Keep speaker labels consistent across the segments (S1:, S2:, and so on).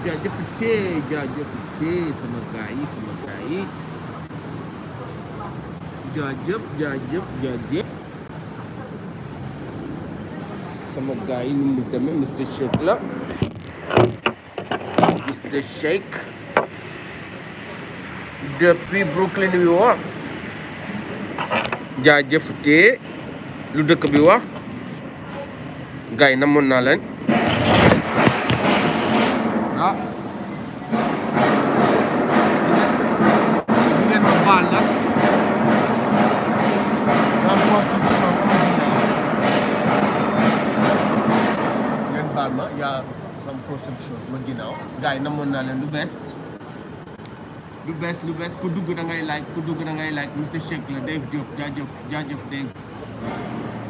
S1: gadget kecil, gadget kecil, sama gai, sama gai. jaja, gadget, gadget. Sama gai, ini temen mesti shake lah. Mesti shake. Depi Brooklyn, New York. Gadget kecil. Lu dekat bawah. Gai, namun nalan. lu best, lu best, ku dugg da ngay laaj ku dugg da ngay laaj monsieur Cheikh la Dave Dave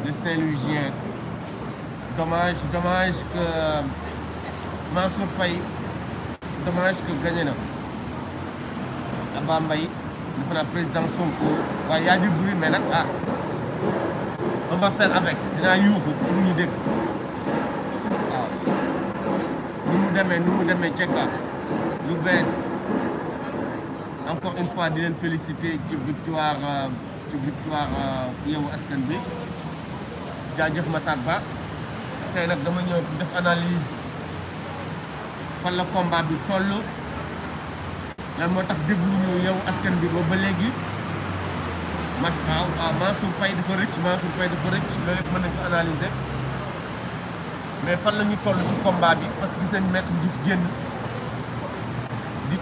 S1: le Saint-Louisien dommage dommage que Mansour dommage que gagné na La le naa président Sonko waaye yaa du bruit mais ah. on va faire avec dinaa yuuxu pour ñu dégg waaw nu mu demee nu mu lu encore une fois di leen féliciter ci victoire euh, ci victoire euh, Yewwi Askan Wi jaajëf ma Ba tey nag dama ñëw def analyse fan la combat bi toll lan moo tax dégluñu Yewwi Askan bi ba ba léegi man waaw waaw Mansour fay dafa rëcc Mansour Faye dafa rëcc loolu yëpp mën nañ ko mais fan la ñu toll ci combat bi parce que gis nañ Maître Diouf génn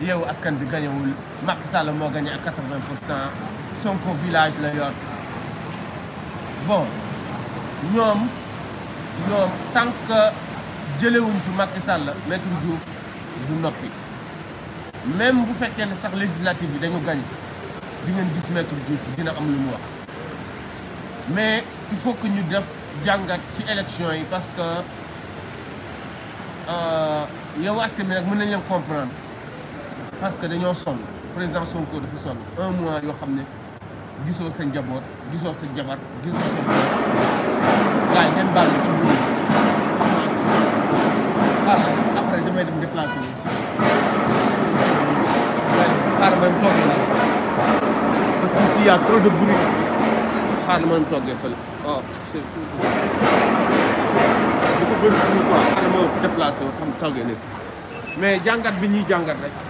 S1: yow askan bi gañewul Macky Sall moo gañe ak 80 pour Sonko village la yor bon ñom ñom tant que jëlewuñ fi Macky Sall Maître Diouf du nopi même bu fekkee ne sax législative bi dañu gañ di ngeen gis Maître Diouf dina am lu mu wax mais il faut que ñu def jangat ci élection yi parce que euh yow askan bi nag mën nañ leen comprendre parce que dañoo sonn président Sonko dafa sonn un mois yoo xam ne gisoo seen njaboot gisoo seen jabar gisoo seen yi ngeen baal ci mbuur waaw ah, après damay dem déplacé wu. xaaral de bruit ici xaaral ma fële waaw oh, dafa bëri bruit quoi xaaral ma déplacé mais jàngat bi ñuy jàngat rek.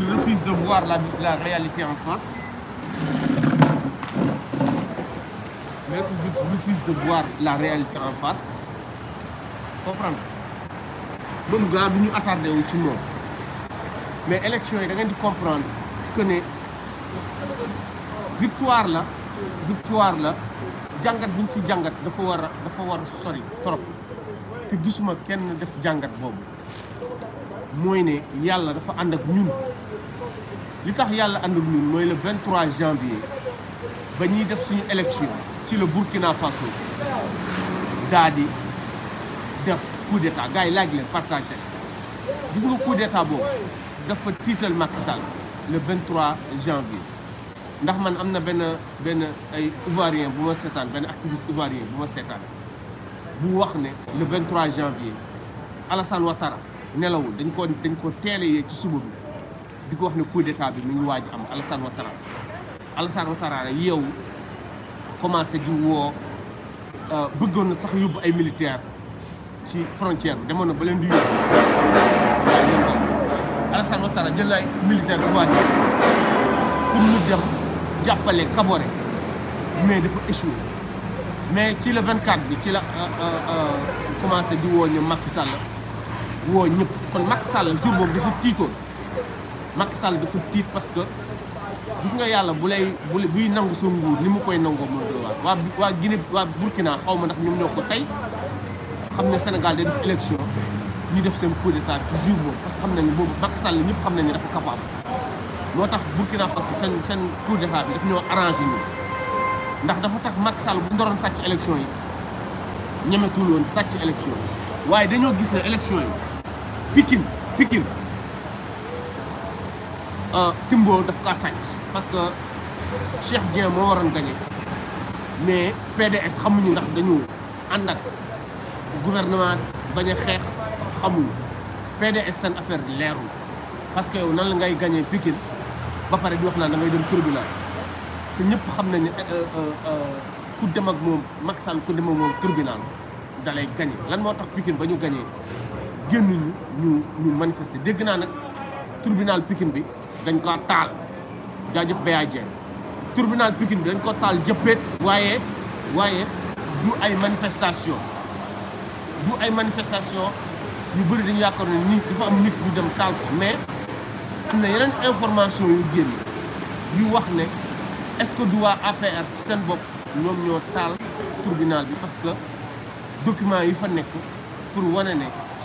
S1: refuse refuse de voir la, la réalité en face. Maître Diouf refuse de voir la réalité en face. comprendre Bon, gars du nous attardé au ci mais élection il a rien de comprendre que ne victoire là, victoire là. jàngat buñ de pouvoir, dafa pouvoir, a dafa war sori trop te gisuma kenn def jàngat boobu mooy ne yàlla dafa ànd ak ñun li tax yàlla ànd ak ñun mooy le 23 janvier ba ñuy def suñu élection ci le Burkina Faso daa di def coup d'état gars yi laaj leen partagé gis nga coup d'état boobu dafa tiital Macky Sall le 23 janvier ndax man am na benn benn ay ivoirien bu ma seetaan benn activiste ivoirien bu ma seetaan bu wax ne le 23 janvier Alassane Ouattara nelawul dañ ko dañ ko teel yee ci suba bi di ko wax ne coup d'état bi nu ngi waaj am Alassane Ouattara Alassane Ouattara yow commencé di woo euh, bëggoon na sax yóbbu ay militaire ci frontière bi demoon na ba leen di yóbbu waaye ñoom jël ay militaire bu waaj pour mu dem jàppale Kaboré mais dafa échoué mais ci la 24 bi ci la euh, euh, commencé di woo ñu Macky Sall woo ñëpp kon Macky Sall jour boobu dafa tiitoon Macky Sall dafa tiit parce que gis nga yàlla bu lay buy nangu sa nguur ni mu koy nangoo moo doy waar. waa waa Guinée waa Burkina xaw ma ndax ñoom ñoo ko tey xam ne Sénégal day def élection ñu def seen coup d'état ci jour boobu parce que xam nañu boobu Macky Sall ñëpp xam nañu dafa capable. moo tax Burkina Faso seen seen coup d'état bi daf ñoo arrangé ñu ndax dafa tax Macky Sall bu ndoroon sàcc élection yi ñemetul woon sàcc élection waaye dañoo gis ne élection yi. Pikine Pikine ah, Timbo daf kaa sàcc parce que Cheikh Dieng moo waroon gagné mais PDS xamuñu ndax dañu ànd ak gouvernement bañ a xeex xamuñu PDS seen affaire leerul parce que yow nan la ngay gañee Pikine ba pare di wax naa da dem tribunal te ñëpp xam nañ ne eh, eh, eh, ku dem ak moom Macky Sall ku dem ak moom tribunal da lay gagné lan moo tax Pikine ba ñu gagné. génn ñu ñu ñu dégg naa nag tribunal Pikine bi dañ koo taal jaajëf Béya Dieng tribunal Pikine bi dañ ko taal jëppeet waaye waaye du ay manifestation du ay manifestation ñu bëri dañu yaakaar ne nit dafa am nit ñu dem taal ko mais xam na yeneen information yu génn yu wax ne est-ce que du waa APR ci seen bopp ñoom ñoo taal tribunal bi parce que document yi fa nekk pour wane ne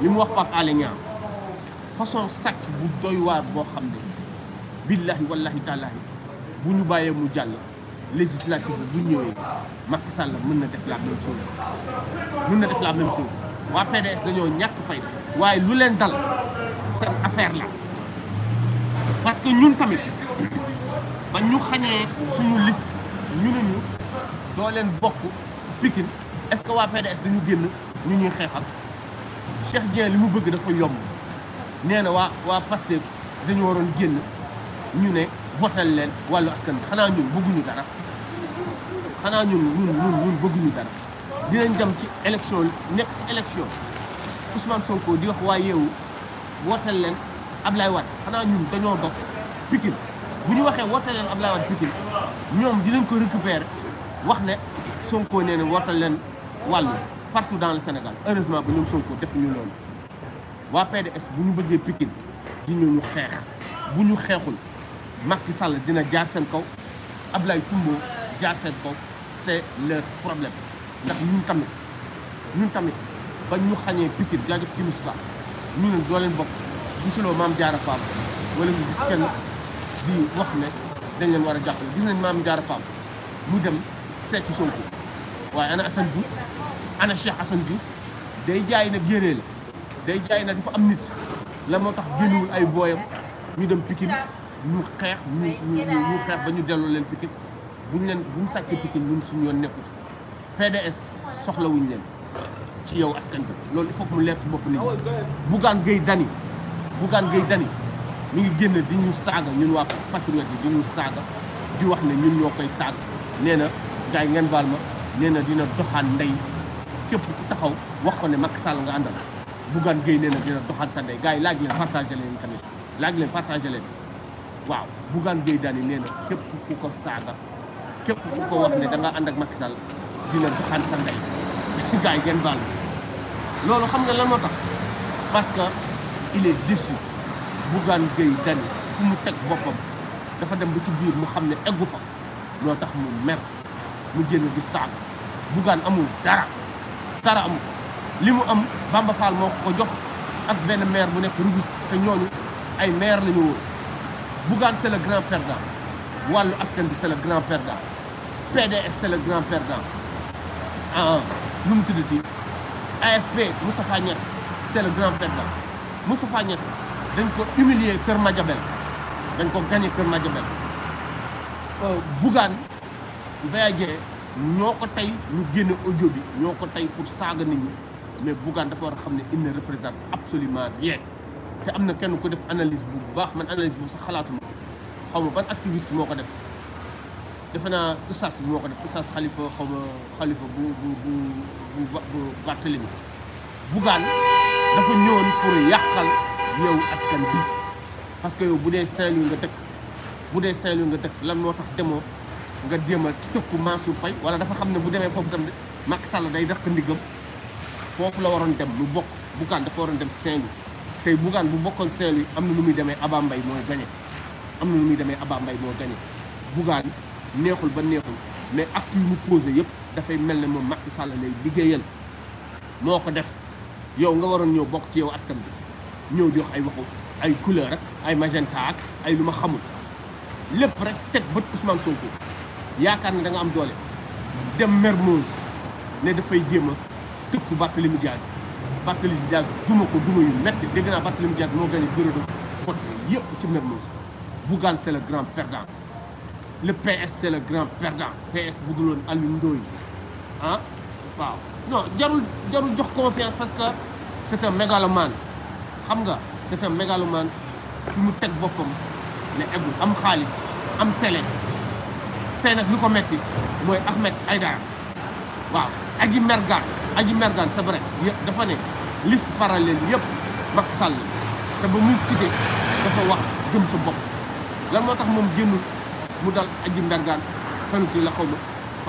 S1: لم وخ با عليان فاصون سات بو وار بو خامل بالله والله تعالى بو ني بايي مو جال ليجيسلاتيف بو نيوي ماك لا ميم شوز مننا ديف لا ميم شوز وا بي دي اس دانيو نياك فاي واي لو لين دال سان افير لا باسكو نيون تاميت با نيو خاني سونو ليس نيو دو بوكو بيكين اسكو وا بي دي اس نيو ني Cheikh Dieng li mu bëgg dafa yomb nee na waa waa Pastef dañu waroon génn ñu ne votel leen wàllu askan bi xanaa ñun bëgguñu dara xanaa ñun ñun ñun ñun bëgguñu dara dinañ dem ci élection nekk ci élection Ousmane Sonko di wax waa yeewu votel leen Ablaye Wade xanaa ñun dañoo dof Pikine bu ñu waxee votel leen Ablaye Wade Pikine ñoom dinañ ko récupérer wax ne Sonko nee na votel leen wàllu partout dans le Sénégal heureusement nous sommes Sonko Nous Wa PDS bu ñu Pikine di ñu faire bu ñu Sall dina jaar kaw c'est le problème ndax ñun tamit ñun tamit ba ñu xagne Pikine jaajëf ñu ne do leen nous mam wala ñu gis kenn di wax ne dañ leen gis nañ mu dem ana Assane Diouf انا الشيخ حسن جوف داي جاي نا جيرل داي جاي نا دافا ام نيت لا موتاخ جينول اي بويام ني دم بيكين ني خيخ ني ني خيخ با ني ديلو لين بيكين بون لين بون ساكي بيكين نون سون يون نيكوت بي دي اس سوخلا وون لين تي ياو اسكان بي لول فوك مو ليرت بوب ني بوغان غي داني بوغان غي داني ني ген دي ني ساغا نون وا باتريوت دي ني ساغا دي واخني نون نينا جاي نين بالما نينا دينا دوخان داي képp ku taxaw wax ko ne Macky Sall nga àndal Bougane Gueye nee na dina doxal sa ndey gars yi laaj leen tamit laaj leen partagé waaw Bougane Gueye daal nee na képp ku ko saaga képp ku ko wax ne da nga ànd ak Macky Sall dina doxal sa ndey gars yi ngeen loolu xam nga lan moo tax parce que il est déçu Bougane Gueye dani fu mu teg boppam dafa dem ba ci biir mu xam ne eggu fa loo tax mu mer mu jënd di saaga Bougane amul dara dara am li mu am Bamba Fall moo ko jox ak benn maire bu nekk Rufisque te ñooñu ay maire la ñu woon Bougane le grand perdant wàllu askan bi c'est le grand perdant PDS c'est le grand perdant ah lu ah, mu tudd ci AFP Moustapha Niass c'est le grand perdant Moustapha Niass dañ ko humilier Kër Madiabel dañ ko gagné Kër Madiabel euh, Bougane Mbaye ñoo ko tey ñu génne audio bi ñoo ko tey pour saaga nit ñi mais Bougane dafa war a xam ne il ne représente absolument rien te am na kenn ko def analyse bu baax man analyse bu sax xalaatuma xaw ma ban activiste moo ko def defe naa ustaas bi moo ko def ustaas xalifa xaw ma xalifa bu bu bu bu bu Barthélemy Bougane dafa ñëwoon pour yàqal yow askan bi parce que yow bu dee saint yi nga dëkk bu dee Saint-Louis nga dëkk lan moo tax demoo nga jéem a tëkk Mansour pay wala dafa xam ne bu demee foofu tamit Macky Sall day def ndigam foofu la waroon dem lu bokk Bougane dafa waroon dem Saint-Louis tey Bougane bu bokkoon Saint-Louis am na nu muy demee Aba Mbaye mooy gagné am na nu muy demee Aba Mbaye moo gagné Bougane neexul ba neexul mais ak yu mu posé yëpp dafay mel ne moom Macky Sall lay liggéeyal moo ko def yow nga waroon ñëw bokk ci yaw askan bi ñëw di wax ay waxu ay couleur ak ay magenta ak ay lu ma xamul lépp rek teg bët Ousmane yaakaar ne da nga am doole dem Mermoz ne dafay jéem a tëkku Barthélémy Diaz Barthélémy Diaz duma ko duma yu metti dégg naa Barthélémy Diaz moo gagné bureau de vote yëpp ci Mermoz Bougane c'est le grand perdant le PS c'est le grand perdant PS bu duloon Alioune Ndoye ah waaw non jarul jarul jox confiance parce que c'est un mégalomane xam nga c'est un mégalomane fi mu teg boppam ne egul am xaalis am télé tey nak lu ko metti moy Ahmed aidar waaw aji Mergane aji Mergane c'est vrai dafa ne liste parallèle yëpp Macky Sall te ba muy cité dafa wax jëm sa bopp lan motax mom moom mu dal aji Adji Mergane ci la xaw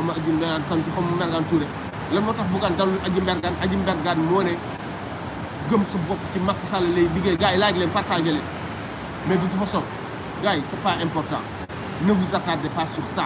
S1: ma aji ma Adji ci kanuti xaw Touré lan motax tax buggaan dalul Adji Mergane Adji Mergane moo ne gëm sa bopp ci Macky Sall lay liggéey gars yi laaj leen partager leen mais de toute façon gars c'est pas important ne vous attardez pas sur ça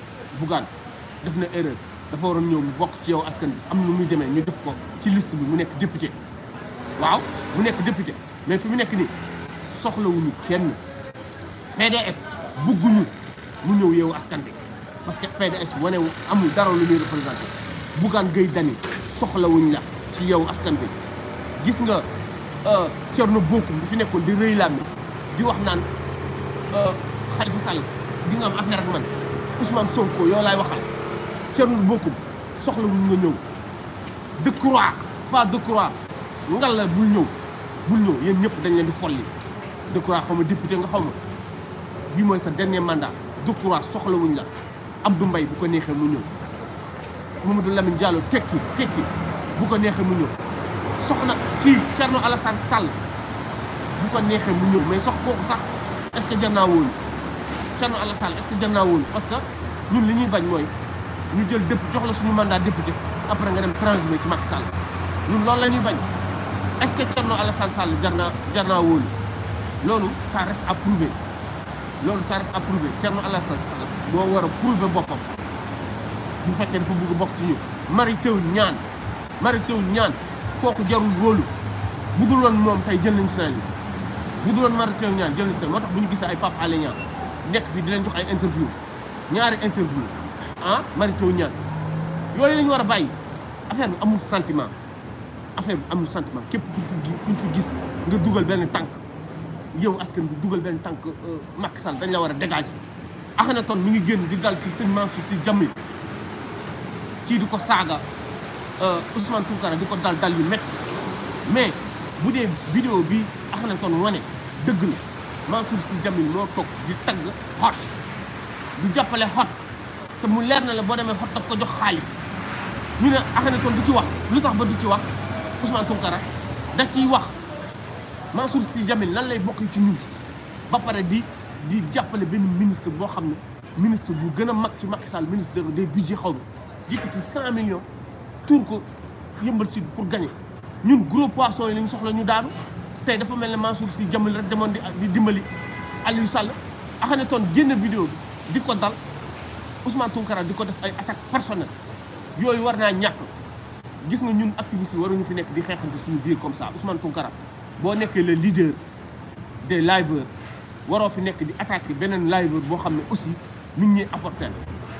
S1: Bougane def na erreur dafa waroon ñëw mu bokk ci yow askan bi am na muy demee ñu def ko ci liste bi mu nekk député waaw mu nekk député mais fi mu nekk nii soxlawuñu kenn PDS bugguñu mu ñëw yeewu askan bi parce que PDS wane wu amul dara lu ñuy représenté Bougane Gueye Dany soxlawuñ la ci yow askan bi gis nga euh, Thierno Bocoum bu fi nekkoon di rëy laam di wax naan euh, Khalifa Sall di nga am affaire ak man Ousmane Sonko yow laay waxal Thierno Bocoum soxlawul nga ñëw Decroix pas Decroix ngal la bul ñëw bul ñëw yéen ñëpp dañ leen di folli Decroix xaw ma député nga xaw ma bii mooy sa dernier mandat Decroix na am Abdou mbay bu ko neexee mu ñëw Mamadou Lamine Diallo tekki tekki bu ko neexee mu ñëw soxna kii Thierno Alassane Sall bu ko neexee mu ñëw mais sox kooku sax est-ce que jar naa wóolu Thierno Alla Sall est-ce que jëm naa parce que ñun li ñuy bañ moy ñu jël depp jox la suñu mandat député après nga dem transmet ci Macky Sall ñun loolu la ñuy bañ est-ce que Thierno Alla Sall Sall jarna jarna wul naa loolu ça reste à prouver loolu ça reste à prouver Thierno Alla Sall moo war a prouver boppam bu fekkee fu bëgg bok ci ñu mari teew ñaan mari teew ñaan koku jarul wolu bu dul woon moom jël nañ seen bu dul mari teew ñaan jël nañ seen motax buñu bu ay pap alignant nekk fi dinañ leen jox ay interview ñaari interview ah Mary Teuw Niane yooyu la war a bàyyi affaire bi amul sentiment affaire bu amul sentiment képp kuñ fi gis nga dugal benn tànk yow askan bi dugal benn tànk euh, Macky Sall dañ la war a dégager Akhenaton mu ngi génn di dal ci sëñ Mansour si jàmm kii di ko saaga euh, Ousmane Tounkara di ko dal dal yu métti mais bu dee vidéo bi Akhenaton wane dëgg la Mansour Sy Djamil moo toog di tagg xot di jàppale xot te mu leer na la boo demee xot daf ko jox xaalis ñu ne toon du ci wax lu tax ba du ci wax Ousmane Tounkara da ciy wax Mansour si Djamil lan lay bokk ci ñun ba pare di di jàppale benn ministre boo xam ne ministre bu gën a mag ci Macky Sall ministre des budgets xaw ma yëkkati cent millions tuur ko yëmbal si pour gagner ñun gros poisson yi lañ soxla ñu daanu tey dafa mel ne Mansour Sy Djamil rek demoon di dimbali Aliou Sall Akhenaton génn vidéo bi di ko dal Ousmane Tounkara di ko def ay attaque personnel yooyu war naa ñàkk gis nga ñun activiste yi ñu fi nekk di xeexante suñu biir comme ça Ousmane Tounkara boo nekkee le leader des liveurs waroo fi nekk di attaquer beneen liveur boo xam ne aussi nit ñi apporter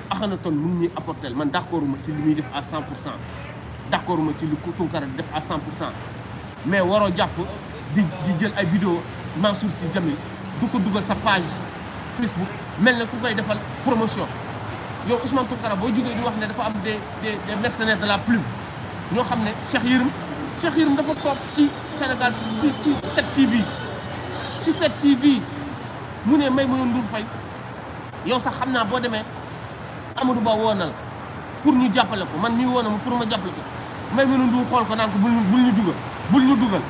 S1: Akhenaton mun ñuy apporter man d' accord ma ci li muy def a 100 pour cent d' ma ci li Tounkara di def à 100 cent mais waroo jàpp. di di jël ay vidéo Mansour Sy Djamil du ko dugal sa page Facebook mel na ku koy defal promotion yow Ousmane Tounkara boo jógee di wax ne dafa am de de des de la plume ñoo xam ne Cheikh Yérim Cheikh Yérim dafa toog ci Sénégal ci ci 7TV ci 7TV mu ne may mënoon du Faye yow sax xam naa boo demee Amadou Ba woo na pour ñu jàppale ko man mii woo na ma pour ma jàppale ko may mënoon Ndour xool ko naan ko bul ñu bul dugal bul ñu dugal.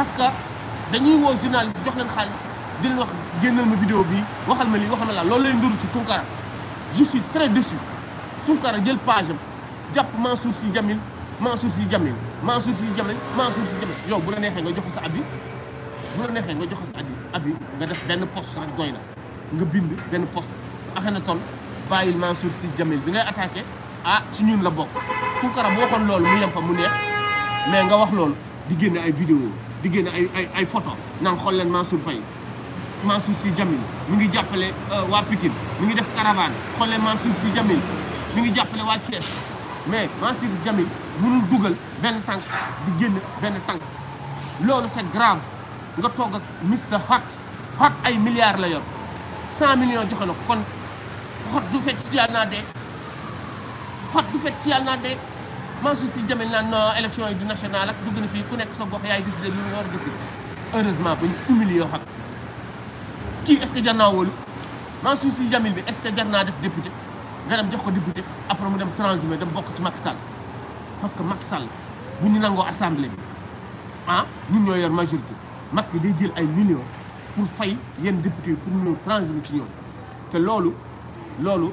S1: parce que dañuy wo journaliste jox len xaalis di len wax gennal ma vidéo bi waxal ma li waxal ma la lolou lay nduru ci Tunkara je suis très déçu Tunkara jël page japp Mansour Sy jamil Mansour Sy jamil Mansour Sy jamil Mansour Sy jamil yow bu la nexé nga jox sa abi bu la nexé nga jox sa abi abi nga def ben poste rek doy na nga bind ben poste ton bayil Mansour Sy jamil bi ngay attaquer ah ci ñun la bok Tunkara boo xoon lolou mu yam fa mu neex mais nga wax lolou di génne ay vidéo di génne ay ay ay photo naan xool leen Mansour Faye Mansour Sy Djamil ngi jàppale euh, waa Pikine mi ngi def caravane xool leen si Sy mu mi ngi jàppale waa Thiès mais Mansour Sy Djamil mënul dugal benn tànk di génn benn tànk loolu sa grave nga toog ak Mr Hot ay milliards la yor cent millions joxe na ko kon Hot du fekk ci yàlla naa dee Hot du fekk ci yàlla naa dee Mansour Sy Djamil naan non élection yi du national ak dugg na fii ku nekk sa gox yaay décidé lu nga war a décidé heureusement bañ humilier yoo xam kii est ce que jar naa wóolu Mansour Sy Djamil bi est ce que jar naa def député nga dem jox ko député après mu dem transhumé dem bokk ci Macky Sall parce que Macky Sall bu ñu nangoo assemblée bi ah ñun ñoo yor majorité Macky day jël ay millions pour fay yenn député yi pour ñu ñëw transhumé ci ñoom te loolu loolu.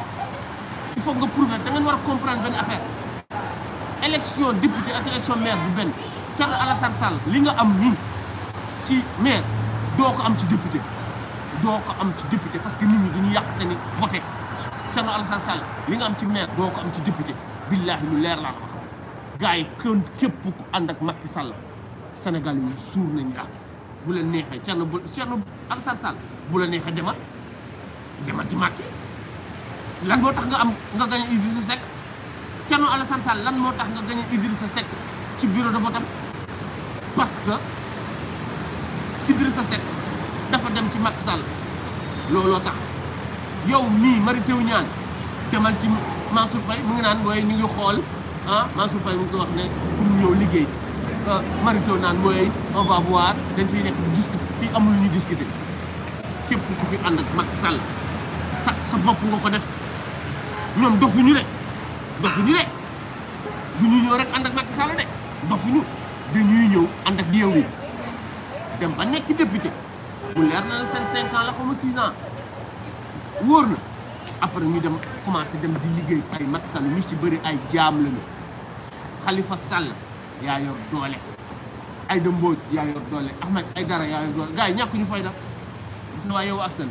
S1: foog faut nga prouver da ngeen war a comprendre benn affaire élection député ak élection maire bu benn Thierno Alassane Sall li nga am nii ci maire doo ko am ci député doo ko am ci député parce que nit ñi dañuy yàq seen i voté Thierno Alassane li nga am ci maire doo ko am ci député billaahi lu leer laa la wax gars yi kon képp ku ànd ak Macky Sall Sénégal yi suur nañu daal bu la neexee Thierno Alassane Sall bu la neexee demal demal ci Macky lan moo tax nga am nga gañ Idrissa Seck Thierno Alassane Sall lan moo tax nga gañ sa Seck ci bureau de vote parce que sa Seck dafa dem ci Macky Sall looloo tax yow mii Mary Teuw Niane demal ci Mansour Faye mu ngi naan mooy ñu ngi xool ah Mansour Faye mu ngi ko wax ne pour mu liggéey euh, Mary Teuw Niane mooy on va dañ fiy nekk discuter fii amul lu ñu discuter képp ku fi ànd ak Macky sa sa bopp nga ko def. ñoom dofuñu de dofuñu de du ñu ñëw rek and ak Macky Sall de dofuñu dañuy ñëw and ak diew yi dem ba nekk député mu leer na sen 5 ans la ko mu 6 ans woor na après ñu dem commencé dem di liggéey ay Macky Sall ñu ci bëri ay jaam ñu Khalifa Sall ya yor doole de Mbodj ya yor doole Ahmed dara ya yor doole gaay yi ñu fayda gis na waa yow askan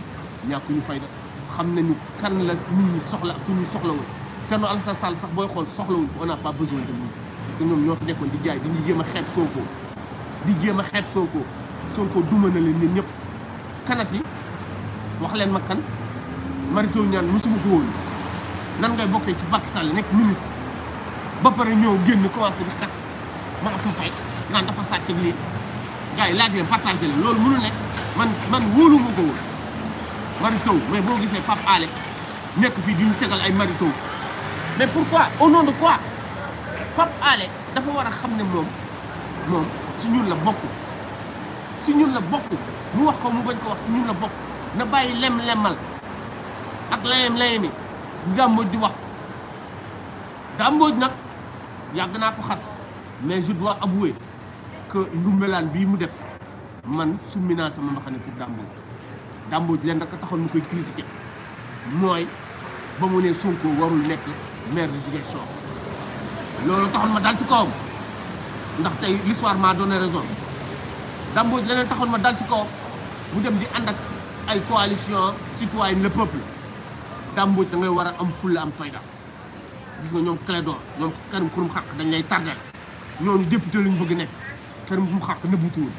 S1: ñàkk ñu fayda xam nañu kan la nit ñi soxla ak ku ñu soxlawul Thierno Alassane sax booy xool soxlawul on n'a pas besoin de lui parce que ñoom ñoo fi nekkoon di jaay dañuy jéem a xeeb Sonko di jéem a xeeb Sonko Sonko duma na leen ñun ñëpp kanat yi wax leen ma kan marito ñaan mosuma ko woon nan ngay bokkee ci Macky Sall nekk ministre ba pare ñëw génn commencé di xas maa ko fay naan dafa sàcc lii gars laaj leen partagé leen loolu mënul nekk man man wóolu ma ko woon marito mais boo gisee Pape Alé nekk fii di ñu tegal ay marito mais pourquoi au nom de quoi Pape Alé dafa war a xam ne moom moom si ñun la bokk si ñun la bokk mu wax ko mu bañ koo wax si ñun la bokk na bàyyi lem-lemal ak layam-layami Dambodj di wax Dambodj nag yàgg naa ko xas mais je dois avouer que ndumbelaan bii mu def man summi naa sama mbaxane pour Dambodj Dàmbooj leen rek a taxoon mu koy critiquer mooy ba mu ne Sonko warul nekk maire de Ziguinchor loolu taxoon ma dal ci kawam ndax tey l'histoire m'a donné raison Dàmbooj leneen taxoon ma dal ci kawam mu dem di ànd ak ay coalition citoyenne le peuple Dàmbooj da ngay war a am fulla am fayda gis nga ñoom Clédor ñoom Karim Xurum Xaq dañ lay tardel ñoom député lañ bëgg nekk Karim Xurum Xaq nëbbutuwul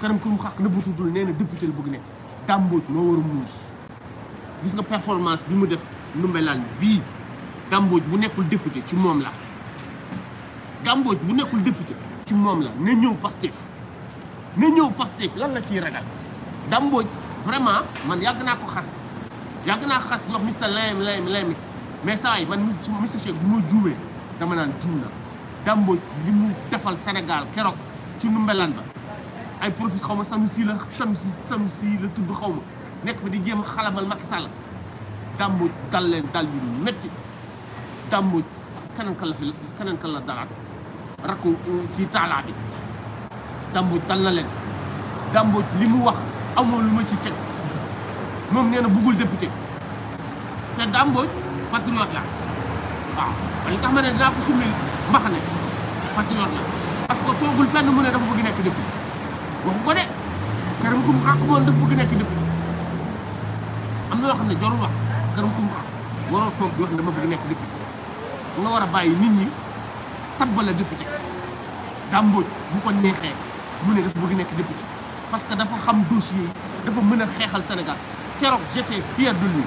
S1: Karim Xurum Xaq nëbbutuwul nee na député la bëgg nekk dàmbooj moo war a muus gis nga performance bi mu def ndumbelaan bii dàmbooj bu nekkul député ci moom la dàmbooj bu nekkul député ci moom la na ñëw Pastef na ñëw Pastef lan la ci ragal dàmbooj vraiment man yàgg naa ko xas yàgg naa xas di wax mister layam layam layam mais saa yi man mister Cheikh bu ma juumee dama naan juum la dàmbooj li mu defal Sénégal keroog ci ndumbelaan ba ay professeur xaw ma Sanusi la Sanusi Sanusi la tudd xaw nekk fa di jéem a xalamal Macky Sall dàmmooj dal leen dal yu métti dàmmooj keneen kan la fi keneen kan la dalaat rakku ci taalaa bi dàmmooj dal na leen dàmmooj li mu wax amoon lu ma ci teg moom nee na bëggul député te dàmmooj patriote la waaw man li tax ma ne dinaa ko sumil mbax ne la parce toogul fenn mu ne dafa bëgg nekk député waxu ko de karam kum xaq moom daf bëgg nekk dëpp am na yoo xam ne jarul wax karam kum xaq waroo toog di wax ne dama bëgg nekk dëpp nga war a bàyyi nit ñi tabbala député dàmbooj bu ko neexee mu ne dafa bëgg nekk député parce que dafa xam dossier yi dafa mën a xeexal Sénégal keroog j'étais fier de lui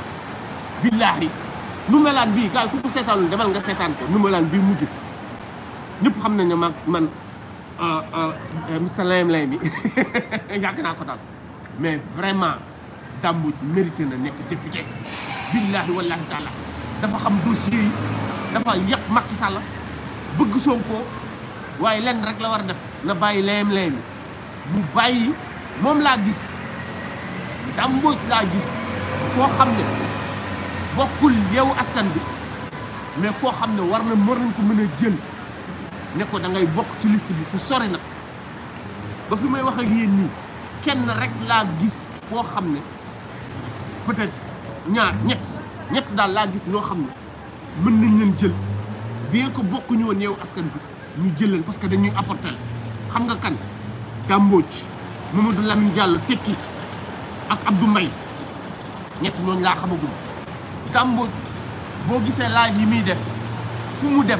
S1: billahi numelaan bii gars yi ku ko seetaanul demal nga seetaan ko numelaan bii mujj ñëpp xam nañ ne man Euh, euh, euh, mister layam layam bi yàgg naa ko daal mais vraiment Dame Mbodj mérité na nekk député billaahi wallaahi taala dafa xam dossier yi dafa yàq Macky Sall bëgg Sonko waaye lenn rek la war a def na bàyyi layam layam yi mu bàyyi moom laa gis Dame laa gis koo xam ne bokkul yeewu askan bi mais koo xam ne war na mën nañ ko mën a jël ne ko da ngay bok ci liste bi fu sori nak ba fi may wax ak yeen ni kenn rek la gis ko xamne ne peut-être ñaar ñet ñet dal la gis ño xamne mën nañ leen jël bien que ñu won yow askan bi ñu jël leen parce que dañuy apporter xam nga kan Dambodj Mamadou Lamine Diallo Tekki ak Abdou may ñet ñoo la xamagum Dambodj bo gisé la yi mi def fu mu dem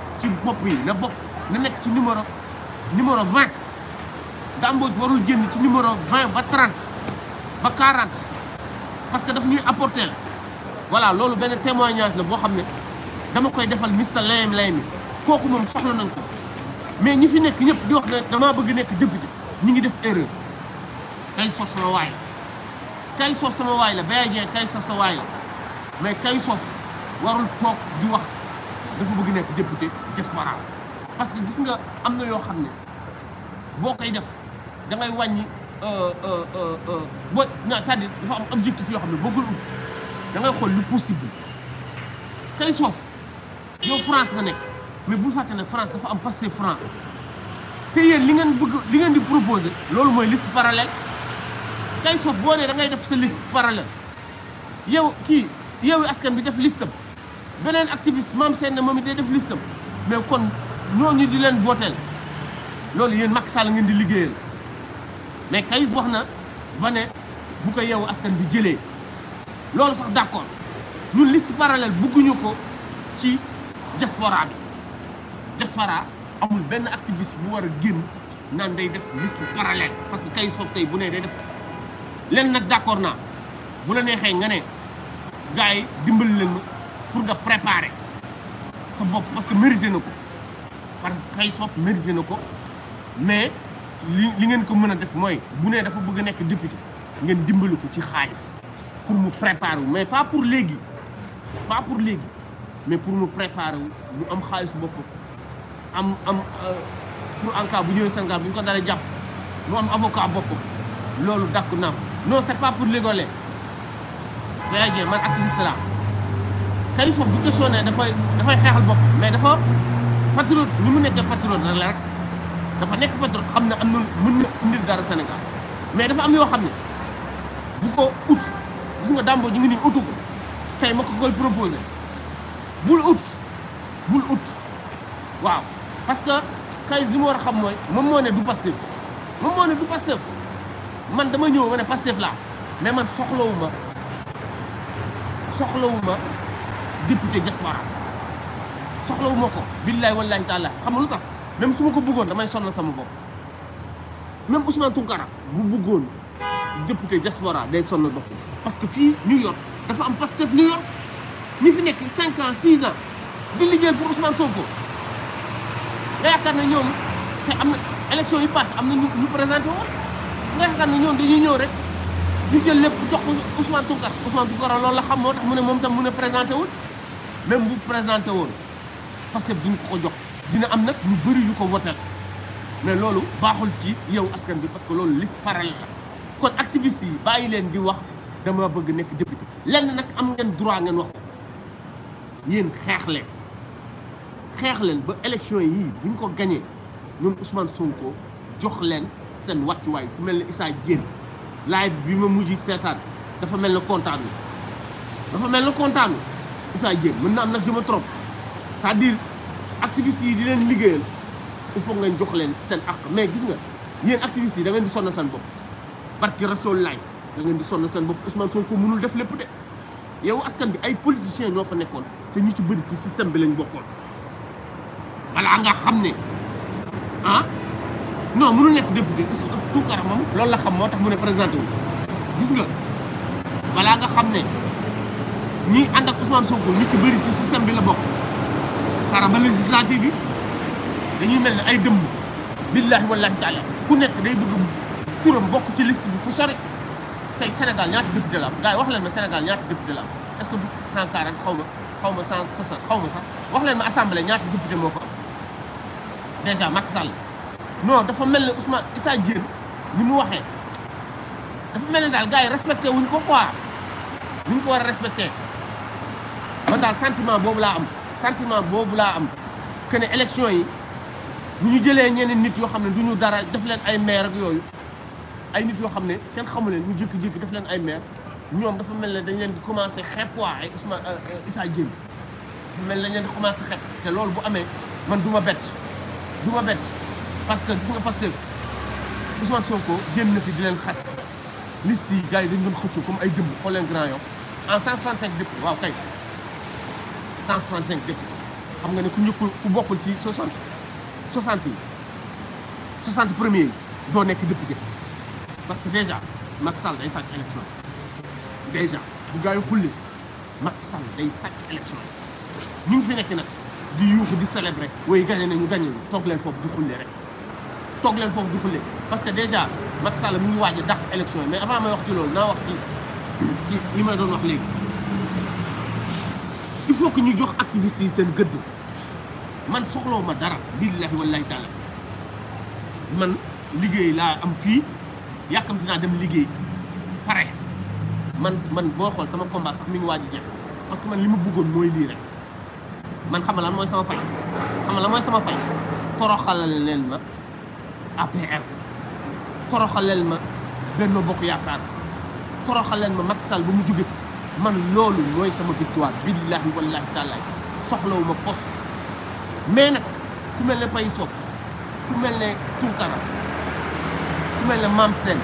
S1: ci bopp yi na bopp na nekk ci numéro numéro 20 Dame Mbodj warul génn ci numéro 20 ba 30 ba 40 parce que daf ñuy apporter voilà loolu benn témoignage la boo xam ne dama koy defal mista layam layam yi kooku moom soxla nañ ko mais ñi fi nekk ñëpp di wax ne damaa bëgg nekk député ñu ngi def erreur kay soof sama waay la kay sama waay la Baye Dieng kay soof sa waay la mais kay soof warul toog di wax Je bëgg nekk député Marat. parce que gis nga am na ne si def da ngay wàññi boo que c'est-à-dire vous possible France nga vous mais bul vous France Vous am passé France te yéen li ngeen liste parallèle kay fait da liste parallèle vous avez yow askan beneen activiste maam seen ne moom it day def listam mais kon ñooñu di leen votel loolu yéen Macky Sall ngeen di liggéeyal mais Kayz wax na ba ne bu ko yeewu askan bi jëlee loolu sax d'accord ñun liste parallèle bugguñu ko ci diaspora bi diaspora amul benn activiste bu war a génn naan day def liste parallèle parce que Kayz foofu tey bu nee day def lenn nag d'accord naa bu la neexee nga ne gars yi dimbali leen pour nga préparer sa bopp parce que mérité na ko parce que kay sopp mérité na ko mais li li ngeen ko mën a def mooy bu nee dafa bëgg nekk député ngeen dimbali ko ci xaalis pour mu préparer wu mais pas pour léegi pas pour léegi mais pour mu préparer wu mu am xaalis bopp am am euh, pour en cas bu ñëwee Sénégal bu ñu ko dalee jàpp mu am avocat bopp loolu dàkku naam non c'est pas pour rigoler. yaa man activiste laa Kalif moom bu question ne dafay dafay xeexal bopp mais dafa patriote ni mu nekkee patriote rek la rek dafa nekk patriote xam ne am na mën na indil dara Sénégal mais dafa am yoo xam ne bu ko ut gis nga dàmboo ñu ngi nii utu ko tey ma ko koy proposé bul ut bul ut waaw parce que Kalif li mu war a xam mooy moom moo ne du Pastef moom moo ne du Pastef man dama ñëw ma ne Pastef laa mais man soxlawuma soxlawuma député diaspora soxlawu ma ko billaay wallaay taala xam nga lu tax même su ma ko bëggoon damay sonal sama bopp même Ousmane Tounkara bu bëggoon député diaspora day sonal bopp parce que fii New York dafa am Pastef New York ñi fi nekk cinq ans six ans di liggéeyal pour Ousmane Sonko nga yaakaar te am na élection yi passé am na ñu ñu présenté woon nga yaakaar ñoom dañuy ñëw rek ñu jël lépp jox ko Ousmane Tounkara Ousmane Tounkara loolu la xam moo tax mu ne moom tam mu ne présenté wul même bu présenté woon Pastef duñ ko ko jox dina am nag ñu bëri yu ko woteel mais loolu baaxul ci yow askan bi parce que loolu liste parallèle la kon activiste yi bàyyi leen di wax dama bëgg nekk député lenn nag am ngeen droit ngeen wax yéen xeex leen xeex leen ba élection yii buñ ko gañee ñoom Ousmane Sonko jox leen seen wàccuwaay ku mel ne Issa Diène laay bi ma mujj seetaan dafa mel ne kontaanu dafa mel ne kontaanu usa Diène mën na am nag je me trompe c'est-à-dire activistes yi di leen liggéeyal il faut ngeen jox leen seen àq mais gis nga yéen activistes yi da ngeen di sonn seen bopp barki rasool laay da ngeen di sonn seen bopp Ousmane Sonko mënul def lépp de yow askan bi ay politiciens ñoo fa nekkoon te ñu ci bëri ci système bi lañ bokkoon balaa nga xam ne ah non mënul nekk député Tounkara moom loolu la xam moo tax mu ne présenté wu gis nga balaa nga xam ne ñiy ànd ak Ousmane Sonko ñu ci bëri ci système bi la bokk xaaral ba législative bi dañuy mel ne ay dëmm billahi wallahi taala ku nekk day bëgg turam bokk ci list bi fu sore tey senegal ñaata député la am wax leen ma senegal ñaata député la am que bu 140 xaw ma xaw ma 160 xaw ma sax wax leen ma assemblée ñaata député moo ko am déjà Macky Sall non dafa mel ne Ousmane Issa Diène ni mu waxe dafa mel ne daal gars yi respecté wuñ ko quoi ni ñu ko war a man daal sentiment boobu laa am sentiment boobu laa am que ne élection yi bu ñu jëlee ñeneen nit yoo xam ne du ñu dara def leen ay maire ak yooyu ay nit yoo xam ne kenn xamu leen ñu jékki-jékki def leen ay maire ñoom dafa mel ne dañ leen di commencé xeeb waa ay Ousmane Issa Dieng dafa mel ne dañ leen di commencé xeeb te loolu bu amee man du ma bett du ma bett parce que gis nga Pastef Ousmane Sonko génn na fi di leen xas liste yi gars yi dañ doon xëccoo comme ay dëmb xool leen grand yow en 165 députés waaw kay 165 députés xam nga ne ku ñëpp ci 60 60 61. 60 premier yi doo député parce que déjà Macky Sall day élection déjà bu gars yi xulli Macky Sall day sàcc élection ñu ngi fi nekk nag di yuuxu di célébrer wooyu gagné nañu gagné ñu toog leen foofu di xulli rek toog leen foofu di xulli parce que déjà Macky Sall mu ngi waaj élection mais avant may wax ci loolu naa wax ci ci li may doon wax léegi il faut que ñu jox activistes yi seen gëdd man soxloo ma dara billahi wallahi taala man liggéey laa am fii yàkkamti naa dem liggéey pare man man boo xool sama combat sax mi waaj jeex parce que man li ma bëggoon mooy lii rek man xam nga mooy sama fay xam nga lan mooy sama fay toroxalal leen ma APR toroxalal ma Benno Bokk Yaakaar toroxalal ma Macky Sall ba mu jóge man loolu mooy sama victoire billahi wallahi taalaay soxlawu ma poste mais nag ku mel ne pay soof ku mel ne Tunkara ku mel ne Maam Sène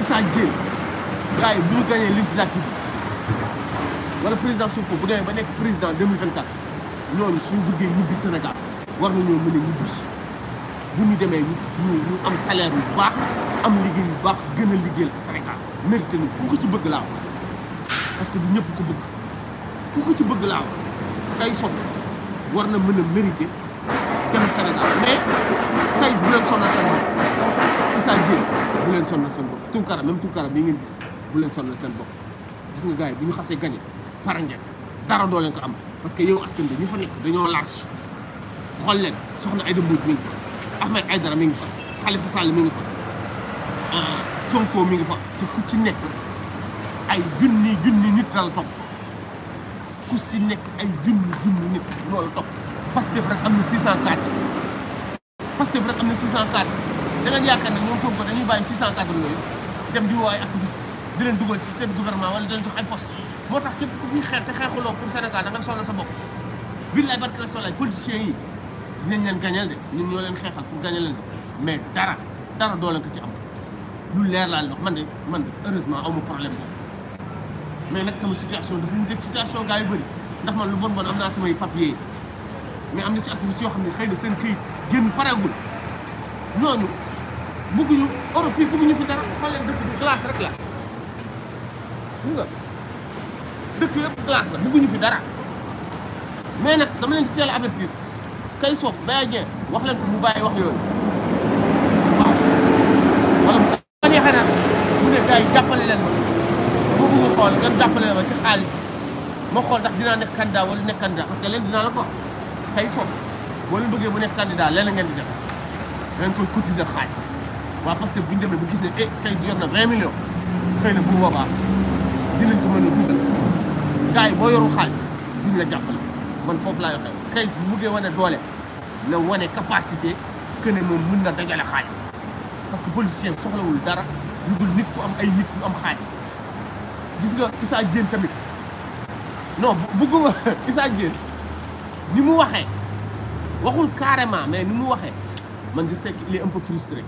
S1: Issa Diène gars yi bu ñu gagné législative wala président Sonko bu demee ba nekk président 2024 ñooñu suñu bëggee ñibbi Sénégal war nañoo mën a ñibbi bu ñu demee ñu ñu am salaire yu baax am liggéey yu baax gën a liggéeyal Sénégal mérité na ku ko ci bëgg laaw parce que du ñëpp ko bëgg ku ko ci bëgg laaw kay sof war na mëna mérité dem Sénégal mais kay bu leen sonna sen bopp isa Diène bu leen sonna seen tout Tunkara même Tunkara bi ngeen gis bu leen sonna sen bopp gis nga gaay bu ñu xasse gagné pare ngeen dara do leen ko am parce que yow askan bi ñu fa nek dañoo large xol leen soxna ay Mbodj mi ngi fa Ahmed aydara mi ngi fa Khalifa Sall mi ngi fa Ah. Sonko mi ngi fa te ku ci nekk ay junni junni nit la topp ku ci nekk ay junni junni nit loolu topp Pastef rek am na 604 Pastef rek am na 604 da ngeen yaakaar ne ñoom Sonko dañuy bàyyi 604 yooyu dem di woowee activiste di leen dugal ci seen gouvernement wala di leen jox ay poste moo tax képp ku fi xeex te xeexuloo pour Sénégal da nga sonal sa bopp billaay barke la solay politiciens yi dinañ leen gañal de ñun ñoo leen xeexal pour gañal leen mais dara dara doo leen ko ci am lu leer laa leen wax man de man de heureusement amu problème boobu mais nag sama situation dafa mu dëkk situation gars yu bëri ndax man lu bon bon am naa samay papier mais am na ci activité yoo xam ne xëy na seen këyit génn pareegul ñooñu bëgguñu Europe fii bëgguñu fi dara xool leen dëkk bi glace rek la nga dëkk yëpp glace la bëgguñu fi dara mais nag dama leen di teel a avertir kay soof Baye Dieng wax leen ko mu bàyyi wax yooyu yi jàppale leen ma bu bëgg nga xool nga jàppale leen ma ci xaalis ma xool ndax dinaa nekk candidat wala nekk candidat parce que leen dinaa la ko tey soog boo leen bëggee bu nekk candidat leen la ngeen di def danañ koy cotiser xaalis waaw parce que bu ñu demee bu gis ne eh tey si yor na 20 millions xëy na bu boobaa dinañ ko mën a dundal gars yi boo yorul xaalis duñ la jàppale man foofu laa waxee kayis bu buggee wane doole la wane capacité que ne moom mën na dajale xaalis parce que politicien soxlawul dara lu nit ku am ay nit ku am xaliss gis nga isa Diène tamit non bugguma isa Diène ni mu waxee waxul carrément mais ni mu waxee man je sais qu'il est un peu frustré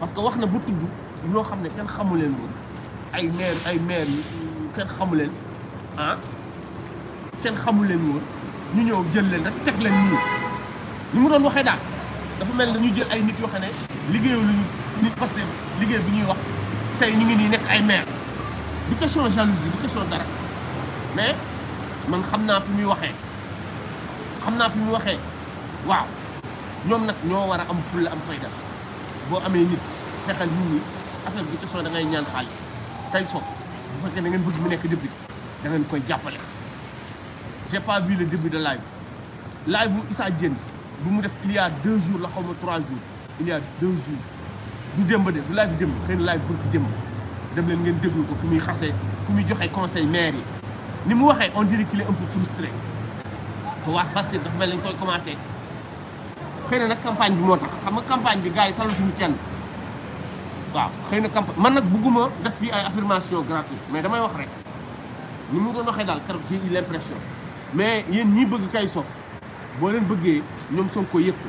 S1: parce que waxna bu tuddu ño xamné ken xamulén won ay maire ay maire yi kenn xamu leen ah kenn xamu ñu ñëw jël leen rek tek leen nii ni mu doon waxé daal. dafa mel ne dañu jël ay nit yoo xam ne liggéeyu lu ñu nit Pastef liggéey bi ñuy wax tey ñu ngi nii nekk ay maire du question jalousie du question dara mais man xam naa fi muy waxee xam naa fi muy waxee waaw ñoom nag ñoo war a am fulla am fayda boo amee nit fexeel nit ñi affaire bi question da ngay ñaan xaalis tey soog bu fekkee da ngeen bëgg mu nekk député da ngeen koy jàppale j'ai pas vu le début de live live bu Issa Diène il y a deux jours la y jours il y a deux jours du y de du jours. Il y a le live.. Il y a deux ngeen le ko a deux jours. Il on dirait qu'il est un peu frustré y a dafa Il commencé jours. Il campagne bi jours. Il xam nga campagne bi Il y a kenn jours. Il campagne man a affirmation gratuite mais damay wax rek ni y a deux pas Il y l'impression mais Il y bëgg kay jours. boo leen bëggee ñoom Sonko yëpp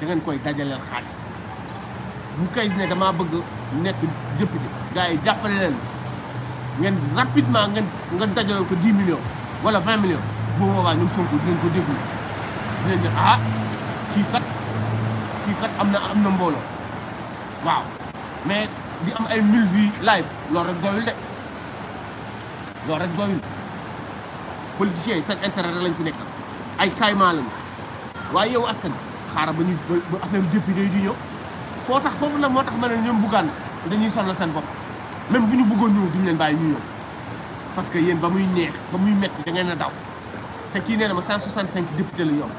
S1: da ngeen koy dajaleel xaalis bu kayis ne damaa bëgg nekk jëpp gars yi jàppale leen ngeen rapidement ngeen nga dajaleel ko 10 millions wala 20 millions bu boobaa ñoom Sonko dinañ ko déglu dinañ ne ah kii kat kii kat am na am na mbooloo waaw mais di am ay mille vues live loolu rek doyul de loolu rek doyul politiciens yi seen intérêt lañ ci nekkal. ay kaymaa lañu waaye yow askan xaaral ba ñu ba affaire député di ñëw foo tax foofu nag moo tax ma ne ñoom buggaan dañuy sonal seen bopp même bu ñu buggoon ñëw duñu leen bàyyi ñu ñëw parce que yéen ba muy neex ba muy metti da ngeen na daw te kii nee na ma cinq député la yomb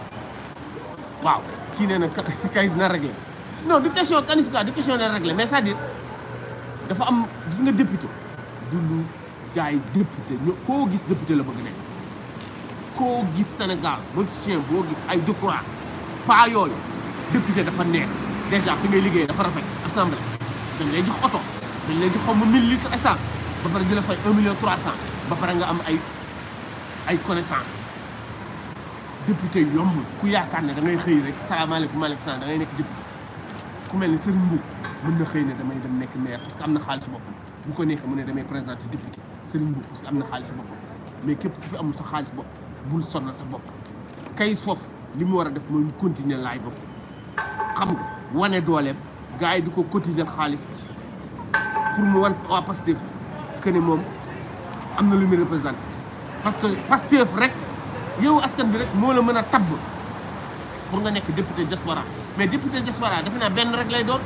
S1: waaw kii nee na kayis na réglé non du question kanis quoi du question na mais cest à dafa am gis nga député du lu gaay député ñoo koo gis député la bëgg nekk koo gis Sénégal politicien boo gis ay Decroix pas yooyu député dafa neex déjà fi ngay liggéey dafa rafet assemblée dañ lay jox oto dañ lay jox xaw ma 1000 litres essence ba pare di la fay 1 million 300 ba pare nga am ay ay connaissance député yombul ku yaakaar ne da ngay xëy rek salaamaaleykum maaleykum salaam da ngay nekk député ku mel ne Serigne Mbour mën na xëy ne damay dem nekk maire parce que am na xaalisu boppam bu ko neexee mu ne damay président député Serigne Mbour parce que am na xaalisu boppam mais képp ku fi amul sa xaalis bopp bul sonal sa bopp kayis foofu li mu war a def mooy mu continuer laay bopp xam nga wane dooleem gars yi du ko cotiser xaalis pour mu wan waa Pastef que ne moom am na lu muy représenté parce que Pastef rek yow askan bi rek moo la mën a tabb pour nga nekk député diaspora mais député diaspora defe naa benn rek lay doon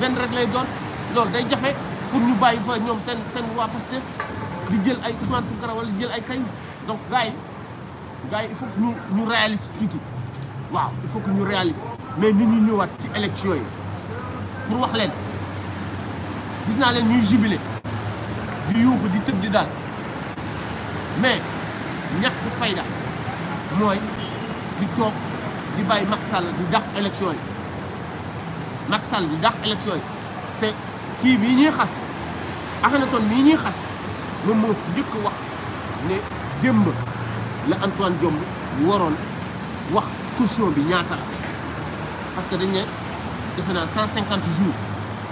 S1: benn rek lay doon loolu day jafe pour ñu bàyyi fa ñoom seen seen waa Pastef di jël ay Ousmane Tounkara walla di jël ay Kayz donc gars gars il faut que nous nous réaliste tout waaw il faut que nous réaliste mais nous ñi ñëwaat ci élection yi pour wax leen gis naa leen ñuy jubilé di yuuxu di tëb di daal mais ñàkk fayda mooy di toog di bàyyi Macky Sall du dàq élection yi Macky Sall du dàq élection yi te kii bii ñuy xas Akhenaton mii ñuy xas nous moo njëkk wax ne démb la Antoine Diome waroon wax caution bi ñaata parce que dañ né defe naa cent jours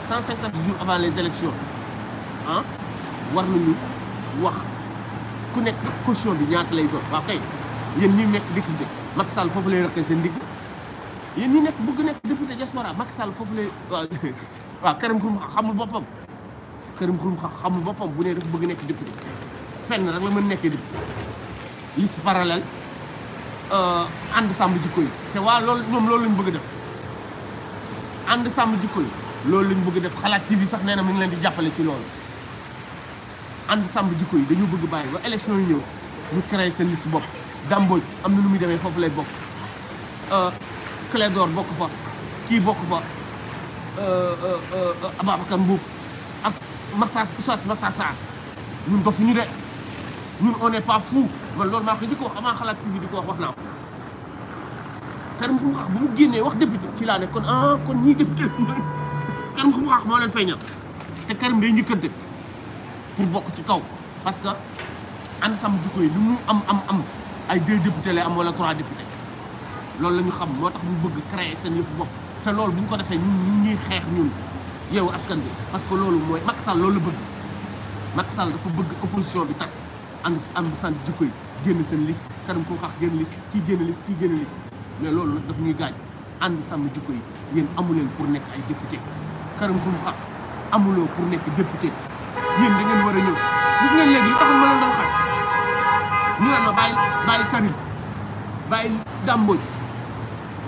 S1: 150 jours avant les élections hein war nañu wax ku nek caution bi ñaata lay doon waaw kay yéen ñi nek député Macky Sall foofu lay rëqee sen ndigg yeen ñi nek bëgg nek député diaspora Macky Sall foofu lay wa waaw Karim Xrum xamul bopam Karim Xrum xamul bopam bu né dafa bëgg nek député fenn rek la mën nekkee député liste parallèle euh, ànd sàmm jikko yi te waa loolu ñoom loolu lañ bëgg a def ànd sàmm jikko yi loolu lañ bëgg def xalaat TV sax nee na mu ngi leen di jàppale ci loolu ànd sàmm jikko yi dañu bëgg bàyyi ba élection yu ñëw ñu créé seen liste bopp dàmbooj am na lu muy demee foofu lay bokk euh, Clédor bokk fa kii bokk fa euh, Ababacar Mbuub ak Makhtar Oustaz Makhtar Sarr ñun ba ñu de ñun on n'est fou man loolu maa ko njëkk wax amaa xalaat ci bi di ko wax wax naa ko Karim Xrum Xax bu mu génnee wax député ci laa ne kon ah kon ñii député Karim Xrum Xax moo leen feeñal te Karim day njëkkante pour bokk ci kaw parce que ànd sam jikko yi lu mu am am am ay deux députés lay am wala trois députés loolu lañu xam moo tax ñu bëgg créer seen yëfu bokk te loolu bu ñu ko defee ñun ñu ñuy xeex ñun yow askan bi parce que loolu mooy Macky Sall loolu la bëgg Macky Sall dafa bëgg opposition bi tas ànd ànd sant jikko yi génn seen liste kanam koo xaax génn liste kii génn liste kii génn liste mais loolu nag dafa ñuy gaañ ànd sàmm jikko yi yéen amuleen pour nekk ay député ko koo xaax amuloo pour nekk député yéen da ngeen war a ñëw gis ngeen léegi li taxoon ma leen doon xas ma bàyyi bàyyi Karim bàyyi Damboj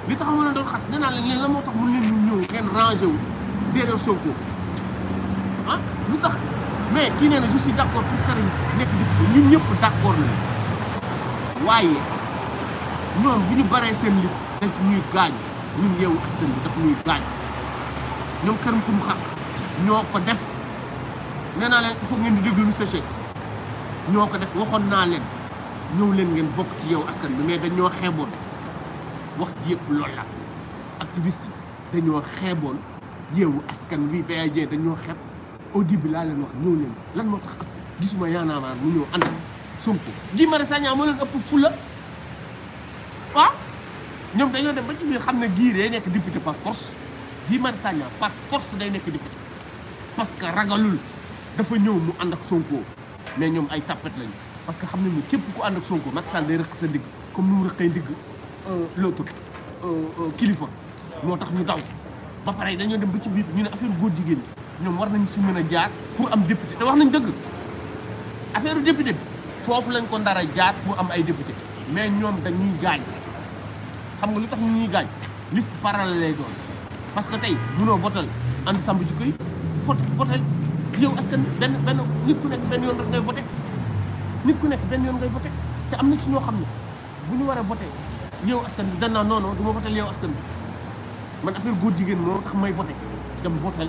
S1: li taxoon ma leen doon xas nee moo tax mun leen ñu ñëw ngeen rangé wu derrière Sonko ah lu tax mais kii nee na je suis d' accord pour Karim nekk député ñun ñëpp d' waaye ñoom bi ñu baree seen liste dañ ñuy gaañ ñun yeewu askan bi daf ñuy gaañ ñoom Karim ku mu xam ñoo ko def nee naa leen il ngeen di déglu monsieur Cheikh ñoo ko def waxoon naa leen ñëw leen ngeen bokk ci yow askan bi mais dañoo xeeboon wax ji yëpp loolu la activiste dañoo xeeboon yeewu askan wi BAJ dañoo xeeb. audible laa leen wax ñëw leen lan moo tax gisuma yaanaamaar mu ñëw ànd sonko gi mara saña moo leen ëpp fula wa ñoom dañoo dem ba ci biir xam ne gii day nekk député par force gi mara saña par force day nekk député parce que ragalul dafa ñëw mu ànd ak sonko mais ñoom ay tapet lañu parce que xam nañu képp ku ànd ak sonko Macky Sall day rëq sa ndigg comme nu mu rëqee ndigg eh, l'autre eh, eh, kilifa moo tax ñu daw ba pare dañoo dem ba ci biir ñu ne affaire góor jigéen ñoom war nañ si mën a jaar pour am député te wax nañ dëgg affaire député bi foofu lañ ko ndara jaar pour am ay député mais ñoom ñuy gaañ xam nga lu tax ñu ñuy gaañ liste parallèle lay doon parce que tey mënoo votal ànd sàmb jikko yi vote votel yow askan benn benn nit ku nekk benn yoon rek ngay voté ku nekk benn yoon ngay voté te am na ci ñoo xam ne bu ñu waree a voté yow askan bi danaa non non du ma votel yow askan bi man affaire góor jigéen moo tax may voté dem votel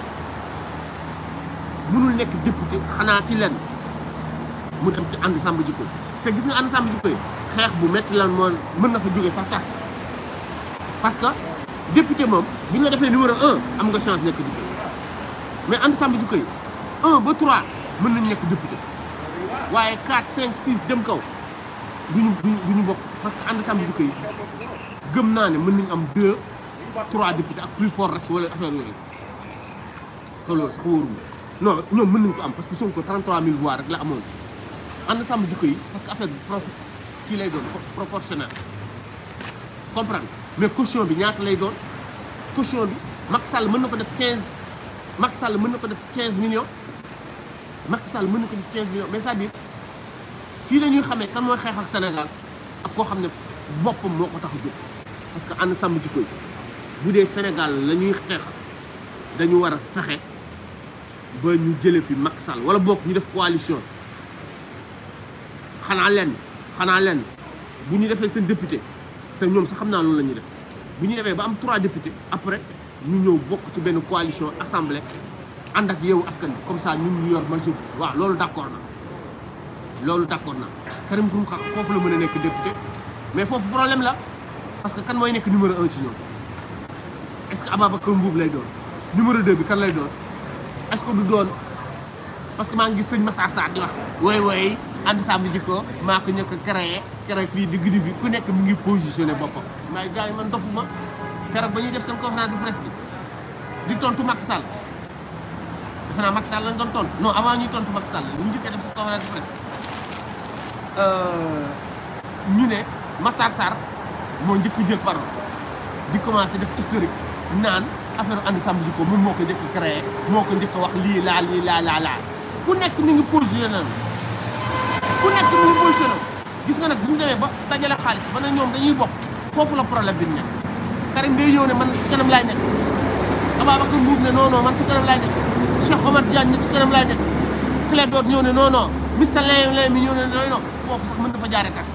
S1: mënul nekk député xanaa ci lenn mu dem ci ànd sàmm jikko te gis nga ànd sàmm jikko yi xeex bu metti lan moo mën na fa jóge sax tas parce que député moom bi nga defee numéro un am nga chance nekk député mais ànd sàmm jikko yi un ba trois mën nañ nekk député waaye quatre cinq six jëm kaw duñu duñu ñu bokk parce que ànd sàmm jikko yi gëm naa ne mën nañ am deux trois députés ak plus fort reste wala affaire yooyu te loolu sax wóorul non non, mën nañ ko am parce que Sonko 33000 voix rek la amoon ànd sàmm jikko yi parce que affaire bi prof lay doon proportionnel comprendre mais caution bi ñaata lay doon caution bi Macky Sall mën ko def 15 Macky Sall mën na ko def 15 millions Macky Sall mën na ko def 15 millions mais ça dit, dire fii la ñuy xamee kan mooy xeex ak Sénégal ak koo xam ne boppam moo ko tax parce que ànd sàmm jikko yi bu Sénégal la ñuy xeexal dañu war a ba ñu jële fi Macky Sall wala bokk ñu def coalition xanaa lenn xanaa lenn bu ñu defee seen député te ñoom sax xam naa loolu la ñuy def bu ñu defee ba am trois députés après ñu ñëw bokk ci benn coalition assemblée ànd ak yeewu askan bi comme ça ñun ñu yor majorité waaw loolu d' accord na loolu d' accord na Karim Xrum xam foofu la mën a nekk député mais foofu problème la parce que kan mooy nekk numéro un ci ñoom est ce que Ababacar Mbuub lay doon numéro deux bi kan lay doon est-ce que du parce que maa ngi gis sëñ Makhtar Sarr di wax way way ànd sàmm ji ko suis ko ñëkk a créé créé fii di guddi bi ku nekk mu ngi positionné ya, boppam maay gars yi man dofuma keroog ba ñuy def seen conférence de presse bi di tontu Macky Sall defe Macky Sall lañ doon tontu non avant ñuy tontu Macky Sall ñu njëkkee def seen conférence de presse ñu ne Makhtar Sarr moo jël parole di commencé def historique naan affaire And Samm Jikko moom moo ko njëkk a créé moo ko njëkk a wax lii laa lii laa laa laa ku nekk mi ngi positionné ku nekk mi ngi positionné gis nga nag bu ñu demee ba dajale xaalis ba ne ñoom dañuy bokk foofu la problème bi nekk Karim day ñëw ne man ci kanam laay nekk Ababacar Mbuub ne non non man ci kanam laay nekk Cheikh ci kanam laay nekk Clédor ñëw ne non non Mister Leye Leye mi ñëw ne non mën na fa jaare tas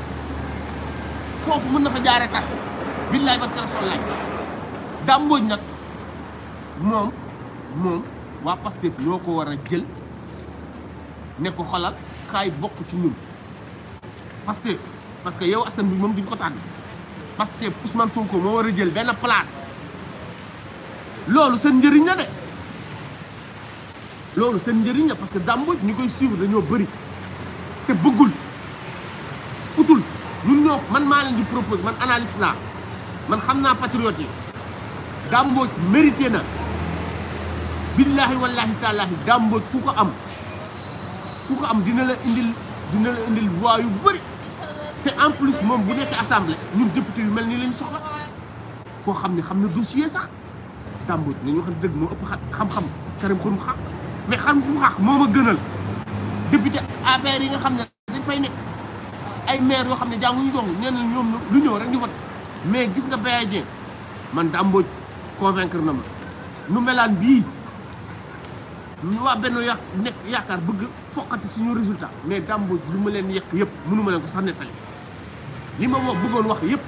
S1: foofu mën na fa jaare tas billaay barka rasool laay dàmbooj nag mom mom wa Pastef ñoo wara war jël ne ko xolal kaay bokku ci ñun Pastef parce que yow asan bi mom duñ ko tànn Pastef Ousmane Sonko mo wara a jël benn place lolu seen njëriñ la de lolu seen njëriñ la parce que dàmboj ñu koy suivre dañu bari te bëggul utul ñun ñok man ma leen di propose man analyse laa man xamna patriote yi mérité na billaahi wallaahi taalaahi dàmbooj ku ko am ku ko am dina la indil dina la indil voix yu bëri te en plus moom bu nekk assemblée ñun député yu mel nii lañu soxla koo xam ne xam na dossier sax dàmbooj nañu wax dëgg moo ëpp xam-xam karim xurum xaq mais xam xurum xaq moo ma gënal député affaire yi nga xam ne dañ fay nekk ay maire yoo xam ne jànguñu dong ñenn ñoom lu ñëw rek ñu vote mais gis nga Baye Dieng man dàmbooj convaincre na ma nu melaan bii ñu waa benn ya nekk yaakaar bëgg foqati suñu résultat mais dàmbu lu ma leen yekk yëpp mënu ma leen ko sax nettali li ma wax bëggoon wax yëpp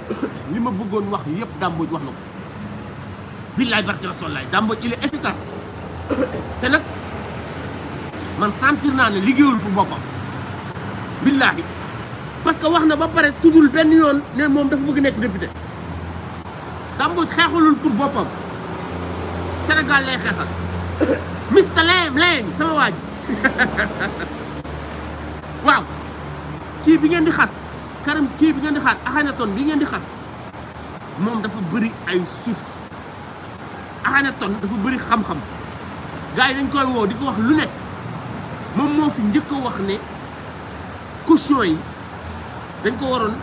S1: li ma bëggoon wax yëpp dàmbooj wax na ko billaay barke rasulilaay dàmbooj il est efficace man sentir naa ne liggéeyul ko boppam billaay parce que wax na ba pare tuddul benn yoon ne moom dafa bëgg nekk député dàmbooj xeexalul pour boppam Sénégal lay xeexal mista leem leeng sama waaj waaw kii bi ngeen di xas karam kii bi ngeen di xaar Akhenaton bi ngeen di xas moom dafa bari ay suuf Akhenaton dafa bëri xam-xam gars yi dañ koy woo di ko wax lu nekk moom moo fi njëkk a wax ne caution yi dañ ko waroon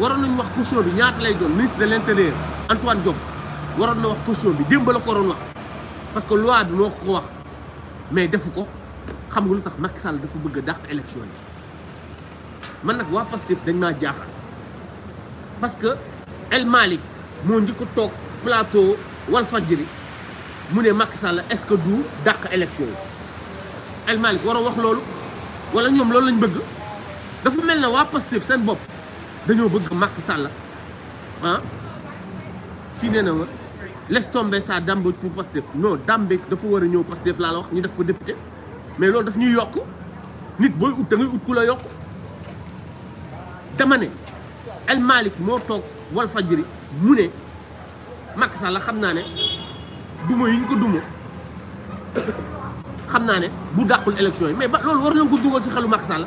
S1: waroon nañu wax caution bi ñaata lay doon ministre de l'intérieur Antoine Diop waroon na wax caution bi démb la ko waroon wax parce que loi bi moo ko wax mais defu ko xam nga lu tax Macky Sall dafa bëgg a dàq élection yi man nag waa Pastef dañ naa jaaxal parce que El Malick moo njëkk a toog plateau Walfadjri mu ne Macky Sall est-ce que du dàq élection yi El Malick war a wax loolu wala ñoom loolu lañ bëgg dafa mel ne waa Pastef seen bopp dañoo bëgg Macky Sall ah kii nee na laisse tomber ça Dame Mbodj pour Pastef non Dame dafa war a ñëw Pastef laa la wax ñu def ko député mais loolu daf ñuy yokk nit booy ut da ngay ut ku la yokk dama ne almalik moo toog wal Walfadjri mu ne Macky Sall la xam naa ne duma yi ñu ko duma xam naa ne bu dàqul élection yi mais ba loolu war nañ ko dugal ci xelu Macky Sall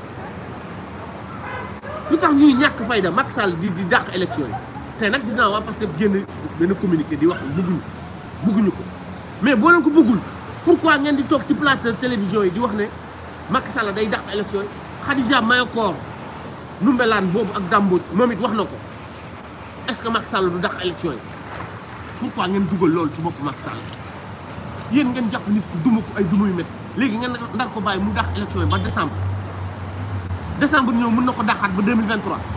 S1: lu tax ñuy ñàkk fayda Macky Sall di di dàq élection yi te nag gis naa waa Pastef génn benn communiqué di wax bëgguñu bëgguñu ko mais boo leen ko bëggul pourquoi ngeen di toog ci plateau télévision yi di wax ne Macky Sall day dàq élection yi Khadija Mahécor Numbelaan boobu ak Dambot moom it wax na ko est-ce que Macky Sall du dàq élection yi pourquoi ngeen dugal loolu ci bopp Macky Sall yéen ngeen jàpp nit ku duma ko ay duma yu métti léegi ngeen ndar ko bàyyi mu dàq élection yi ba décembre décembre ñëw mën na ko dàqaat ba 2023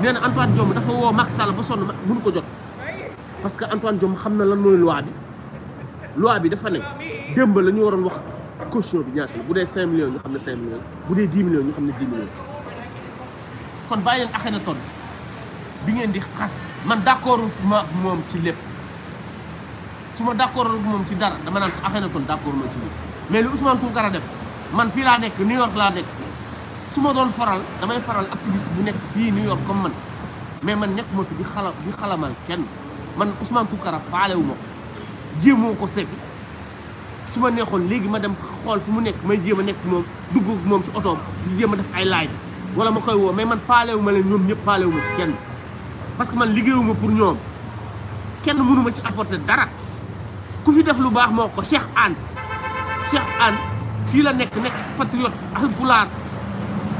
S1: nee na Antoine Diome dafa woo Macky Sall ba sonn mënu ko jot parce que Antoine Diome xam na lan mooy loi bi loi bi dafa ne démb la ñu waroon wax caution bi ñaata la bu dee 5 millions ñu xam ne 5 millions bu dee 10 millions ñu xam ne 10 millions kon bàyyi leen Akhenaton bi ngeen di xas man d'accord ma moom ci lépp su ma d'accord moom ci dara dama naan ko Akhenaton ma ci lépp mais li Ousmane Tounkara def man fii laa nekk New York laa nekk. suma doon faral damay faral activiste bu nek fi New York comme man mais man nekkuma fi di xala di xalamal kenn man Ousmane toukara faalewu wu ko jéemoo ko seeti suma nekhon neexoon ma dem xol fu mu nek may jéem nek mom duggu mom ci auto di jéem def ay laaj wala ma koy wo mais man wu ma len ñom ñoom ñëpp wu ma ci kenn parce que man liggéeyu ma pour ñom kenn mënu ma ci apporter dara ku fi def lu baax moko Cheikh Anne Cheikh Anne fi la nek nek patriote alpulaar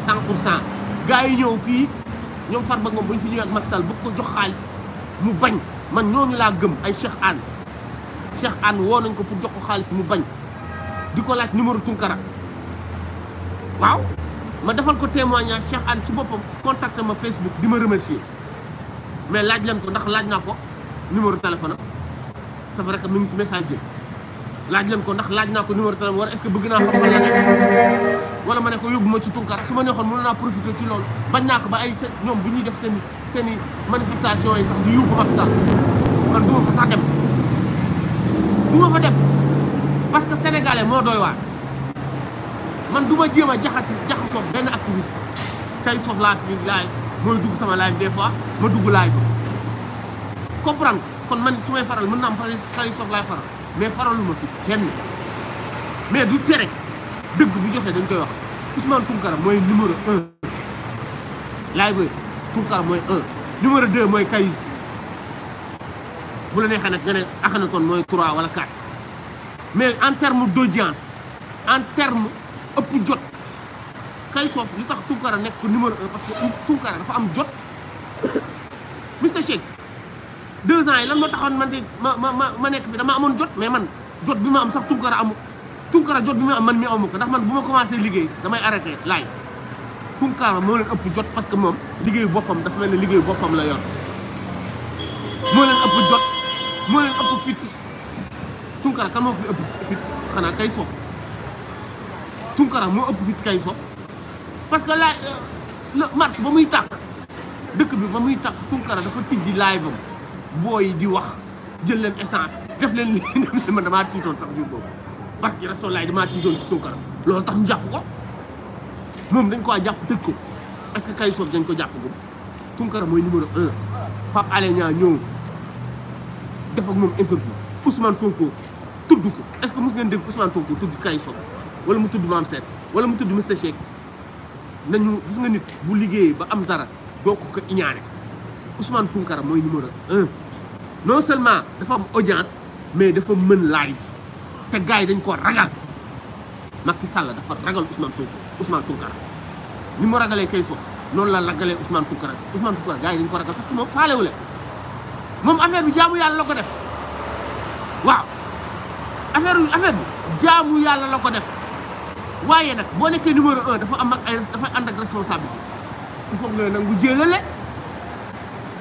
S1: 100 pour cent gars yi ñëw fii ñoom far ba Ngom bu ñu fi ñëwee ak Macky Sall bëgg ko jox xaalis mu bañ man ñooñu laa gëm ay Cheikh Anne Cheikh ann woo nañ ko pour jox ko xaalis mu bañ di ko laaj numéro Tunkara waaw ma defal ko témoignage Cheikh ann ci boppam contacté ma Facebook di ma remercier mais laaj leen ko ndax laaj naa ko numéro téléphone am c'est vrai que ngi si message laaj leen ko ndax laaj naa ko numéro téléphone war est ce que bëgg naa xam fan la nekk wala ma ne ko yóbbu ma ci tunkar su ma neexoon mën naa profité ci loolu bañ naa ko ba ay ñoom bu ñuy def seen seen manifestation yi sax di yóbbu Macky Sall man du ma fa sax dem du ma fa dem parce que sénégalais moo doy waar man du ma jéem a jaxasi jaxasoo activiste tey sof laa fi laay mooy dugg sama live des fois ma dugg live ko comprendre kon man su faral mën naa am tey sof laay faral mais faralu ma fi kenn mais du tere dëgg bu joxee dañ koy wax Ousmane Tounkara mooy numéro un laay boy Tounkara mooy un numéro deux mooy Kayz bu la neexee nag nga ne Akhenaton mooy trois wala quatre mais en terme d'audience en terme ëpp jot Kayz Fof lu tax Tounkara nekk numéro un parce que Tounkara dafa am jot Mister Shake deux ans yi lan moo taxoon man di ma ma ma ma nekk fi dama amoon jot mais man jot bi ma am sax tunkara amu tunkara jot bi mu am man mi amu ko ndax man bu ma commencé liggéey damay arrêté laay tunkara moo leen ëpp jot parce que moom liggéeyu boppam dafa ne liggéeyu boppam la yor moo leen ëpp jot moo leen ëpp fit tunkara kan moo fi ëpp fit xanaa kay sof tunkara moo ëpp fit kay sof parce que laay euh, le mars ba muy tàkk dëkk bi ba muy tàkk tunkara dafa tijji laay bam booy di wax jël leen essence def leen lii def leen man damaa tiitoon sax jur boobu barki Rasulaay damaa tiitoon ci Sonkaram loolu tax ñu jàpp ko moom dañ ko jàpp tëj ko est-ce que kay soog dañ ko jàpp ko Tounkara mooy numéro un Pape Alé Niang ñëw def ak moom interview Ousmane Sonko tudd ko est-ce que mos ngeen dégg Ousmane Sonko tudd kay soog wala mu tudd Mame Seck wala mu tudd Mister Cheikh nañu gis nga nit bu liggéey ba am dara doo ko ko iñaane Ousmane Tounkara mooy numéro un non seulement dafa am audience mais dafa mën live te gars yi dañ ko ragal Macky Sall dafa ragal Ousmane Sonko Ousmane Tounkara ni mu ragalee kay so noonu la ragalee Ousmane Tounkara Ousmane Tounkara gars dañ ko ragal parce que moom faalewu moom affaire bi jaamu yàlla la ko def waaw affaire affaire bi jaamu yàlla la ko def waaye nag boo nekkee numéro un dafa am ak ay dafa ànd ak responsabilité il faut que nga nangu jëlale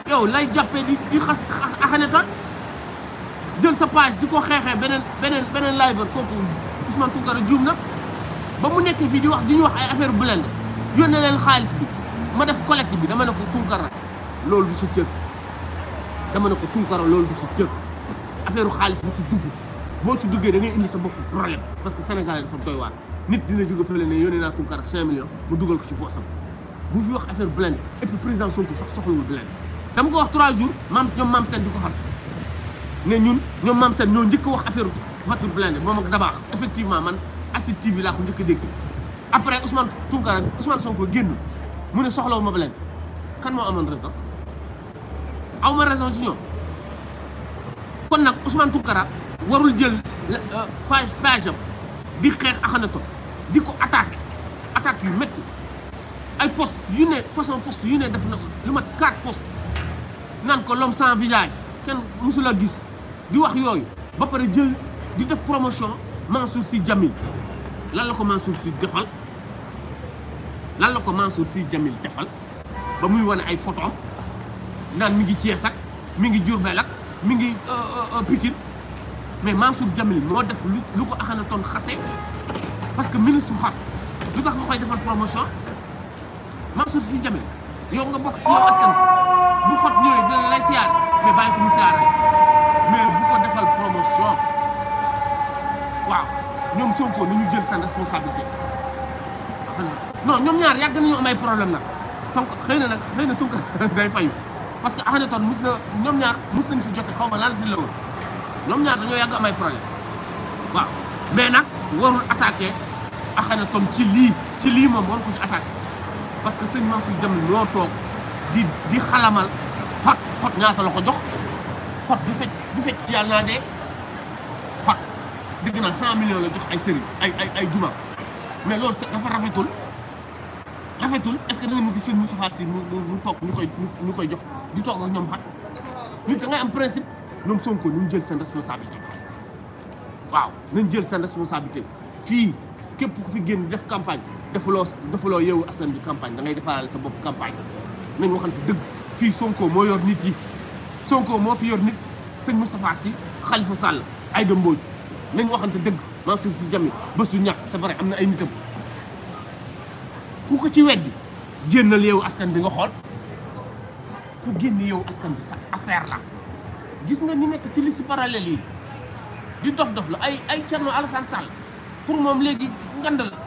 S1: yow lay jàppee di di xas axanetaan jël sa page di ko xeexee beneen beneen beneen live kooku Ousmane Tounkara juum na ba mu nekk fii di wax di ñu wax ay affaire Blindé yónnee leen xaalis bi ma def collecte bi dama ne ko Tounkara loolu du sa cër dama ne ko Tounkara loolu du sa cër affaire xaalis bu ci dugg boo ci duggee da ngay indi sa bopp problème parce que Sénégal dafa doy waar nit dina jóge fële ne yónnee naa Tounkara 5 mu dugal ko ci boosam bu fi wax affaire Blindé et puis président Sonko sax soxlawul Blindé dama ko wax 3 jours mam ñom mam sen diko xass ne ñun ñom mam sen ñoo ñëk wax affaire voiture blindée mom ak dabax effectivement man ASID TV la ko ñëk dégg après Ousmane Tounkara Ousmane Sonko génn mu ne soxlo ma blindé kan mo amone raison aw ma raison ci ñom kon nak Ousmane Tounkara warul jël page page di xex akana to diko attaquer attaque yu métti ay poste yu ne façon poste yu ne def na lu mat 4 poste naan ko l'homme sans visage kenn musu la gis di wax yoy, ba pare djël di def promotion Mansour Sy Djamil lan la ko Mansour Sy defal lan la ko Mansour Sy Djamil defal ba muy wane ay photo nan mi ngi Thiès mi ngi Diourbel ak mi ngi euh, euh, euh, Pikine mais Mansour Djamil mo def lu ko Akhenaton xase parce que ministre xat lu tax nga koy defal promotion Mansour Sy Djamil yow nga bokk ci yow askan bu xot ñëwee dina ya? lay siyaar mais bàyyi ko mu siyaare mais bu ko defal promotion waaw ñoom sonko nañu jël seen responsabilité non ñoom ñaar yàgg nañu am ay problème nag donc xëy na nag xëy na tunka day fayu parce que Akhenaton mus na ñoom ñaar mus nañ fi jote xaw ma lan ci la woon ñoom ñaar dañoo yàgg am ay problème waaw mais nag warul attaqué ya. Akhenaton ci lii ci lii moom waru ko ci attaqué parce que sëñ Mansour dem loo toog di di xalamal xot xot ñaata la ko jox xot du fecc du fecc ci yàlla naa de xot dégg naa cent millions la jox ay sëriñ ay ay ay juma mais loolu dafa rafetul rafetul est-ce que da nga ma gis mu Moustapha Sy mu mu toog ñu koy ñu koy jox di toog ak ñoom xat nit da ngay am principe ñoom Sonko ñu jël seen responsabilité waaw nañ jël seen responsabilité fii képp ku fi génn def campagne defuloo defuloo yeewu askan bi campagne da ngay defaraale sa bopp campagne nañ waxante dëgg fii Sonko moo yor nit yi Sonko moo fi yor nit sëñ Moustapha Sy Khalifa Sall Aïda Mbodj nañ waxante dëgg Mansour Sy jami, bés du ñàkk c'est vrai am ay nitam ku ko ci weddi génnal yeewu askan bi nga xool ku génn yeewu askan bi sa affaire la gis nga ni nekk ci liste parallèle yi di dof dof la ay ay Thierno Alassane Sall pour moom léegi ngand la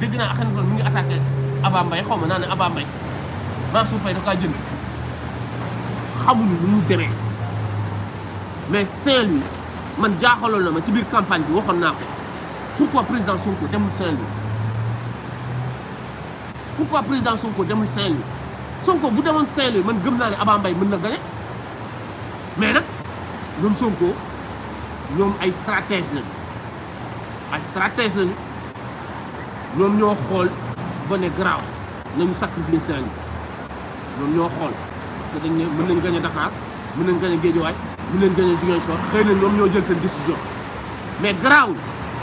S1: dégg naa xam ne mi ngi attaqué Aba Mbaye xaw ma naa ne Aba Mbaye Mansour Faye kaa jënd xamuñu lu mu demee mais Saint-Louis man jaaxaloon la ma ci biir campagne bi waxoon naa ko pourquoi président Sonko demul président Sonko demul Saint-Louis Sonko bu demoon Saint-Louis man gëm naa ne Aba mën na gañe mais nag ñoom Sonko ñoom ay stratège lañu ay stratège lañu. ñoom ñoo xool ba ne garaaw nañu sacrifier seen ñoom ñoo xool parce dañ ne mën nañ gañ a Dakar mën nañ gañ a Guédiawaye mën nañ gañ a Ziguinchor xëy na ñoom ñoo jël seen décision mais garaawul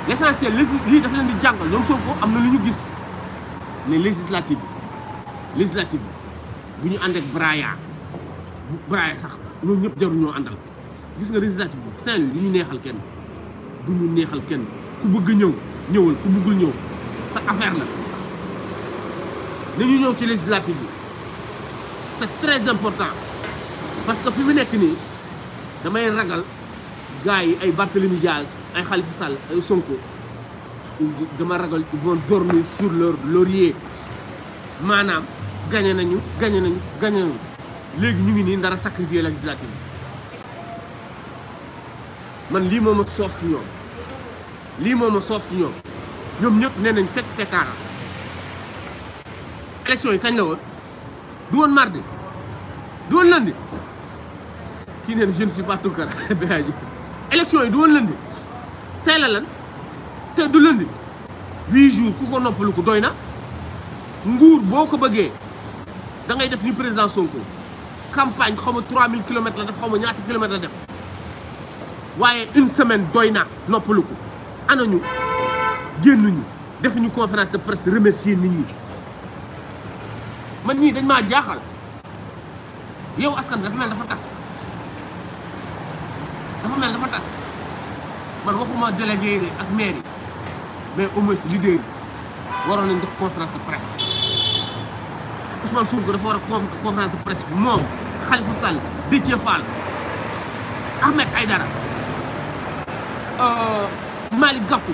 S1: l' essentiel lii daf leen di jàngal ñoom Sonko am na lu ñu gis ne législative bi législative bi bu ñu ànd ak Braya bu Braya sax loolu ñëpp jarul ñoo àndal gis nga législative bi Saint-Louis du ñu neexal kenn du ñu neexal kenn ku bëgg ñëw ñëwal ku bëggul ñëw sa affaire là. dañu ñëw ci législative bi c'est très important parce que fi mu nekk nii damay ragal gars les ay Barthélémy Diaz ay Khalifa Sall ay Sonko dama ragal ils vont dormir sur leur laurier Manam, gagné nañu gagné nañu gagné nañu léegi ñu ngi nii ndara sacrifier législative man lii moo ma soof ci ñoom lii moo ci ñom ñëpp nénañ nañ teg tekkaaral élection yi kañ la woon du woon mardi du woon lundi ki nee je ne suis pas Tounkara Béya Diop élection yi du woon lundi tey la lan té du lundi 8 jours ku ko noppalu ko doyna nguur boko bëggé da ngay def ni président Sonko campagne xaw 3000 km la def xaw ñaati km la def waaye une semaine doy na noppalu anañu génn ñu defuñu conférence de presse remercier nit ñi man ñii dañ maa jaaxal yow askan dafa mel dafa tas dafa mel dafa tas man waxuma délégué yi ak maire mais au moins leader yi waroon nañ def conférence de presse Ousmane ko dafa war a conférence de presse moom Khalifa Sall Déthié Fall Ahmed Aïdara euh, Malick Gakou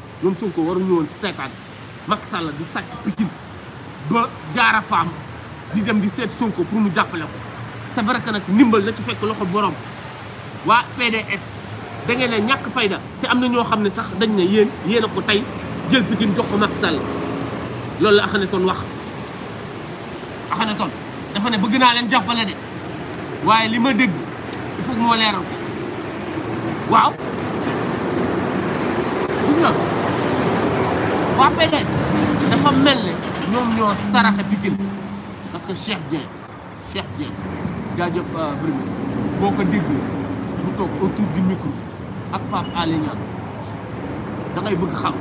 S1: ñoom Sonko waruñu woon seetaan Macky sàlla di sàcc Pikine ba jaara faam di dem di seet Sonko pour mu jàppale ko c'est vrai nag ndimbal la ci fekk loxo borom waa PDS da ngeen ñàkk fayda te am na ñoo xam ne sax dañ ne yéen yéen a ko tey jël Pikine jox ko Macky Sall loolu la Akhenaton wax Akhenaton dafa ne bëgg naa leen jàppale de waaye li ma dégg il faut moo leeral ko waaw waa PDS dafa mel ne ñoom ñoo saraxe Pikine parce que Cheikh Dieng Cheikh Dieng jaajëf euh, Brime boo ko déglu mu toog autour du micro ak Pape Alé Niang da ngay bëgg xam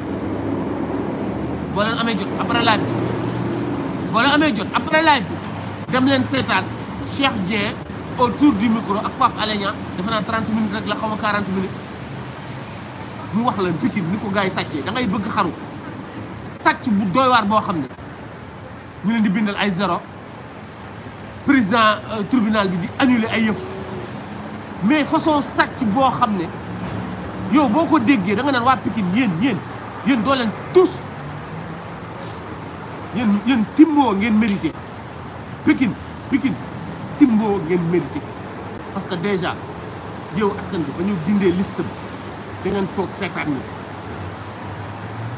S1: boo leen amee jot après live bi boo leen amee jot après live dem leen seetaan Cheikh Dieng autour du micro ak Pape Alé Niang 30 minutes rek la xaw 40 minutes mu wax la Pikine ni ko gars yi sàccee da ngay bëgg xaru sàcc bu doy boo xam ne ñu leen di bindal ay zéro président euh, tribunal bi di annulé ay yëf mais façon sàcc boo xam ne yow boo ko déggee da nga naan waa Pikine yéen yéen yéen doo leen tous yéen yéen timboo ngeen mérité Pikine Pikine timboo ngeen mérité parce que déjà yow askan bi ba ñu dindee liste bi da ngeen toog seetaan ñu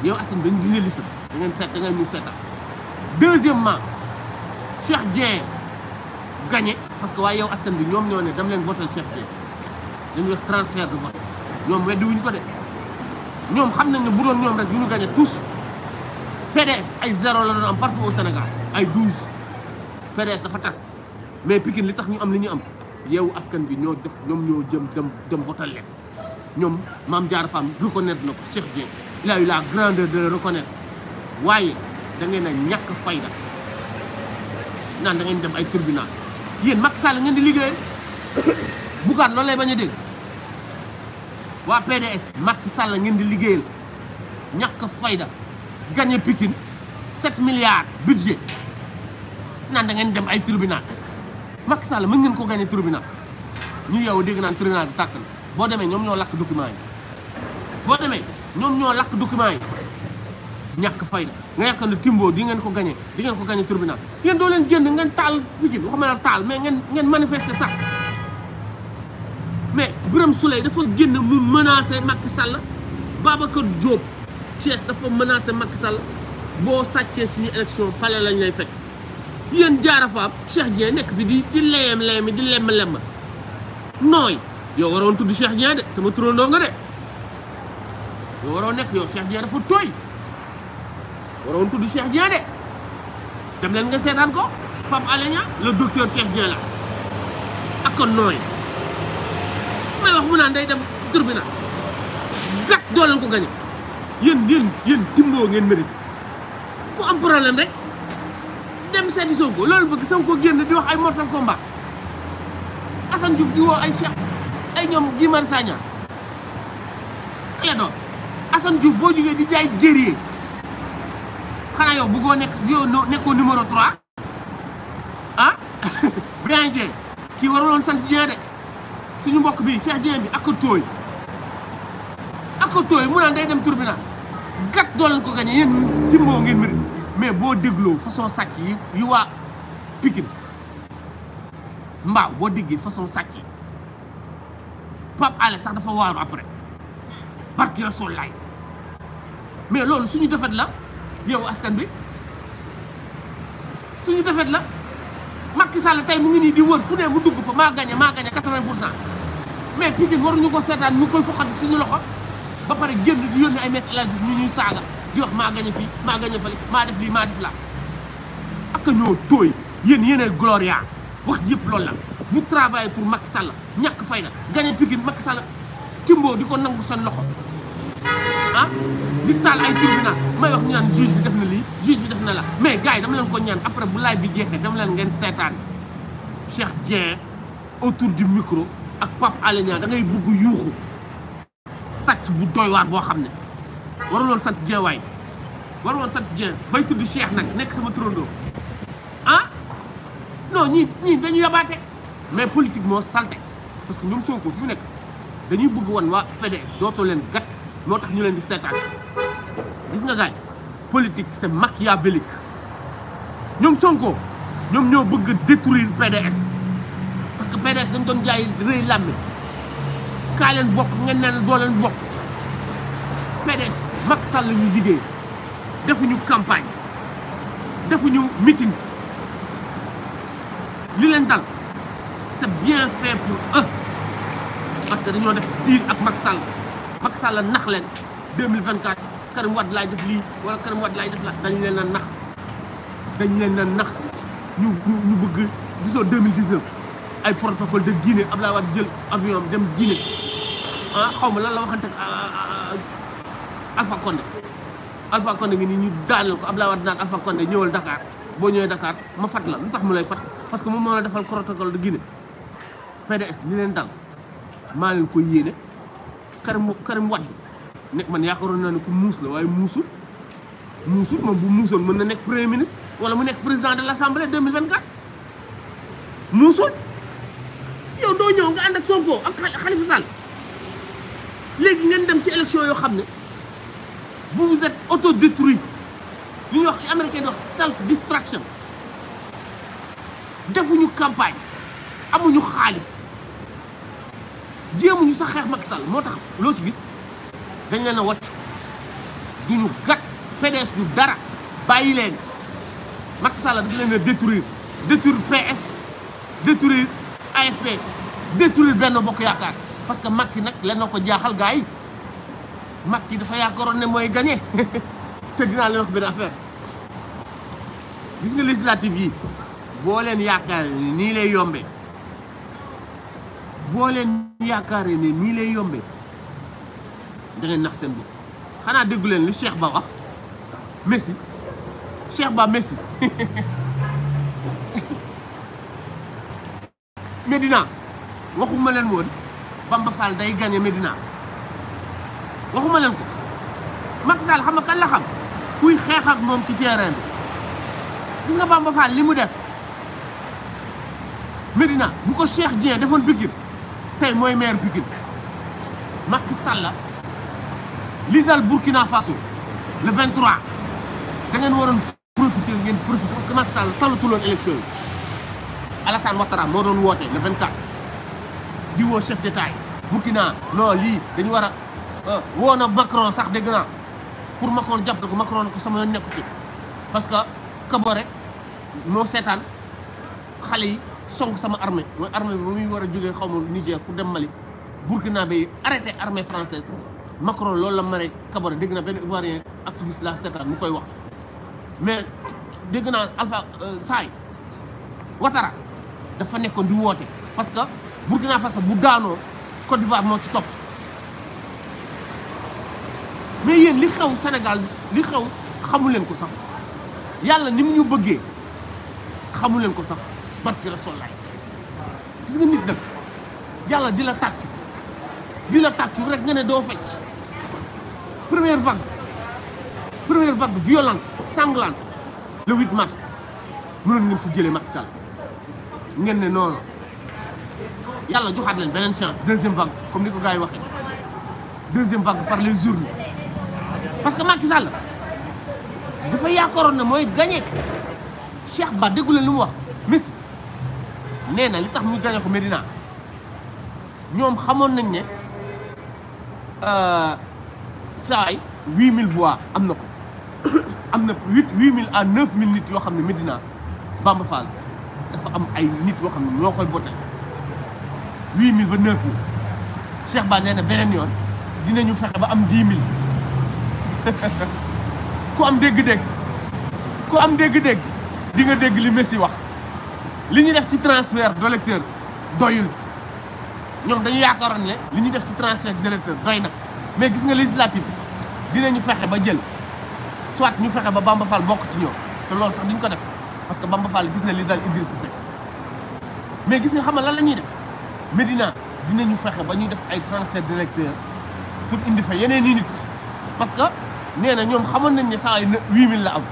S1: yow askan bi dañu dindee liste bi da ngeen seet da ngeen ñu seetal deuxièmement Cheikh Dieng parce que waaye yow askan bi ñoom ñoo ne dam leen votal Cheikh Dieng dañuy wax transfert de vote ñoom weddi wuñu ko de ñoom xam nañ ne bu doon ñoom rek du ñu gagné tous PDS ay zéro la doon am partout au Sénégal ay douze PDS dafa tas mais Pikine li tax ñu am li ñu am yow askan bi ñoo def ñoom ñoo jëm dem dem votal leen ñoom Mame jaar Fam reconnaître na ko Cheikh Dieng il a eu la grandeur de le waaye da ngay na ñak fay da nan da ngay dem ay tribunal yeen mak Sall ngeen di liggéeyee bu gat lay baña a wa PDS mak Sall ngeen di liggéeyal fay da gagné Pikine 7 milliards budget nan da ngay dem ay tribunal mak Sall ma ngeen ko gagné tribunal ñu yow deg nan tribunal takal bo na ñom ñoo lak document yi boo demee ñoom ñoo lak document yi ñak fay la nga yaakaar ne Timbo di ngeen ko gagner di ngeen ko gagner tribunal yeen do len genn ngeen tal Pikine waxuma la tal mais ngeen ngeen manifester sax mais Birame soulay dafa genn mu menacer Macky Sall Babacar Diop cheikh dafa menacer Macky Sall bo satché suñu élection palé lañ lay fekk yeen jaara faam Cheikh dié nek fi di di leyem leyemi di lemm lemm noy yo waron tuddu Cheikh dié de sama turandoo nga de yo waron nek yo Cheikh dié dafa toy orang tu di Syekh de dek. Dan dengan saya ko Pape Alé Niang le docteur Syekh Dieng lah. ak noy. Mai wax mu naan day dem tribunal gat doo leen ko gani. Yen yen yen timbo ngeen mérite Ko am problème rek dem sa seeti Sonko lolou bëgg sa ko genn di wax ay mortal combat Assane Diouf di wo ay Cheikh ay ñom Guy Marius Sagna xale doon Assane Diouf bo jógee di jay guerrier xanaa yow bëggoo nekk yow nekkoo numéro 3 ah Bien Dieng kii waruloon sant Dieng de suñu mbokk bi Cheikh Dieng bi ak tooy ak tooy mu naan day dem tribunal gat doon ko gañe yéen timboo ngeen mbir mais boo dégloo façon sàcc yi waa Pikine mbaaw boo déggee façon sàcc yi Pape Alé sax dafa waaru après barki Rasoul laay mais loolu suñu defet la yow askan bi suñu defet la Macky Sall tey mu ngi nii di wër fu ne mu dugg fa maa gagné maa gagné 80 pour cent mais Pikine waruñu ko seetaan mu koy foxati suñu loxo ba pare génn di yónni ay maître la ñu ñuy saaga di wax maa gagné fii maa gagné fële maa def lii maa def laa ak ñoo tooy yéen yéenay gloria wax ji yëpp loolu la vous travaillez pour Macky sàll ñàkk fay na gagné Pikine Macky Sall timboo di ko nangu seen loxo ah di taal ay tribunal may wax ñu naan juge bi def na lii juge bi def na la mais gars yi dama leen ko ñaan après bu laay bi jeexee dama leen ngeen seetaan Cheikh Dieng autour du micro ak Pape Alé Niang da ngay bugg yuuxu sàcc bu doy waar boo xam ne waruloon sant Dieng waay waruloon sant Dieng bay tudd Cheikh nag nekk sama turandoo ah non ñii ñii dañu yabaate mais politique moo salte parce que ñoom Sonko fi mu nekk dañuy bëgg wan waa PDS dootoo leen gat motax ñu leen di seetaan gis nga gaay politique c'est machiavélique ñom Sonko ñom ñoo bëgg détruire PDS parce que PDS dañ doon jaay reuy lamé ka leen bok ngeen neul do leen bok PDS mak Sall ñu diggé defu ñu campagne ñu meeting li leen dal c'est bien fait pour eux parce que dañu def diir ak mak Sall Macky Sall nax leen 2024 Karim Wade laay def lii wala Karim Wade laay def la dañ leen a nax dañ leen a nax ñu ñu bëgg disons 2019 ay protocole de ab Abdoulaye Wade jël avion am dem Guinée ah xaw ma lan la waxante ah, ah, ah, Alpha Condé Alpha Condé ngi nii ñu daaneel ko Abdoulaye Wade naan Alpha Condé ñëwal dakaar boo ñëwee Dakar ma fat la lu tax mu lay fat parce que moom moo la defal protocole de Guinée PDS li leen dal maa leen koy yéene Karim Karim Wade nekk man yaakaaroon naa ne ku muus la waaye muusul muusul moom bu muusoon mën na nekk premier ministre wala mu nekk président de l' assemblée 2024 muusul yow doo ñëw nga ànd ak Sonko ak Khalifa Sall léegi ngeen dem ci élection yoo xam ne vous vous êtes autodétruit li ñuy wax li américain di wax self distraction defuñu campagne amuñu xaalis ñu sax xex Macky Sall motax lo ci gis dañ leena a wàcc du ñu gat PDS du dara bayi leen Macky Sall da leena détruire détruire PS détruire AFP détruire benn Bokk Yaakaar parce que Macky nak leen na ko jaaxal gaay Macky dafa yaakaaroon ne moy gagné te dina leen wax benn affaire gis nga législative yi bo leen yaakaar ni lay yombé boo leen yaakaaree ne nii lay yombee da ngeen nax seen bopp xanaa déggu leen li Cheikh Ba wax Messi Cheikh Ba Messi Medina waxuma leen woon Bamba day gagné Medina waxuma leen ko Macky Sall xam nga kan la xam kuy xeex ak moom ci terrain bi gis nga Bamba li mu def Medina bu ko Cheikh Dieng defoon Pikine tey mooy maire Pikine Macky Sall li dal Burkina Faso le 23 da ngeen waroon profiter ngeen profiter parce que Macky Sall talatuloon élection yi Alassane Ouattara moo doon woote le 24 di woo chef d'État yi Burkina non lii dañu war a euh, woo na Macron sax dégg naa pour Macron jàpp ko Macron ko sama nekku ci parce que Kaboré moo seetaan xale yi. song sama armée mooy armée bi ba muy war a jógee xaw ma Niger pour dem Mali Burkina bay arrêté armée française Macron loolu la mare Kabore dégg naa benn Ivoirien activiste la seetaan mu koy wax mais dégg naa Alpha euh, Saay Ouattara dafa nekkoon di woote parce que Burkina Faso bu daanoo Côte d'Ivoire moo ci topp mais yéen li xew Sénégal li xew xamu leen ko sax yàlla ni mu ñu bëggee xamu leen ko sax barki Rasulullah gis nga nit nag yàlla di la tàccu di la tàccu rek nga ne doo fecc première vague première vague violente sanglante le 8 mars mënoon ngeen fi jëlee Macky Sall ngeen ne noonu yàlla joxaat leen beneen chance deuxième vague comme ni ko gars yi waxee deuxième vague par les urnes parce que Macky Sall dafa yaakaaroon ne mooy gagné Cheikh Ba déggu leen lu wax Messi nee li tax ñu gañe ko Medina ñom xamone nañ ne euh say 8000 voix amna ko amna 8000 à 9000 nit yo xamné Medina Bamba Fall dafa am ay nit yo xamné ne ñoo koy bote huit ba 9000 Cheikh Ba nee benen yoon dinañu fexe ba am 10000 mille ku am dégg-dégg ku am dégg-dégg di nga dégg li Messi wax li ñu def ci transfert de doyul ñoom dañu yaakaaroon ne li ñu def ci transfert de lecteur doy na mais gis nga législative ñu fexe ba jël soit ñu fexe ba Bamba Fall bokk ci ñoom te lool sax duñ ko def parce que Bamba Fall gis na li dal sa Seck mais gis nga xam nga lan la ñuy def Médina ñu fexe ba ñu def ay transfert directeur lecteur indi fa yeneen i nit parce que nee na ñoom xamoon nañ ne saa yu 8000 la am.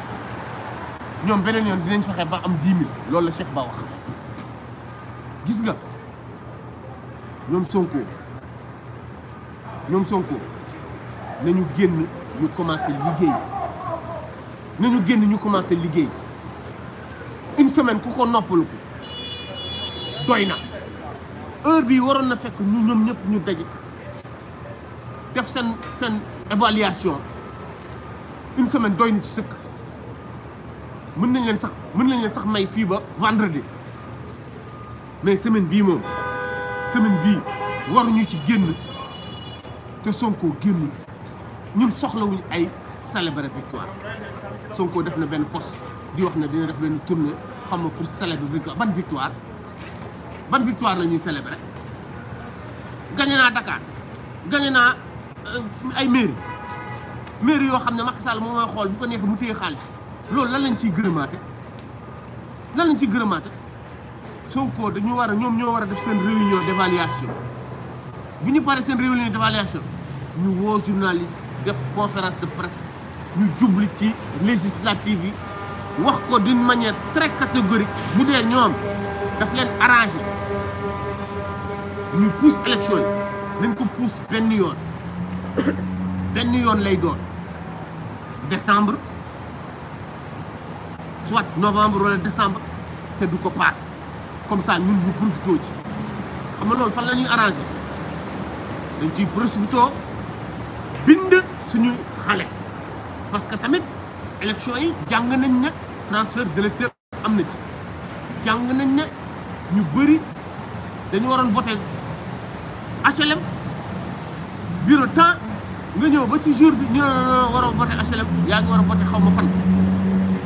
S1: ñom benen yoon dinañ ba am 10 000 loolu Nous Cheikh Ba wax gis nga ñom Sonko Nous Sonko nañu génn ñu commencé liggéey nañu génn ñu commencé liggéey une semaine ku ko noppalu ko doy na heure bi waroon na fekk ñu ñoom ñëpp ñu daje def évaluation une semaine doy na ci sëkk. mën nañ leen sax mën nañ leen sax may fii ba vendredi mais semaine bii moom semaine bii waruñu ci génn te Sonko génn ñun soxlawuñu ay célébrer victoire Sonko def na benn poste di wax ne dina def benn tournée xam nga pour célébrer victoire ban victoire ban victoire la ñuy célébrer gañe naa Dakar gañe naa euh, ay mairie mairie yoo xam ne Macky Sall moom mooy xool bu ko neexee mu téye xaalis. loolu lan lañ ciy gërëmaate lan lañ ciy gërëmaate Sonko dañu war a ñoom ñoo war a def seen réunion d'évaluation bu ñu paree seen réunion d'évaluation ñu woo journaliste def conférence de presse ñu jubli ci législative yi wax ko d'une manière très catégorique bu dee ñoom daf leen arrangé ñu pousse élection yi nañ ko pousse benn yoon benn yoon lay doon décembre soit novembre wala décembre te du ko paase comme ça bu ñu profitoo ci xam fan la ñuy arrangé ci ciy profitoo bind suñu xale parce que tamit élection yi jàng nañ na transfert d'électeur am na ci jàng nañ ne ñu bëri dañu waroon vote HLM bureau temps nga ñëw ba ci jour bi ñu ne la war a voté HLM yaa ngi war a xaw ma fan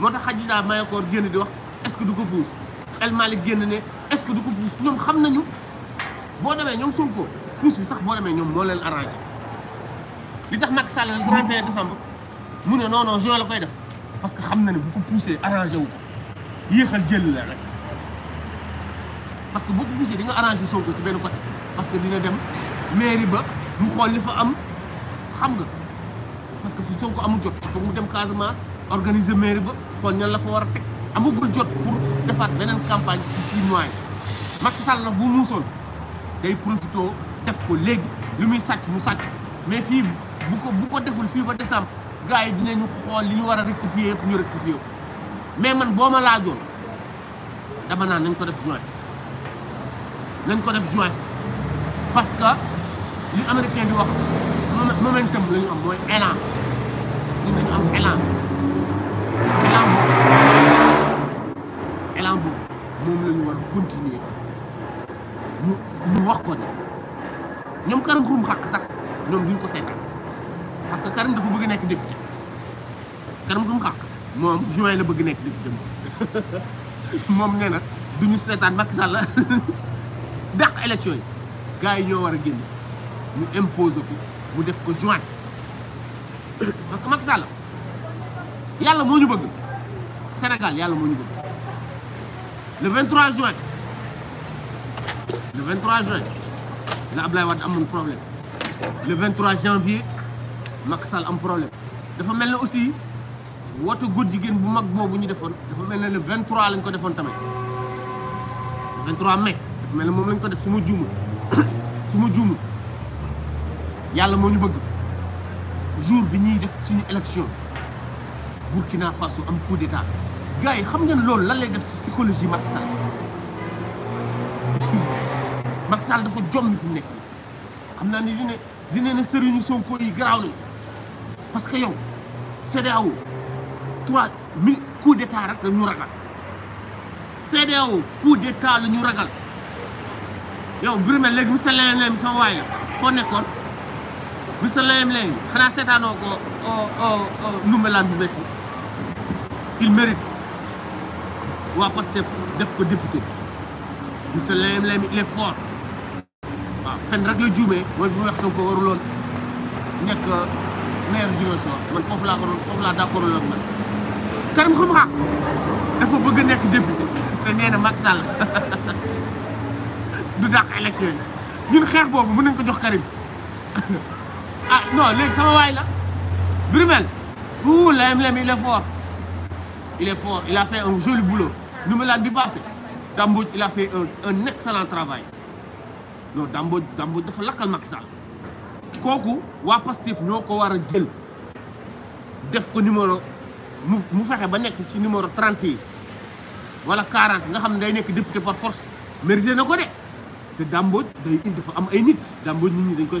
S1: moo tax Khadija Mayakor génn di wax est-ce que du ko puus El malik génn ne est-ce que du ko puus ñoom xam nañu boo demee ñoom Sonko puus bi sax bo démé ñom mo leen arrangé li tax mak Sall 31 décembre mu ne non non juin la koy def parce que xam nañu bu ko pousser arrangé wu ko yéexal jël la rek parce que bu ko poussé di nga arrangé Sonko ci benn côté parce que dina dem mairie ba mu xol li fa am xam nga parce que fu Sonko amu jot foog mu dem Casamance. organiser mairie ba xool ñan la fa war a teg amagul jot pour defaat beneen campagne ci six mois yi Macky Sall nag bu muusoon day profité def ko léegi lu muy sàcc mu sàcc mais fii bu ko bu ko deful fii ba décembre gars yi dinañu xool li ñu war a rectifier yëpp ñu rectifier ko mais man boo ma laajoon dama naan nañ ko def juin nañ ko def juin parce que li américain di wax momentum la ñu am mooy élan ñu nañu am élan élan boobu moom la war continuer ñu ñu wax ko ne ñoom Karim Xurum Xaq sax ñoom duñ ko seetaan parce que Karim dafa bëgg nekk député Karim Xurum Xaq moom juin la bëgg nekk député moom moom nee na du seetaan Macky Sall dàq élection yi gars yi war a génn ñu imposer ko mu def ko juin parce que Macky Yalla moo ñu bëgg Sénégal yalla moo ñu bëgg le 23 juin le 23 juin la Ablaye Wade amoon problème le 23 janvier Macky Sall am problème. dafa melni aussi woto góor jigéen bu mag bobu ñu defoon dafa melni le 23 lañ ko defoon tamit 23 mai dafa mel ne lañ ko def suma ma suma su yalla juumul ñu bëgg jour bi ñuy def suñu élection. Burkina Faso am coup d'état gars yi xam ngeen loolu lan lay def ci psychologie Macky dafa jommi fi mu nekk xam naa ni dina dina ne sëriñu Sonko yi garaaw nañ parce que yow CEDEAO trois mille coup d'état rek la ñu ragal CEDEAO coup d'état la ñu ragal yow Birame léegi mu sa leneen sama waay la foo nekkoon Mr Layem Layem xanaa seetaanoo ko numbelaan il mérite waa Pastef def ko député Mr Layem Layem il est fort rek la juumee mooy bu wax Sonko waruloon nekk euh, maire Ziguinchor man foofu laa ko loon man Karim Xrum Xax dafa bëgg nekk député te nee na Macky du dàq élection yi ñun boobu mën nañ ko jox Karim ah non léegi sama waay la Brumel ouh Lem Lem il est fort il est fort il a fait un joli boulot Nous, me l'a bi passé Dambodj il a fait un un excellent travail non Dambodj Dambodj dafa lakkal Macky Sall kooku waa Pastef ñoo ko war a jël def ko numéro mu mu fexe ba numéro 30 yi wala 40 nga xam ne day député par force mérité je ne connais te Dambodj day indi dafa am ay nit Dambodj nit ñi dañ koy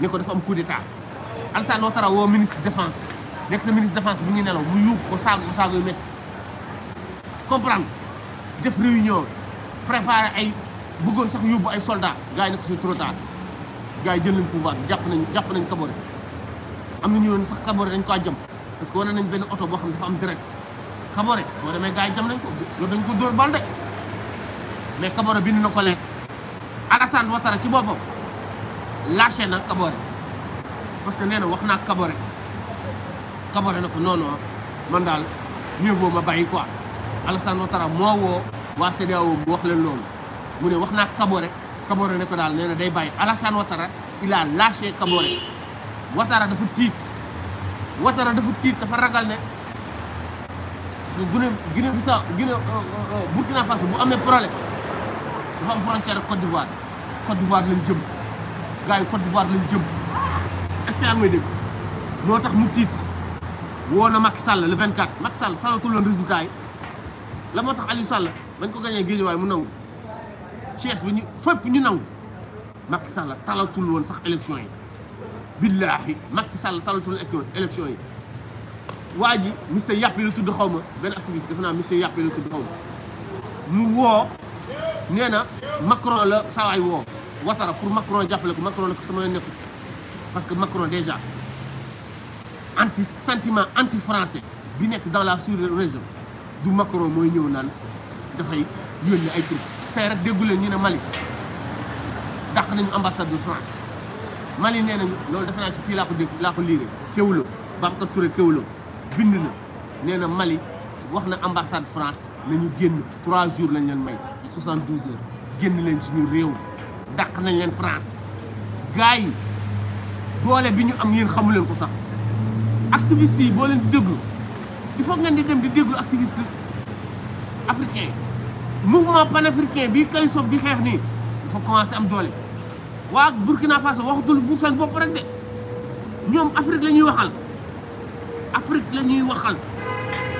S1: ne ko dafa am coup d'état Alassane Ouattara woo ministre défense nekk na ministre défense bu ngi nelaw mu yuub ko saago ko saago yu métti comprendre def réunion préparé ay bëggoon sax yóbbu ay soldat gaa yi ne ko c'est gaa tard gars yi jël nañ pouvoir jàpp nañ jàpp nañ Kabore am na ñu woon sax Kabore dañ ko jëm parce que wane nañ benn oto boo xam ne dafa am direct Kabore boo demee gars yi jam nañ ko loolu dañ ko dóor balde mais Kabore bind na ko lekk Alassane Ouattara ci boppam lâché na Kaboré parce que nee na wax naa Kaboré Kaboré na ko non non man daal mieux ma bàyyi quoi Alassane Ouattara moo woo waa CEDEAO bu wax leen loolu mu ne wax naa Kaboré Kaboré ne ko daal nee day bàyyi Alassane Ouattara il a lâché Kaboré dafa tiit Ouattara dafa tiit dafa ragal ne parce que Guinée Guinée Bissau Guinée euh, euh, euh, Burkina Faso bu amee problème dafa am frontière Côte d'Ivoire Côte d'Ivoire lañ jëm. gars yi Côte d'Ivoire lañ jëm est-ce que yaa ngi tax mu tiit woo na Macky sàll la 24 Macky Sall talatul woon résultat yi la moo tax Aliou Sall bañ ko gagné Guédiawaye mu nangu Thiès bi ñu fépp ñu nangu Macky Sall talatul woon sax élection yi billaahi Macky Sall talatul élection yi waa ji monsieur Yappé la tudd xaw ma benn activiste defe naa monsieur Yappé la tudd xaw ma mu woo nee na Macron la saawaay woo Ouattara pour Macron jàppale ko Macron ne ko sama yoon parce que Macron déjà anti sentiment anti français bi nekk dans la sous-région du Macron mooy ñëw naan dafay yónni ay troupes tey rek déggu leen ñu ne Mali dàq nañu ambassade de France Mali nee nañu loolu defe naa ci kii laa ko dégg laa ko liire Kewoulo Babacar Touré Kewoulo bind na nee na Mali wax na ambassade France nañu génn trois jours lañ leen may 72 heures génn leen suñu réew dak nañ leen France gars yi doole bi ñu am yeen xamu leen ko sax activiste yi boo leen di deglu il faut ngeen di dem di deglu activiste africain mouvement panafricain bi kay sof di xeex il faut commencer am doole waa Burkina Faso waxatul bu seen bopp rek de ñoom Afrique lañuy waxal Afrique lañuy waxal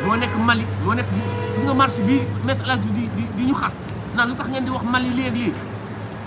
S1: mo nek Mali mo nek gis nga marche bi Maître El Hadji di di ñu xass naan lutax ngeen di wax Mali léegi lii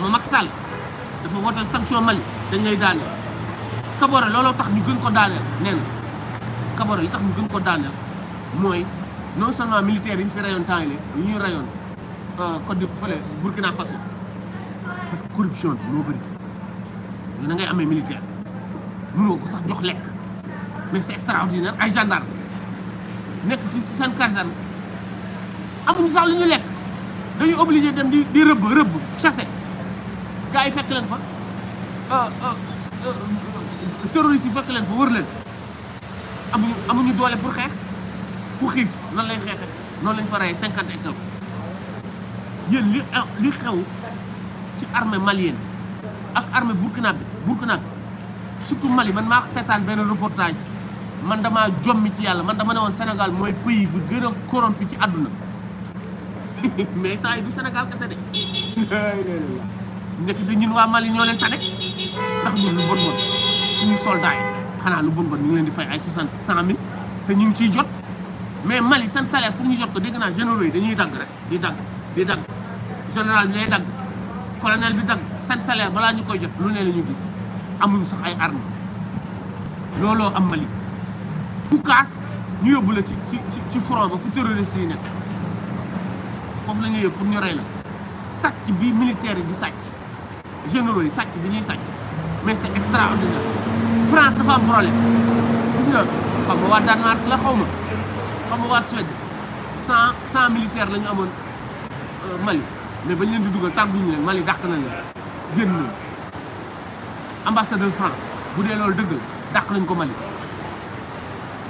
S1: xam nga Macky Sall dafa wootal sanction Mali dañ lay daaneel Kabore looloo tax ñu gën ko daaneel nee na Kabore tax ñu gën ko daaneel mooy non seulement militaire yi ñu fi rayoon temps yi la ñuy rayoon euh, Côte de fële Burkina Faso parce que corruption bi moo bëri mais na amee militaire mënoo ko sax jox lekk mais c'est extraordinaire ay gendarme nekk ci seen caserne amuñu sax lu lekk dañuy obligé dem di di rëbb rëbb chasser. gars yi fekk leen fa ah, ah, ah, terroriste yi fekk leen fa wër leen amuñu amuñu doole pour xeex ku xiif nan lay xeexe noonu lañ fa rey cinquante et quelque li li xew ci armée malienne ak armée burkina bi burkina bi surtout Mali man maa ko seetaan benn reportage man damaa jommi ci yàlla man dama ne woon Sénégal mooy pays bu gën a corrompu ci àdduna mais saa du Sénégal kese de. ndekete ñun waa Mali ñoo leen tane ndax ñun lu bon bon suñu soldats xanaa lu bon bon ñu ngi leen di fay ay si soixante cent mille te ñu ngi ciy jot mais Mali seen salaire pour ñu jot ko dégg naa généraux yi dañuy dagg rek di dagg di général bi lay dagg colonel bi dagg seen salaire balaa ñu koy jot lu ne la ñu gis amuñu sax ay armes looloo am Mali ku kaas ñu yóbbu la ci ci ci front ba fu terroriste yi nekk foofu la ñuy pour ñu rey la sàcc bi militaire yi di sàcc. généraux yi sàcc bi ñuy sàcc mais c'est extraordinaire France dafa cent cent militaires amoon euh, Mali bañ leen di dugal tàgguñu leen Mali dàq na leen génn nañ France bu dee loolu dëgg la dàq nañ ko Mali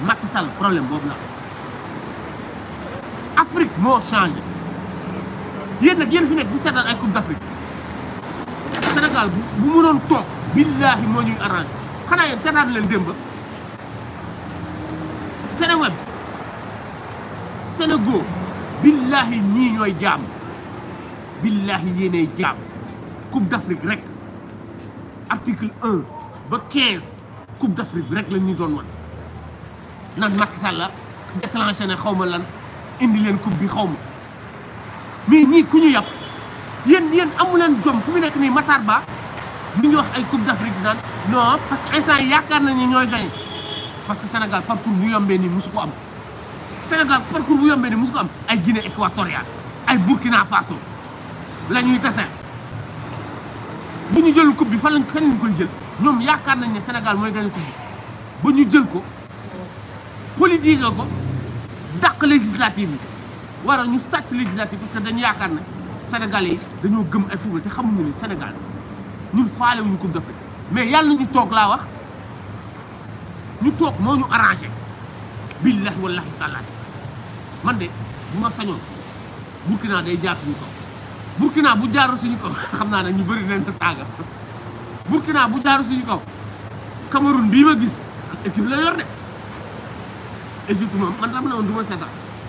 S1: Macky Sall problème boobu la Afrique moo changé yéen nag yéen fi nekk di seetaan ay Coupe d'Afrique Sénégal bu bu mënoon toog billaahi moo ñuy arrangé xanaa yéen seetaan leen démb Sénéweb Sénégo billaahi ñii ñooy jaam billaahi yi jaam Coupe d'Afrique rek article un ba quinze Coupe d'Afrique rek la ñu doon wan nan Macky Sall déclenché ne xaw ma lan indi leen coupe bi xaw ma mais ñii ku ñu yàpp yéen yéen amu leen jom fu mu nekk nii Matar Ba mi ngi wax ay coupe d'Afrique naan non parce que instant yi yaakaar nañu ñooy gagné parce que Sénégal parcours bu yombee nii mosu ko am Sénégal parcours bu yombee nii mosu am ay Guinée équatoriale ay Burkina Faso la ñuy tase bu ñu jël coupe bi fan lañ fan lañ koy jël ñoom yaakaar nañ ne Sénégal mooy gagné coupe bi ba ñu jël ko politique ko dàq législative bi war a ñu sàcc législative parce que dañu yaakaar ne. sénégalais yi dañoo gëm ay football te xamuñu ne Sénégal ñun faale wuñu coupe d'Afrique mais yàlla ñu toog laa wax ñu toog moo ñu arrangé billahi wallahi taalaay man de bu ma sañoon Burkina day jaar suñu kaw Burkina bu jaarul suñu kaw xam naa ne ñu bari nañ na saaga Burkina bu jaarul suñu kaw Cameroun bii ma gis ak équipe la yor de équipe moom man dama ne woon du ma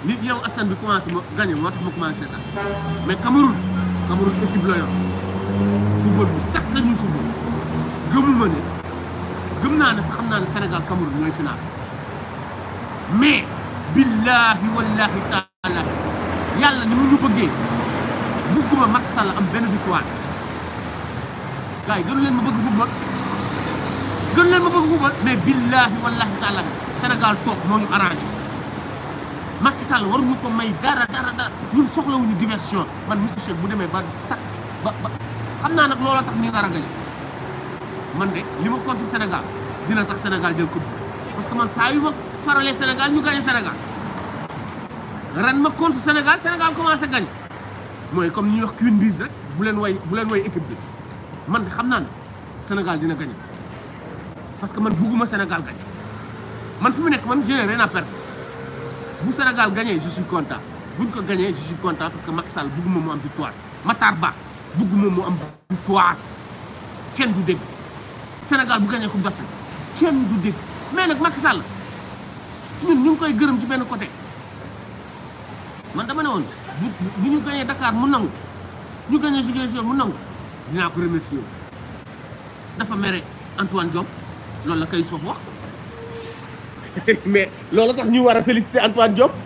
S1: nit yow askan bi commencé ma gagné moo tax ma commencé seetaan mais Cameroun Cameroun équipe la yor football bi sax nañu football gëmul ma ne gëm naa ne sax xam naa ne Sénégal Cameroun ñooy final mais billahi wallahi taala ni mu ñu bëggee bugguma Macky Sall am benn victoire gars yi gënu leen ma bëgg football gënu leen ma bëgg football mais billahi wallahi taala Sénégal toog moo ñu arrangé Macky Sall waruñu ko may dara dara dara ñun wuñu diversion man monsieur Cheikh bu démé ba sax ba ba xam naa nag looloo tax ñu dara gañ man de li ma contre Sénégal dina tax Sénégal jël coupe parce que man saa yu ma faralee Sénégal ñu gañe Sénégal ren ma contre Sénégal Sénégal commencé gañ mooy comme ñuy wax Queen Biz rek bu leen way bu leen way équipe bi man de xam naa Sénégal dina gañe parce que man bugguma Sénégal gañe man fi mu nekk man j'ai rien à perdre bu Sénégal gagné je suis content buñ ko gañee je suis parce que Macky Sall bugguma mu am victoire Matar Ba bugguma mu am victoire kenn du dégg Sénégal bu gañee Coupe d'Afrique kenn du dégg mais nag Macky sàll ñun ñu ngi koy gërëm ci benn côté man dama ne woon bu bu ñu gagné Dakar mu nangu ñu gagné Ziguinchor mu nangu dinaa ko remercier dafa mere Antoine Diop loolu la kay sof wax. mais lolo tax ñu wara féliciter Antoine Diop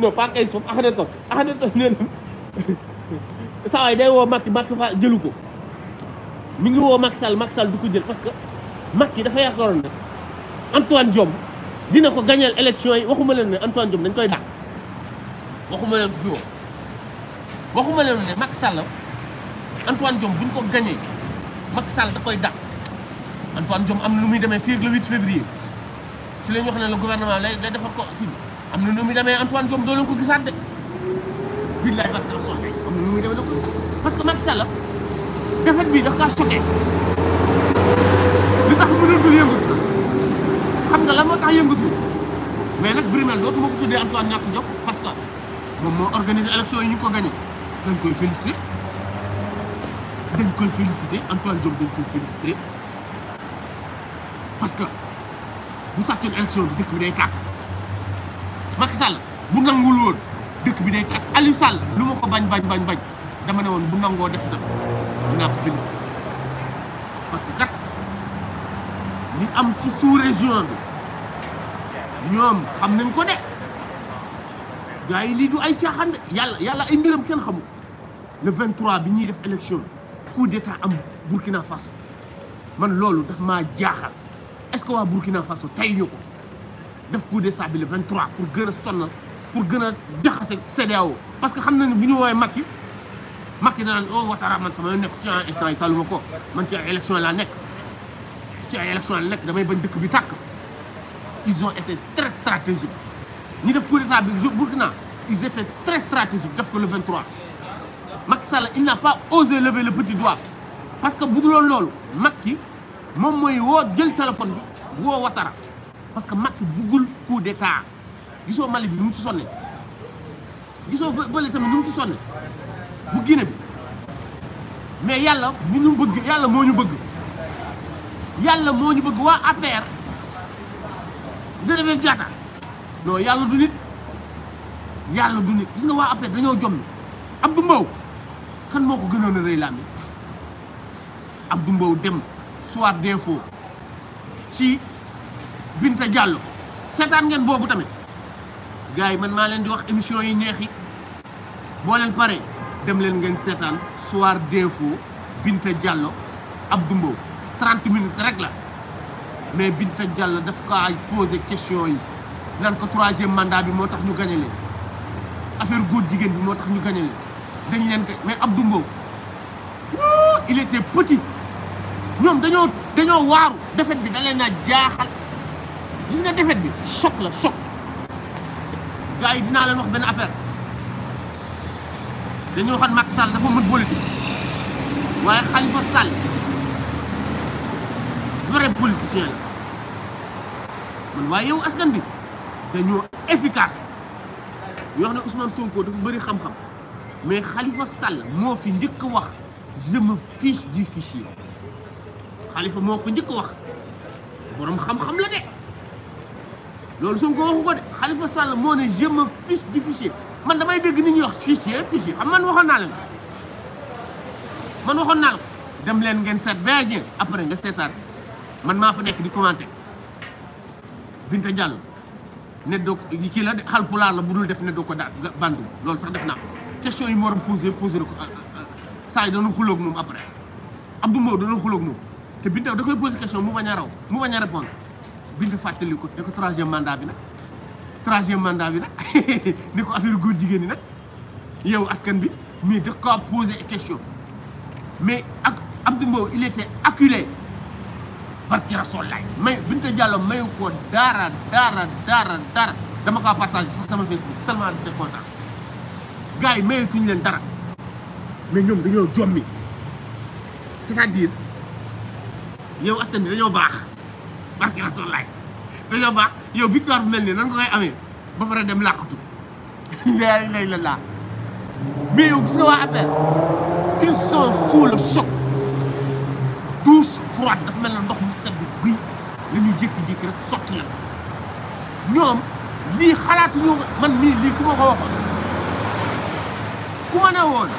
S1: non pas kay sof Akhenaton Akhenaton nee na sa way day wo Macky Macky fa jëlu ko mi ngi wo Macky Sall Macky Sall du ko jël parce que Macky dafa yaakaaroon ne Antoine Diop dina ko gañal élection yi waxuma leen ne Antoine Diop dañ koy dàq waxuma leen fi wo waxuma leen ne Macky Sall Antoine Diop buñ ko gagné Macky Sall da koy dak Antoine Diome am na nu muy demee fii ak le 8 février ci la ñu wax ne le gouvernement lay lay defar ko kii am na nu muy demee Antoine Diome doo leen ko gisaat de billaay barke Rasuul am na nu muy demee doo ko gisaat parce que Macky Sall defet bii daf kaa choqué li tax mënatul yëngatu xam nga la moo tax yëngatu mais nag Brimel dootuma ko tuddee Antoine ñàkk Diop parce que moom moo organisé élection yi ñu ko gagné dañ koy félicité dañ koy félicité Antoine Diop dañ koy félicité. parce que bu sàccoon élection bi dëkk bi day tàkk Macky Sall bu nangul woon dëkk bi day tàkk alisal Sall lu ma ko bañ bañ bañ bañ dama ne woon bu nangoo def na dinaa ko félicité parce que kat am ci sous région bi ñoom xam nañ ko de gars yi lii du ay caaxaan de yàlla yàlla ay mbiram kenn xamu le 23 bi ñuy def élection coup d'état am Burkina Faso man loolu daf maa jaaxal. est-ce qu'on waa Burkina Faso tey ñu ko def coup le 23 pour gën sonal pour gën a CDAO parce que xamna na ne bu ñu woowee Macky Macky danaan oh Ouattara man sama nek ci un instant yi taluma ko man ci ay élection laa nekk ci ay élection laa damay bañ dëkk bi tak ils ont été très stratégiques ni def coup d'état bi Burkina ils étaient très stratégiques def ko le 23 Macky Sall il n'a pas osé lever le petit doigt parce que bu duloon loolu Macky moom mooy woo jël téléphone bi woo Ouattara parce que Macky buggul coup d'état gisoo Mali bi nu mu ci sonne gisoo bële tamit nu mu ci sonne bu Guinée bi mais yàlla mu ñu bëgg yàlla moo ñu bëgg yàlla moo ñu waa APR Sébigné Diatta non yàlla du nit yàlla du nit gis nga waa APR dañoo jom Abdou Mbow kan moo ko gënoon a rëy laa mi Abdou Mbow dem. soir d'info Si Binta Diallo seetaan ngeen boobu tamit gars yi man maa leen di wax émission yi neex yi boo leen paree dem leen ngeen seetaan soir d'info Binta Diallo Abdou 30 minutes rek la mais Binta Diallo daf kaa posé question yi nan ko troisième mandat bi moo tax ñu gañe leen affaire góor jigéen bi moo ñu dañ mais Abdou il était petit ñom dañoo dañoo waru defet bi da leena jaaxal gis nga defet bi choc la choc gaay dina dinaa leen wax ben affaire dañoo xat mak Sall dafa mën politique waaye Khalifa Sall vrai politicien la man waye yow askan bi dañoo efficace yoo xam ne Ousmane Sonko dafa bari xam xam-xam mais Khalifa Sall moo fi njëkk wax je me fiche du fichier. khalifa moko ko wax borom xam-xam la de lolou Sonko waxu ko de khalifa Sall mo ne je me fiche du fichier man damay deg nit ñuy wax fichier fichier xam man waxon na la man waxon na la dem len ngeen set beje après nga setat man ma fa nek di commenter Binta jall ne yi ki la pula la bu dul def ne doo ko daal bandu lolou sax def na question yi mu war poser ko saa yi doon xuloog après Abdou Mbow doon xulok mom te Binta da koy posé question mu bañ a raw mu bañ a Binta fàttali ko ne ko troisième bi na troisième mandat bi nag ne ko affaire góor jigéen ñi nag yow askan bi mais da ko posé question mais ak Abdou Mbow il était acculé barki Binta Diallo mayu ko daara daara daara dama ko partagé sax sama Facebook tellement j'étais content gars yi mayatuñ leen dara mais ñoom dañoo jommi yow askan bi dañoo baax barki rasulaay dañoo baax yow victoire bu mel nii nan nga koy amee ba pare dem làqatu laa ilaaha illallaah mais yow gis nga waa appel ils sont sous le choc douche froide dafa mel na ndox mu sedd guy la ñu jékki-jékki rek sotti la ñoom lii xalaatuñu man mii lii ku ma ko waxoon ku ma ne woon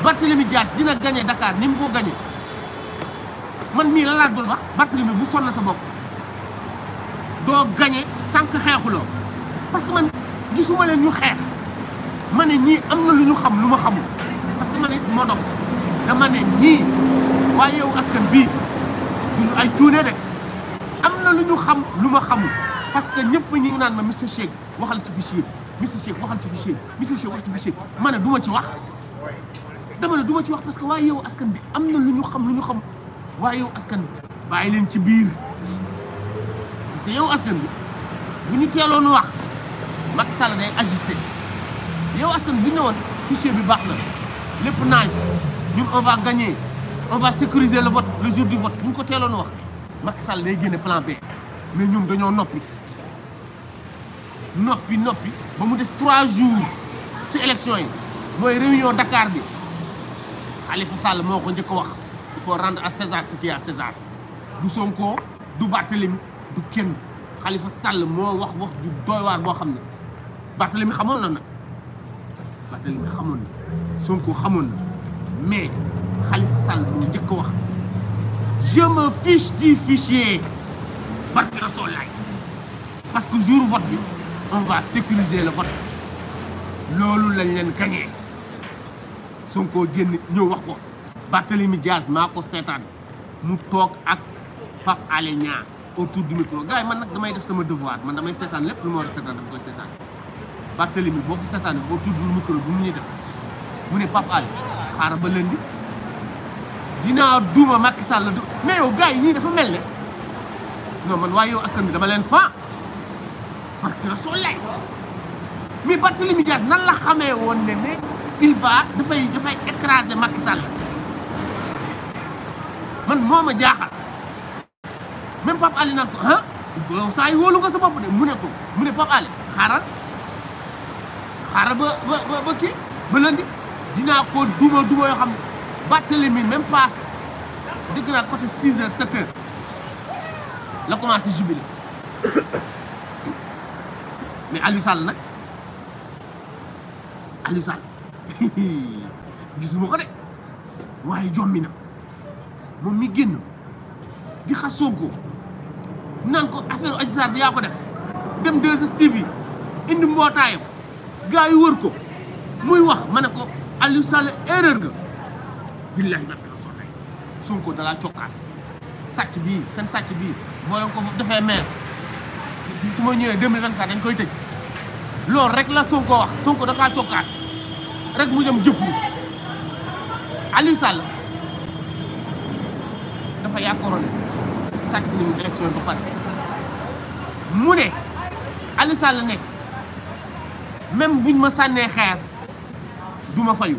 S1: Barthélemy Dias dina gagné Dakar ni mu ko gagné man mii la laaj doon wax Barthélemy mu sonal sa bopp doo gañe tànk xeexuloo parce que man gisuma leen ñu xeex ma ne ñii am na lu ñu xam lu ma xamul parce que man it moo dox ne ñii waaye yow askan bii duñu ay cuune de am xam lu que ñëpp ñi ngi naan ma Mister waxal ci fichier bi Mister Shake waxal ci fichier bi ci fichier bi ma ne du ma ci wax dama ne du ma ci wax parce que waaye yow askan bi am na lu ñu xam lu ñu xam Vous askan dit ci que askan bu wax ajusté askan bu bi on va gagner on va sécuriser le vote le jour du vote vous avez ko que wax avez dit que plan mais ñoom dañoo noppi noppi vous ba mu trois jours ci élection yi avez réunion Dakar bi avez dit que vous il faut rendre à César ce qui est à César du Sonko du Barthélemy du kenn Khalifa Sall moo wax wax du doy waar boo xam ne Barthélemy xamoon na nag Barthélemy xamoon Sonko xamoon mais Khalifa Sall moo njëkk wax je me fiche du fichier barke Rasool laay parce que jour vote on va sécuriser le vote loolu lañ leen gagné Sonko génn nous wax ko. Barthélemy Diaz maa ko seetaan mu toog ak Pape Alé Niang autour du micro gars man nag damay def sama devoir man damay seetaan lépp lu ma war a seetaan dama koy seetaan ko seetaan autour bu mu ñuy def mu ne Pape Alé xaaral ba lëndi dinaa duuma Macky la du mais yow gars yi ñii dafa mel ne non man waaye yow askan bi dama leen fa parti rasolay mais Barthélemy Diaz nan la xamee woon ne ne il va dafay dafay écraser Macky man moo ma jaaxal même Pape Ali naan ko ah saa nga sa bopp de mu ne ko mu ne Pape Ali xaaral ba ba ba kii ba lëndi ko duma duma yoo xam ne Barthélemy même pas dégg naa côté 6 heures 7 heures la commencé jubilé mais Aliou na nag Aliou Sall gisuma ko de waaye jommi na. moom mi génn di xas Sonko naan ko affaire Adji Sarr bi yaa ko def dem 2STV indi mbootaayam gars yi wër ko muy wax ma ne ko Aliou Sall erreur nga billahi nag la dalaa cokkaas sàcc bii seen sàcc bi boo leen ko defee maire su ma ñëwee 2024 dañ koy tëj loolu rek la Sonko wax Sonko da kaa cokkaas rek mu jëm jëfru Aliou Sall dafa yaakaaroon sàcc nañu élection yi ba pare mu ne Aliou Sall ne même buñ ma sànnee xeer du ma fayu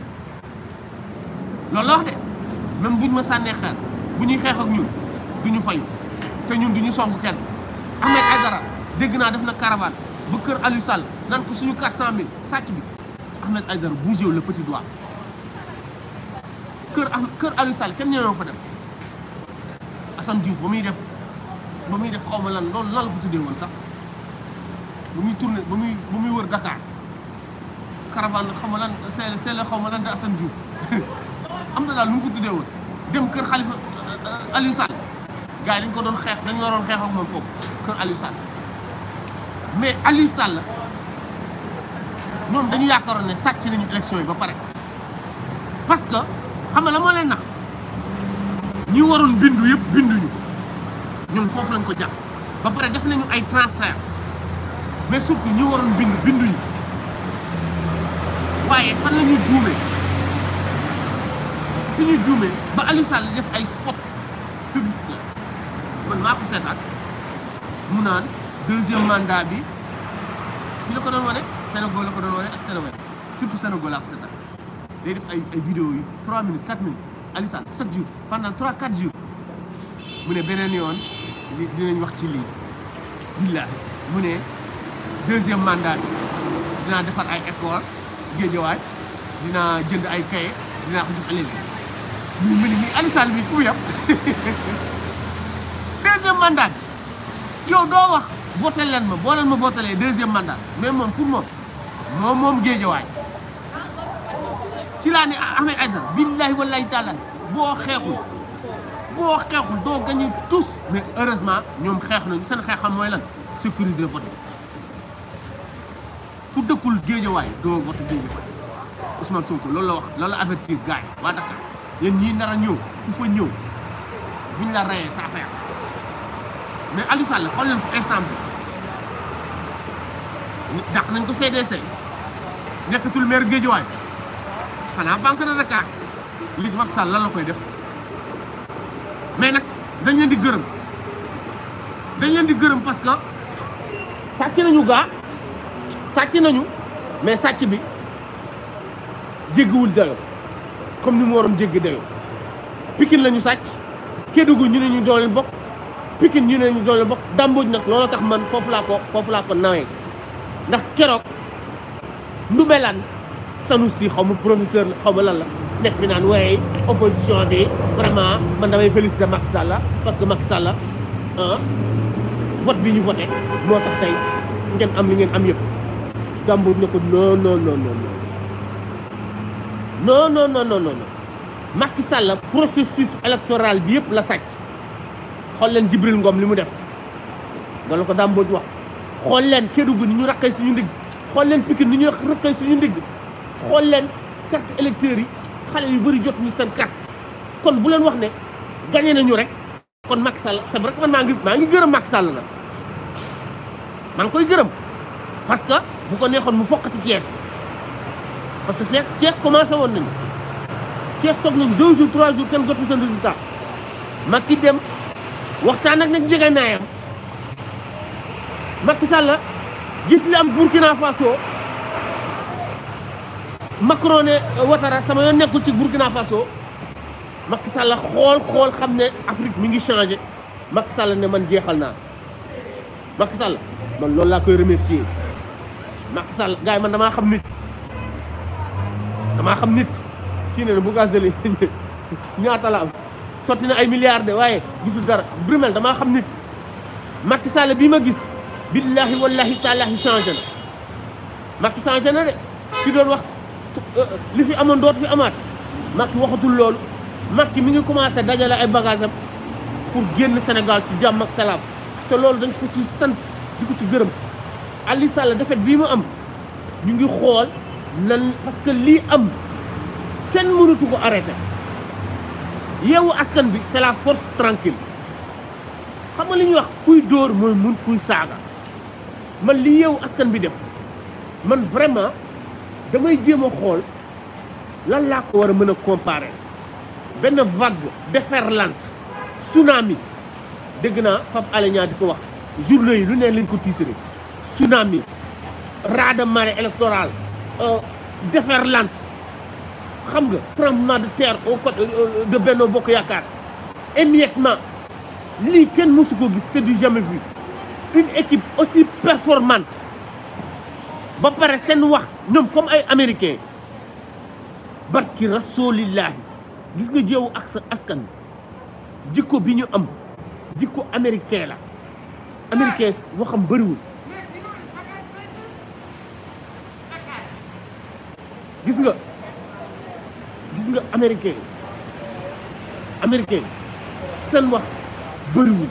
S1: loolu la wax de même buñ ma sànnee xeer bu ñuy xeex ak ñun du ñu te ñun du ñu song kenn. Ahmed Aïdara dégg naa def na caravane bu kër Aliou Sall nan ko suñu 400000 sàcc bi Ahmed Aïdara bougé le petit doigt kër ah kër Aliou Sall kenn ñoo fa dem. Assane Diouf ba muy def ba muy def xaw ma lan loolu lan la ko tuddee sax ba muy turne ba muy ba muy wër Dakar caravane xaw ma lan seele seele xaw ma lan de Assane Diouf am na daal lu mu ko woon dem kër Khalifa euh, Aliou Sall gars yi dañ ko doon xeex dañ waroon xeex ak foofu kër Aliou Sall mais Aliou la ñoom dañu yaakaaroon ne sàcc nañu élection yi ba pare parce que xam nga la moo leen nax ñi waroon bindu yëpp binduñu ñoom foofu lañ ko jàpp ba pare def nañu ay transfert mais surtout ñi waroon bindu binduñu waaye fan la ñuy juumee fi ñuy juumee ba Aliou Sall def ay spot publicitaire man maa ko seetaat mu naan deuxième mandat bi fi la ko doon wane Sénégal la ko doon wane ak Sénégal surtout Sénégal laa ko day def ay ay vidéo yi 3 minutes 4 minutes. Alissane chaque jour pendant trois quatre jours mu ne beneen yoon dinañ wax ci lii billaahi mu ne deuxième mandat dinaa defar ay école géejawaay dinaa jënd ay kaye dinaa ko jox bi mu yem deuxième mandat yow doo wax voté leen ma boo leen ma voté deuxième mandat mais moom pour moom moom moom géejawaay ci laa ne Ahmed Aidara billahi wallahi taala boo xeexul boo xeexul doo gagné tous mais heureusement ñoom xeex nañu seen xeexam mooy lan sécuriser vote ku dëkkul géejawaay doo vote géejawaay Ousmane Sonko loolu la wax loolu la avertir gars yi waa Dakar yéen ñii nar a ñëw ku fa ñëw buñ la rayee sa affaire mais Aliou Sall xool leen ko instant bi dàq nañ ko CDC nekkatul maire géejawaay xana banque na Dakar lig Macky Sall lan la koy def mais nak dañ leen di gërëm dañ leen di gërëm parce que satti nañu ga satti nañu mais satti bi jéggiwul dayo comme ni mu waroon jéggi dayo Pikine lañu satti sàcc ñu ne ñu doole bokk Pikine ñu ne ñu doole bokk dàmbooj nag tax man fofu la ko fofu la ko nawé ndax Sanusi xaw ma professeur la xaw ma lan la nekk fi naan waaye opposition bi vraiment man damay féliciter Macky Sall parce que Macky Sall ah vote bi ñu voté moo tax tey ngeen am li ngeen am yëpp. Gambour ne ko non non non non non non non non processus électoral bi yëpp la sàcc xool leen Jibril ngoom li mu def wala ko Dame Mbodj wax xool leen Kédougou ni ñu raqee ñu ndigg xool leen Pikine ni ñu raqee suñu ndigg. xool leen carte électeurs yi xale yu bëri jotuñu seen carte kon bu leen wax ne gagné nañu rek kon Macky Sall c'est vrai que man maa ngi maa ngi gërëm Macky Sall nag maa ngi koy gërëm parce que bu ko neexoon mu fokkati Thiès parce que c'est Thiès commencé woon nañu Thiès toog nañu deux jours trois jours kenn jotu seen résultat Macky dem waxtaan ak nag njëganaayam Macky Sall gis li am Burkina Faso. Macron ne euh, Ouattara sama yoon nekkul ci Burkina Faso Macky Sall xool xool xam ne Afrique mi ngi changé Macky Sall ne man jeexal naa Macky man loolu laa koy remercier Macky Sall gars man damaa xam nit damaa xam nit kii ne ne bu gaz deli ñaata la am sotti na ay milliards de waaye gisul dara Brumel damaa xam nit Macky bi ma gis billahi wallahi taalahi changé na Macky changé na de ki doon wax li fi amoon dootu fi amaat Macky waxatul loolu Macky mi ngi commencé dajale ay bagages pour génn Sénégal ci jàmm ak salaam te loolu dañ ko ci sant di ko ci gërëm Ali Sall defet bii mu am ñu ngi xool nan parce que lii am kenn mënatu ko arrêté yeewu askan bi c'est la force tranquille xam nga li ñuy wax kuy dóor mooy mun kuy saaga man li yeewu askan bi def man vraiment damay jéem a xool lan laa ko war a comparer benn vague déferlante tsunami dégg naa Pape Alenia, di ko wax le yi lu ne lañ ko tsunami raz de marée électorale euh, déferlante xam nga tremblement de terre au côté euh, euh, de Benno Bokk Yaakaar émiettement lii kenn mosu c'est du jamais vu une équipe aussi performante ba pare seen wax ñoom comme ay américain barki rasulillahi gis nga jéewu ak askan jikko bi ñu am jikko américain la américain waxam bariwul gis nga gis nga américain américain seen wax bëriwul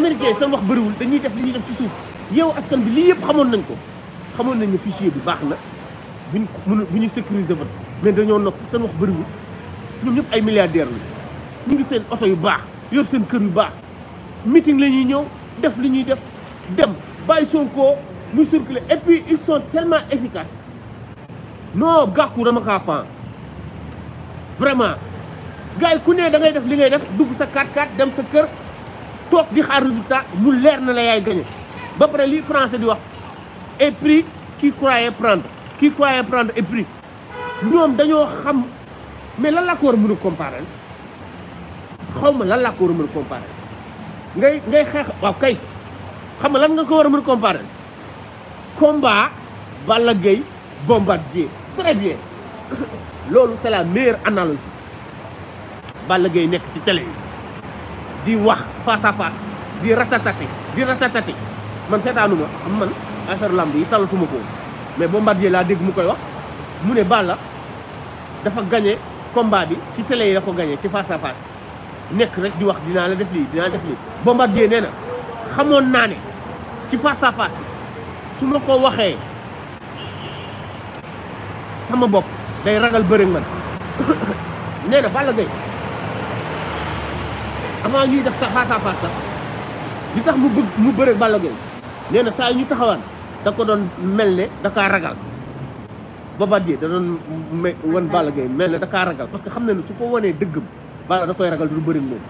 S1: américain seen wax bariwul dañuy def li ñuy def ci suuf yow askan bi li yëpp xamoon nañ ko xamoon nañ ne fichier bi baax na buñ mun bu ñu sécuriser vote mais dañoo nopp seen wax bëriwul ñoom ñëpp ay milliardaire la ñu ngi seen oto yu baax yor seen kër yu baax meeting la ñuy ñëw def li ñuy def dem bàyyi Sonko muy circuler et puis ils sont tellement efficaces non gàkku dama kaa fan vraiment gars ku ne da ngay def li ngay def dugg sa 4-4 dem sa kër toog di xaar résultat mu leer na la yaay gañe ba les li français di et épris qui croyait prendre qui croyait prendre épris Nous Nous xam mais lan la ko war a a comparer xaw lan la ko a comparer ngay ngay combat balle, Bombardier très bien c'est la meilleure analogie Balle, Gaye nek, ci télé di wax face à face di ratatate di ratatate man seetaanuma am man affaire lamb yi talatuma ko mais Bombardier la dégg mu koy wax mu ne Balla dafa gagner combat bi ci télé yi la ko gagné ci face à face nek rek di wax dina la def li dina def li bo nee na xamone naa ci face à face su ko sama bop day ragal bëri man nee Balla gay avant ñuy def sa face à face sax tax mu bëgg mu bëre Balla Gaye nee saa yu ñu taxawaan da ko doon mel ne da kaa ragal Bombardier da doon me wan Balla Gaye mel ne da kaa ragal parce que xam na ne su ko wonee dëgg Balla da koy ragal du bëri moom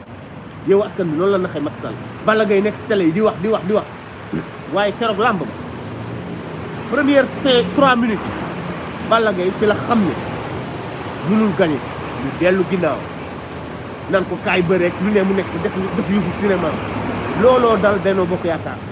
S1: yow askan bi noonu la naxee Macky Sall Balla Gaye nekk tele yi di wax di wax di wax waaye keroog làmb ba première c'est trois minutes Balla Gaye ci la xam ne mënul gagné ñu dellu ginnaaw nan ko kaay bëreek lu ne mu nekk def def yu fi looloo dal Benno Bokk Yaakaar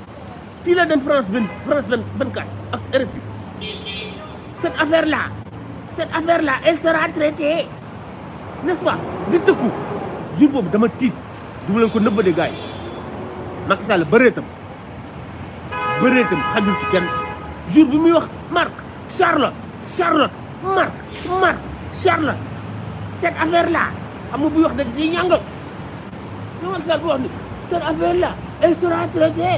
S1: fii la dem France 20 France 24 ak RFI cette affaire là cette affaire là elle sera traitée n'est-ce pas di tëkku jour boobu dama tiit du ma leen ko nëbbade gars yi Macky Sall bëreetam bëreetam xajul ci kenn jour bi muy wax Marc Charlotte Charlotte Marc Marc Charlotte cette affaire là xam nga buy wax da di ñàngal ñu Macky Sall bu wax ni cette affaire là elle sera traitée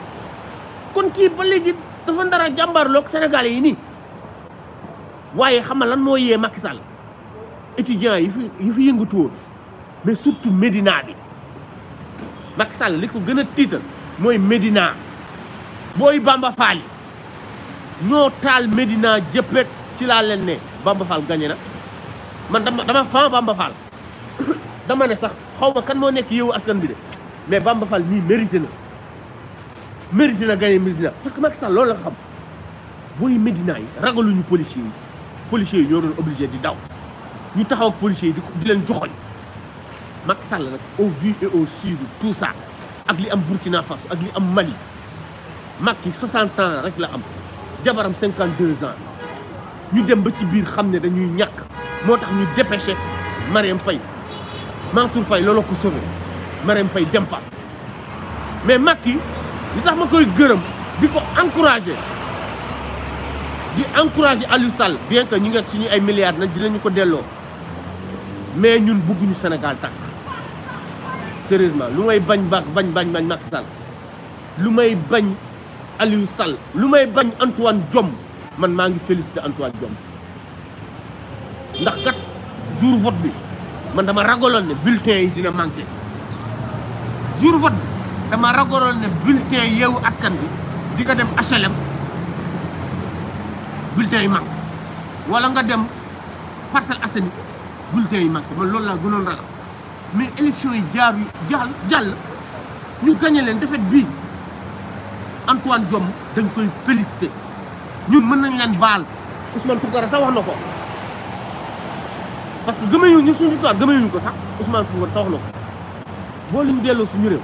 S1: kon ki ba legi dafa jambar lok sénégalais yi ni waye xam lan mo yé Macky Sall étudiants yi fi yi fi yëngatu woon mais surtout Medina. bi Macky Sall li ko gën a tiital Bamba Fall yi tal medina jëppet ci la leen ne Bamba Fall gagné na man dama dama fan Bamba Fall dama né sax xawma kan mo nek yow askan bi dé mais Bamba Fall mii mérité na Médina gagné Médina parce que Macky Sall loolu la nga xam booy Médina yi ragaluñu policiers yi policiers yi ñoo doon obligé di daw ñu taxaw ak policiers yi di leen joxoñ Macky Sall nag au vu et au su de tout ça ak li am Burkina Faso ak li am Mali Macky 60 ans rek la am jabaram 52 ans ñu dem ba ci biir xam ne dañuy ñàkk moo tax ñu dépêché Mariam Faye Mansour Faye loolu ko sauvé Mariam Faye dem fa mais Macky li tax ma koy gërëm di ko encouragé di encouragé Aliou Sall bien que ñu ngi ak suñu ay nañ nag dinañu ko delloo mais ñun bëgguñu Sénégal tàkk sérieusement lu may bañ ba bañ bañ bañ Macky sal lu may bañ Aliou sal lu may bañ Antoine Diome man maa ngi félicité Antoine Diome ndax kat jour vote bi man dama ragaloon ne bulletin yi dina manqué jour vote dama ragoron ne bulletin yew askan bi di nga dem HLM bulletin mak wala nga dem parcel Assainies bulletin mak man lool la gënon ragal mais élection yi jaar yu jall jall ñu gagné len defet bi Antoine diom dañ koy féliciter ñun mën nañ len bal Ousmane Tounkara sa wax nako parce que gëmayuñu ñu suñu victoire gëmayuñu ko sax Ousmane Tounkara sa wax nako bo boo lu suñu rew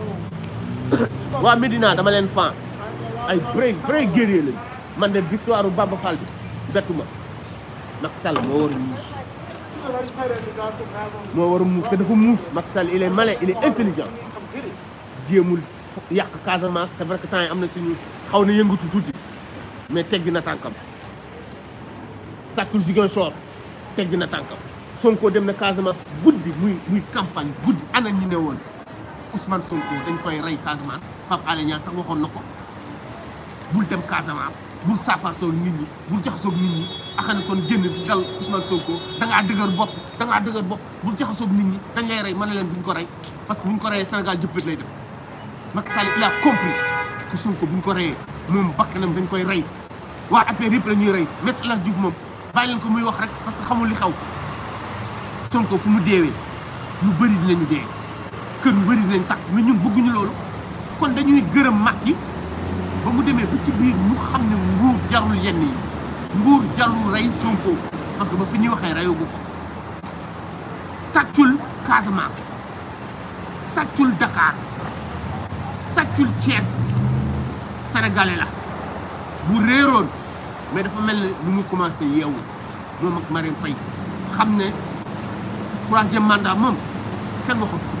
S1: waa Médina dama leen fan
S2: ay vrai vrai
S1: guerrier lañ man de victoire u Bamba Fall bi bettuma Macky Sall moo war a muus moo war a muus te dafa muus Macky Sall il est malin il est intelligent jéemul yàq Casamance c'est vrai temps yi am na suñu xaw na yëngatu tuuti mais teggi na tànkam sàccul Ziguinchor teg na tànkam Sonko dem na Casamance guddi muy muy campagne guddi ana ñu ne woon Ousmane Sonko dañ koy rey Casamance Pape Alé Niang sax waxoon na ko bul dem Casamance bul saafaasoog nit ñi bul jaxasoog nit ñi Akhenaton génn di dal Ousmane Sonko da ngaa dëgër bopp da ngaa dëgër bopp bul jaxasoog nit ñi dañ lay rey mën na leen duñ ko rey parce que buñ ko reyee Sénégal jëppët lay def Macky Sall il a compris que Sonko buñ ko reyee moom bakkanam dañ koy rey waa affaire yëpp la ñuy rey Maître El Hadji Diouf moom leen ko muy wax rek parce que xamul li xaw Sonko fu mu deewee ñu bëri dinañu dee. kër yu bëri nañ takk mais ñun bëgguñu loolu kon dañuy gërëm Macky ba mu demee ba ci biir mu xam ne nguur jarul yenn yi nguur jarul rey Sonko parce que ba fi ñuy waxee reyu ko sàccul Casamance sàccul Dakar sàccul Thiès sénégalais la bu réeroon mais dafa mel ne mu commencé yeewu moom ak Marème Faye xam ne troisième mandat moom kenn waxatu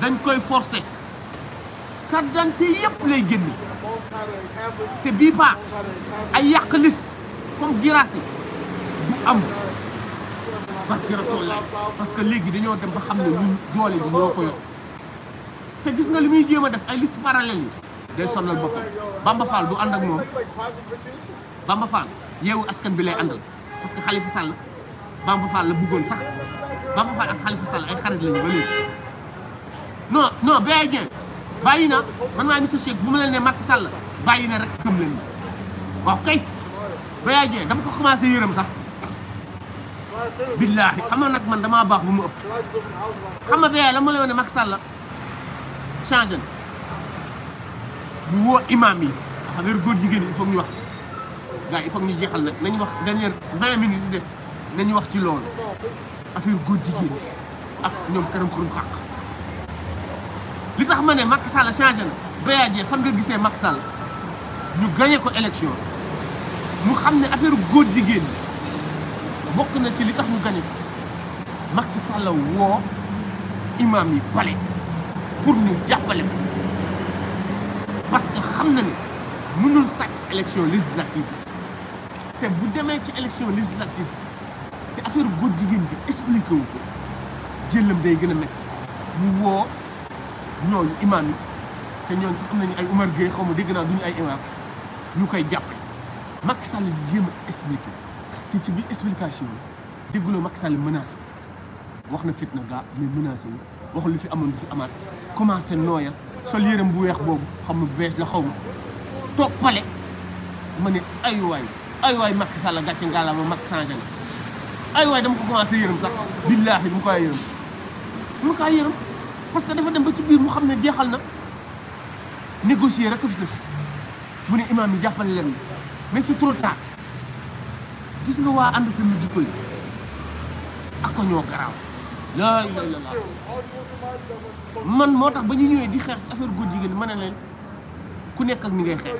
S1: dañ koy forcé carte d'identité yëpp lay génne te bii paa ay yàq liste comme giraas yi du am parce que léegi dañoo dem ba xam ne ñun doole bi ñoo te gis nga li muy jéem a def ay liste parallèle yi day sonal boppam
S2: Bamba Fall du ànd ak moom
S1: yeewu askan bi lay àndal parce que Khalifa Sall Bamba la bëggoon sax Bamba ak Khalifa Sall ay xarit lañu ba léegi no non Baye Dieng bàyyi na man maay Mister Shake bu ma leen ne Macky Sall bàyyi na rek gëm leen ma waaw kay Baye Dieng dama ko commencé yërëm sax
S2: billaahi xam nga nag
S1: man damaa baax bu mu ëpp xam nga Baye la ma lay wax ne Macky Sall changé na ñu woo imam yi xam nga góor jigéen yi il faut wax gars il faut ñu jeexal nag nañu wax dernière vingt minutes yi des nañu wax ci loolu affaire góor ñoom kanam li tax ma ne Macky Sall changé na BAD fan nga gisee Macky Sall ñu gagné ko élection mu xam ne affaire góor jigéen ñi bokk na ci li tax mu gagné ko Macky Sall woo imam yi pale pour ñu jàppale ko parce que xam na ne mënul sàcc élection législative te bu demee ci élection législative te affaire góor jigéen bi expliqué wu ko jëllam day gën a métti mu woo. ñooñu imaam yi te ñooñu sax am nañu ay Umar Gueye xaw ma dégg naa duñu ay imaam yu koy jàppale. Macky Sall di jéem a expliqué te ci bi explication bi dégguloo Macky Sall menacé wax na fitna gaa mais menacé wu wax lu fi amoon du fi amaat commencé nooyal sol yërëm bu weex boobu xam nga bees la xaw ma toog pale ma ne ay waay ay waay Macky Sall gàcce ngalaama Macky changé na ay waay dama ko commencé yërëm sax billaahi dama koy yërëm dama koy yërëm. parce que dafa dem ba ci biir mu xamne ne na négocier rek fi sës mu yi jappal len mais c'est trop tard gis nga wa and sa jikko djikoy ak ñoo graw la ilaaha la man motax ba ñu di xex affaire goor jigen mané len ku nekk ak ni ngay xex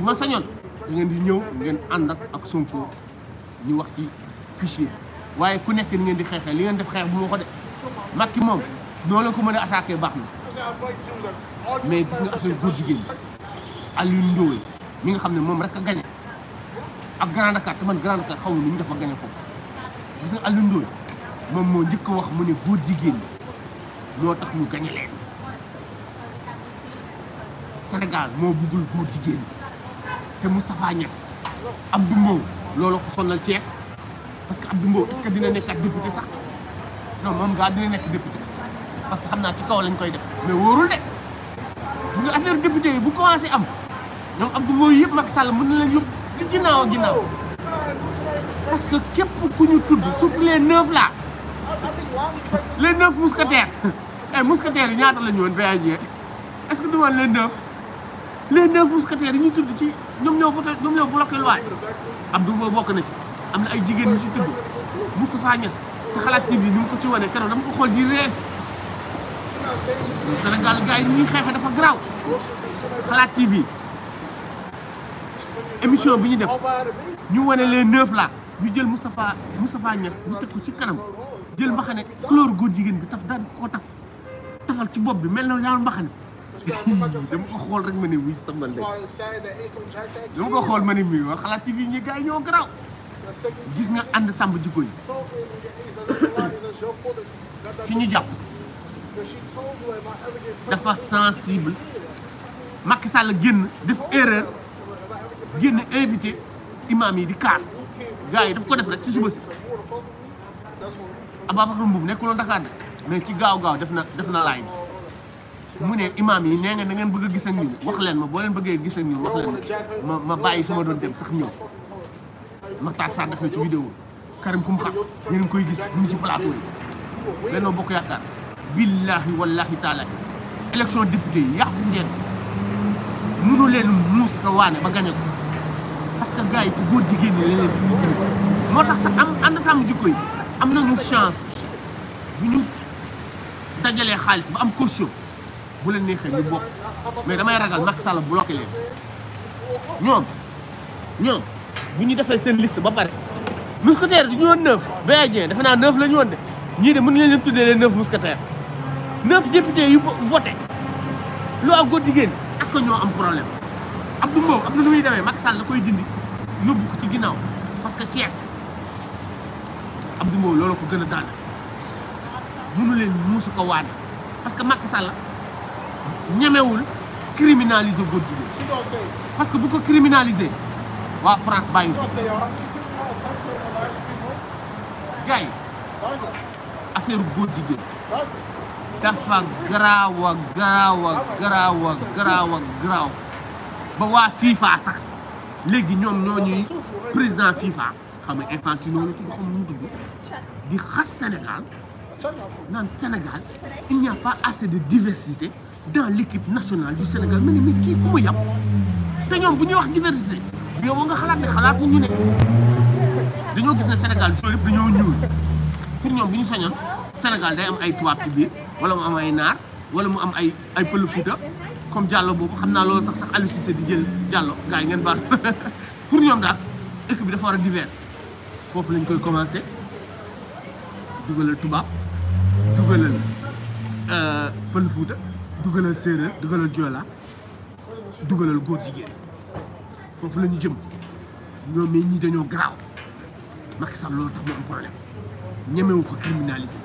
S1: ma sañon da ngeen di ñëw ngeen and ak Sonko ñu wax ci fichier waye ku nekk ni ngeen di xexé li ngeen def xex bu moko def Macky mom noo la ko meuna attaquer attaqué
S2: na mais gis nga affaire goudi
S1: jigéen Aliou Ndoul mi nga xamne mom rek ka gagné ak Grand Dakar te man Grand Dakar xaw ni nga dafa gagné ko gis nga Aliou Ndoul mom mo ndik wax mu ne góor jigéen tax ñu gagné len Senegal mo buggul goudi jigéen te Moustapha Niass Abdou Mbow lolo ko sonal ties parce que Abdou Mbow est-ce que dina nekkat député sax non moom gaa dina nekk député parce que xam naa ci kaw lañ koy def mais wóorul de affaire député bu commencé am ñoom Abdou Mbow yëpp Macky Sall mën na leen yóbbu ci ginnaaw ak ginnaaw que képp ku ñu tudd surtout les neuf là les eh, yi ñaata la woon VAG est que du woon les neuf les neuf yi ñu tudd ci ñoom ñoo voté ñoom ñoo bloqué loi bokk na ci am na ay jigéen ñi ci tudd Moustapha Niass. te xalaat TV ni mu ko ci wane keroog dama ko xool di ree Sénégal gars ni ñuy xeexe dafa garaaw xalaat TV émission bi ñu def ñu wane les neuf la ñu jël Moustapha Moustapha Niass ñu teg ko ci kanam jël mbaxane couleur góor jigéen bi taf daal koo taf tafal ci bopp bi mel na naa mbaxane dama ko xool rek ma ne wuy sama ndey
S2: dama ko xool ma ne
S1: muy wax xalaat TV ñi gars yi ñoo garaaw gis nga ànd sàmb jikko yi fini diap. jàpp
S2: dafa sensible
S1: Macky Sall guen def erreur Guen invité imam yi di casse. Gaay daf ko def rek ci suba Aba Ababacar Mboub nekulon Dakar de mais ci gaaw-gaaw def na def na laay Mune imam yi nee nga da ngeen bëgg a gis ak ñun wax leen ma bo leen bëggee gis ak ñun wax leen ma ma bàyyi doon dem sax ñëw Makhtar Sarr def na ci vidéo Karim ku mu xam yéen koy gis ñu ci plateau yi Benno Bokk Yaakaar billaahi wallaahi taala élection député yi yàqu ngeen leen muus ka waane ba gañe ko parce que gars góor jigéen ñi leen ci nit moo tax sax am ànd sàmm jikko am nañu chance bu ñu dajalee xaalis ba am caution bu leen neexee ñu bokk mais damay ragal Macky Sall bloqué leen ñoom ñoom bu ñu defee seen liste ba pare mousquetaire du ñu woon neuf Bayadien defe naa neuf la ñu woon de ñii de mun nañ leen tuddee les neuf mousquetaires neuf députés yu voté lu am góor jigéen ak ñoo am problème Abdou Mbow am na lu muy demee Macky Sall da koy dindi yóbbu ko ci ginnaaw parce que Thiès du Mbow loolu ko gën a daal mënu leen muusu ko waane parce que Macky Sall ñemewul criminaliser góor jigéen parce que bu ko criminaliser waa France bàyyi ko gay affaire góor jigéen dafa garaaw a garaaw a garaaw a garaaw a garaaw ba waa FIFA sax léegi ñoom ñoo ñuy président FIFA xam nga Infantino la tudd xam nu mu tudd di xas Sénégal naan Sénégal il n'y a pas assez de diversité dans l'équipe nationale du Sénégal ma ne mais kii ku mu yàpp te ñoom bu ñuy wax diversité yow nga xalaat ne xalaatuñu ne dañoo gis ne Sénégal joueur yëpp dañoo ñuul pour ñoom bu ñu sañoon Sénégal day am ay tubaab ci biir wala mu am ay naar wala mu am ay ay pël Fuuta comme jàllo boobu xam naa loolu tax sax Aliou Cissé di jël Diallo gars yi ngeen baal pour ñoom daal équipe bi dafa war a divers foofu lañ koy commencé dugalal tubaab dugalal euh, pël Fuuta dugalal séeréer dugalal joola dugalal góor jigéen foofu la ñu jëm ñoom mais ñii dañoo garaaw. Macky Sall loolu tax mu am problème ñemewu ko criminaliser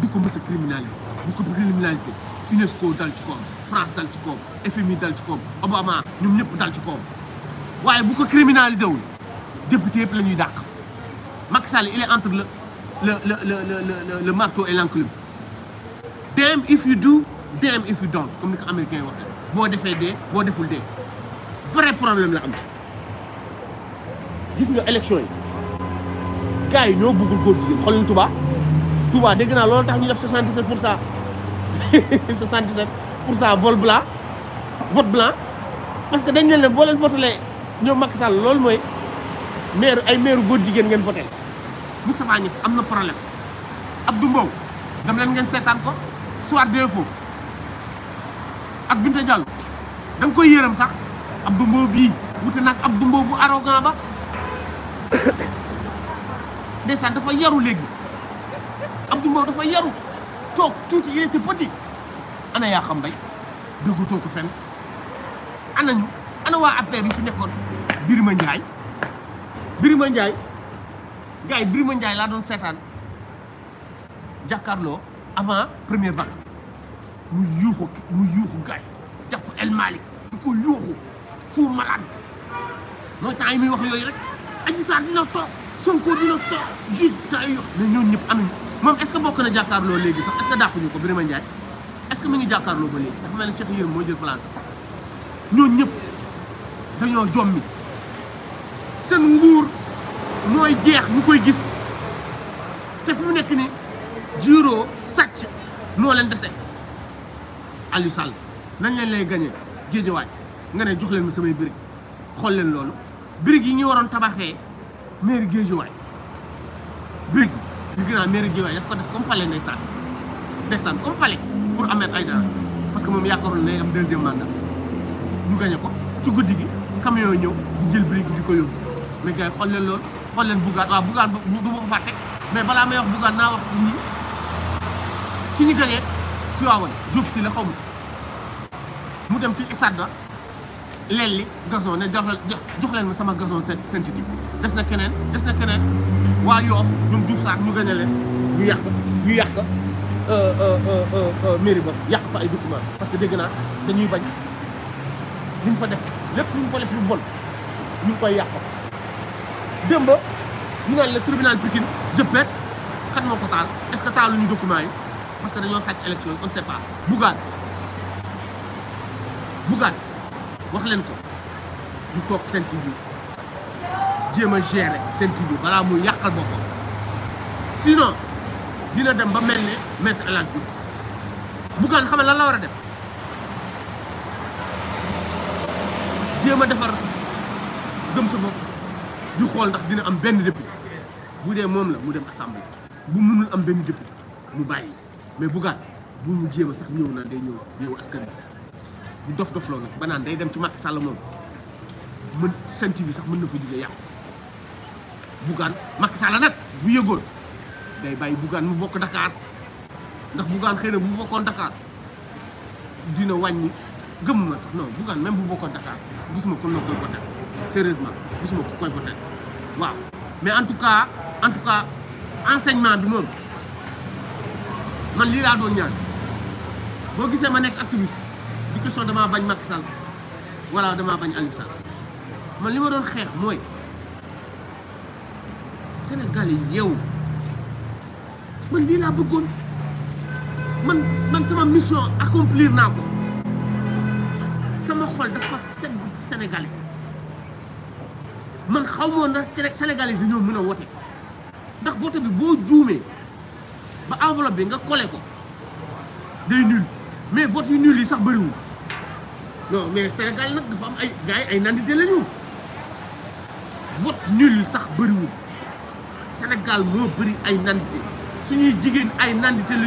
S1: du ko mës criminaliser bu ko criminaliser UNESCO dal ci koom France dal ci koom FMI dal ci koom Obama ñoom ñëpp dal ci koom waye bu ko criminaliser wu député yëpp lañuy dakk dàq Macky Sall il est entre le le le le le le marteau et l'enclume damn if you do damn if you don't comme les Américains. américain bo défé dé bo déful dé vrai problème la am gis nga élection yi. gars yi ñoo bëggul góor jigéen xool leen Touba Touba dégg naa loolu tax ñu def 77 pour cent 77 pour cent vol blanc vote blanc parce que dañ leen ne boo leen votalee ñoo Macky Sall loolu mooy maire ay maire góor jigéen ngeen voté Moustapha Niass am na problème Abdou Mbow dem leen ngeen seetaan ko soir d'info ak Binta Diallo da koy yërëm sax Abdou Mbow bi wute nag ab Mbow bu arrogant ba ndeysaan dafa yaru léegi Abdou Mbow dafa yaru toog tuuti il était petit ana yaa xam bay dëggatoo ko fenn ana ñu ana waa affaire yi fi nekkoon Birima Ndiaye Birima Ndiaye gars Birima Ndiaye laa doon seetaan jàkkaarloo avant première vague mu yuuxu mu yuuxu gars yi El Malick di ko yuuxu fu malade mooy temps yi muy wax yooyu rek Adji Sarr dina toog Sonko dina toog juste d'ailleurs mais ñooñu ñëpp amuñu moom est-ce que bokk na jàkkaarloo léegi sax est-ce que dàquñu ko Birima Ndiaye est-ce que mu ngi jàkkaarloo ba léegi dafa mel ni ñëpp dañoo jommi seen nguur mooy jeex ñu koy gis te mu nekk ni juróo sàcc moo leen dese Aliou Sall nañ leen lay gañee géejawaay nga ne jox leen ma samay birig xool leen loolu birig yi ñu waroon tabaxee maire Guédiawaye dégg nga gis naa maire Guédiawaye daf ko def comme palais ndeysaan ndeysaan comme palais pour Ahmed Aïdara parce que moom yaakaarul ne am deuxième mandat ñu gagné ko ci guddi gi camion ñëw di jël brique di ko yóbbu mais gars yi xool leen loolu xool leen Bougane waaw Bougane du ma ko fàtte mais balaa may wax Bougane naa wax ñi ki ñu gagné ci waawoon Diop si la xaw mu dem ci stade ba. lelli gazon ne jox jox leen ma sama gazon synthétique des na keneen des na keneen waa Yoof ñoom Diouf Sarr ñu gagné leen ñu yàq ñu yàq mairie ba yàq fa ay documents parce que dégg naa dañuy bañ ñu fa def lépp ñu fa def lu bon ñu ngi koy yàq démb ñu naan la tribunal Pikine jëppeet kan moo ko taal est-ce que taaluñu documents yi parce que dañoo sàcc élection yi on ne sait pas Bougane Bougane wax leen ko du toog seen TV jéem a gérer seen TV balaa muy yàqal boppam sinon dina dem ba mel ne maître El Hadj Diouf Dia xam lan la war dia def jéem a defar gëm sa bopp di xool ndax dina am benn député bu dee moom la mu dem assemblée bu mënul am benn député mu bàyyi mais bu mu jéem sax ñëw na day askan bi di dof dof lo nak ba naan day dem ci mak Sall mom mën senti bi sax mën na fa jugee yàqu Bougane mak Sall nak bu yegol day bàyyi Bougane mu bok Dakar ndax Bougane xëy na bu bokon Dakar dina wañi gëm na sax non Bougane même bu bokon Dakar gisuma kon na ko voté sérieusement gisuma ko koy voté waaw mais en tout cas en tout cas enseignement bi noonu man li la doon ñaan bo gisé ma nek activiste du question damaa bañ Macky Sall wala damaa bañ Aliou Sall man li ma doon xeex mooy Sénégal yi yeewu man lii laa bëggoon man man sama mission accomplir naa ko sama xol dafa sedd ci Sénégal yi man xaw moon na Sénégal yi dañoo mën a wote ndax vote bi boo juumee ba enveloppe bi nga collé ko day nul mais vote yu nul yi sax bëriwul non mais Sénégal nag dafa am ay gars ay nandité la ñu vote nul yi sax bëriwul senegal moo bëri ay nandité suñuy jigéen ay nandité la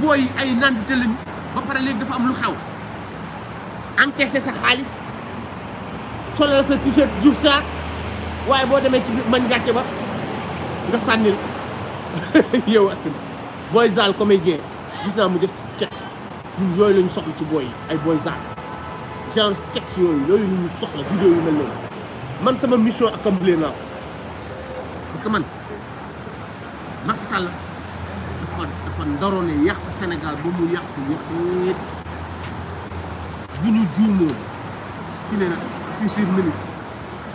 S1: booy yi ay nandité la ba pare léegi dafa am lu xew encaissé sa xaalis solal sa t-shirt Diouf Sarr waaye boo demee ci mañ gàcce ba nga sànnil yow askan booy zaal comédien gis naa mu def ci sketch ñun yooyu lañu soxla ci booy yi ay booy zaal genre sketch yooyu yooyu ñu soxla vidéo yu mel noonu man sama mission accomplie naa ko parce que man Macky Sall dafa dafa ndoroone yàq Sénégal ba mu yàq yëpp bu ñu juumoon ki ne nag futur ministre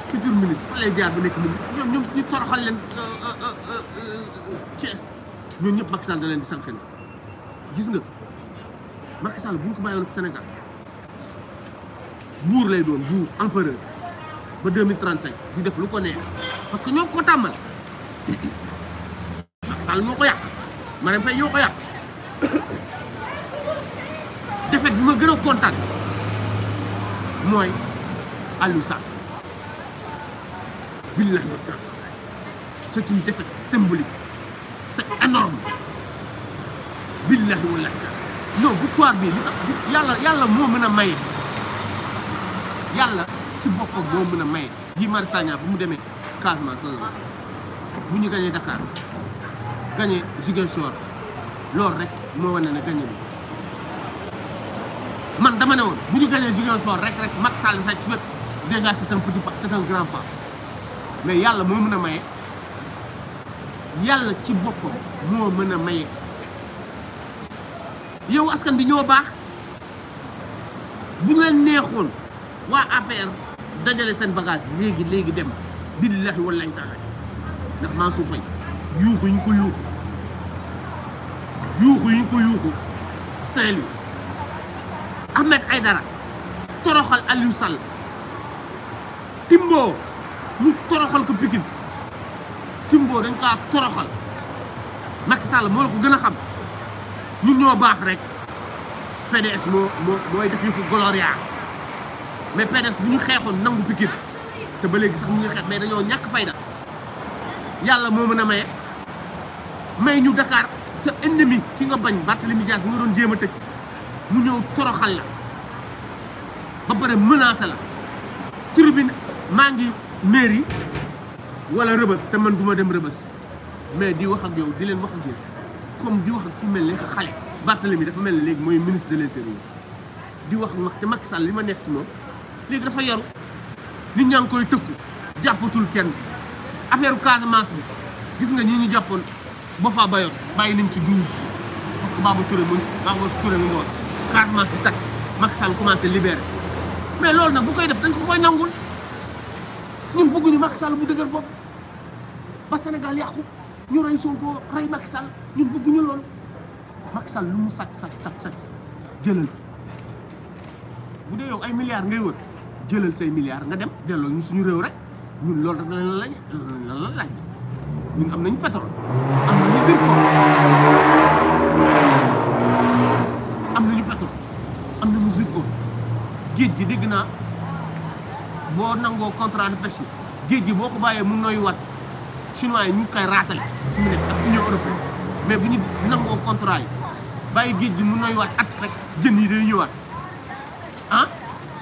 S1: futur ministre fa lay jaar ba nekk ministre ñoom ñoom ñu toroxal leen euh, euh, euh, Thiès ñooñu ñëpp Macky Sall da leen di sànqal gis nga Macky Sall bu ñu ko bàyyoon ci Sénégal bour lay doon bour empereur ba 2035 di def lu ko neex parce que ñoo ko tàmmal Macky Sall moo ko yàq Marème Faye defet bima gëna contact moy kontaan mooy Aliou Sall billahi c'est une défaite symbolique c'est énorme billahi wallah non victoire bi yalla yalla mo meuna maye yàlla ci boppam moo mën a maye Guy Marius Sagna bu mu demee Casamance loolu la bu ñu gañee Dakar gañee Ziguinchor loolu rek moo wane ne gañe bi man dama ne woon bu ñu gañee Ziguinchor rek rek Macky Sall sax ci wet déjà c'est un petit pas c'est un grand pas mais yàlla moo mën a maye yàlla ci boppam moo mën a maye yow askan bi ñoo baax bu ñu neexoon waa APR dajale seen bagage léegi léegi dem billahi wallahi taala ndax Mansour Faye yuuxu ñu ko yuuxu yuuxu ko yuuxu Saint-Louis Ahmed Aydara toroxal Aliou sal Timbo ñu toroxal ko Pikine Timbo dañ kaa toroxal Macky sal moo la ko gën a xam ñun ñoo baax rek PDS moo moo mooy def yëfu Gloria mais PDS bu ñu xeexoon nangu Pikine te ba léegi sax ñu ngi xeex mais dañoo ñàkk fayda yàlla moo mën a maye mais ñu Dakar sa ennemi ki nga bañ Barthélémy Dias bi nga doon jéem a mu ñëw toroxal la ba pare menacé la tribune maa ngi mairie wala rëbës te man duma dem rëbës mais di wax ak yow di leen wax ak yow comme di wax ak ku mel ne xale Barthélémy dafa mel ne léegi mooy ministre de yi di wax ak te Macky Sall li ma nekk ci moom léegi dafa yaru nit ñaa koy tëkku jàppatul kenn affaire Casamance bi gis nga ñi ñu jàppoon ba faa bayoon bàyyi nañ ci douze parce que Babou Touré mu Babou Touré mu ngoon Casamance mais loolu nag bu koy def dañ ko koy nangul ñun bëgguñu Macky Sall bu dëgër bopp ba Sénégal yàqu ñu rey Sonko rey Macky Sall ñun bëgguñu loolu Macky sal lu mu sàcc sàcc sàcc sàcc jëlal bu dee yow ay milliards ngay wër jëlal say milliards nga dem delloo ñu suñu réew rek loolu rek lan lañ lan la laaj ñun am nañu pétrole am nañu am nañu pétrole am nañu gi dégg na boo nangoo contrat de pêche géej gi boo ko bàyyee mu nooy wat chinois yi ñu ngi koy mu nekk ak union européenne mais bu ñu nangoo contrat yi bàyyi géej gi mu nooy wat at rek jën yi day ñëwaat.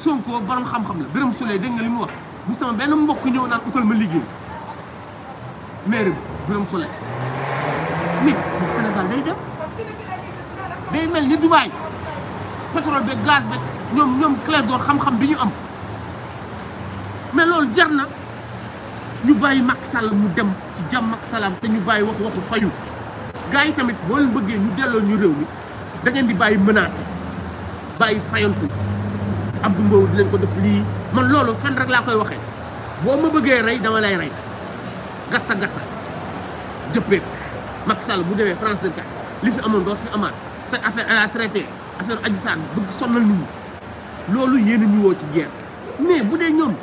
S1: Sonko borom xam-xam la Birame Souleye dégg nga li mu wax bu sama benn mbokk ñëw naan utal ma liggéey maire bi Birame Souleye mais Sénégal day dem day mel ni Dubaï pétrole beeg gaz beeg ñoom ñoom clair xam-xam bi ñu am mais loolu jar na ñu bàyyi Macky Sall mu dem ci jàmm ak salaam te ñu bàyyi wax waxu fayu gars yi tamit boo bëggee ñu delloo ñu réew mi dangeen di bàyyi menace bàyyi fayantu ab Abdou Mbow dinañ ko def lii man loolu fan rek laa koy waxee boo ma bëggee rey dama lay rey gat sa gat jëppee Macky bu demee France 24 li fi amoon doo fi amaat sa affaire à la traité affaire Adji Sarr bëgg sonal nit ñi loolu yéen ñu woo ci guerre mais bu dee ñoom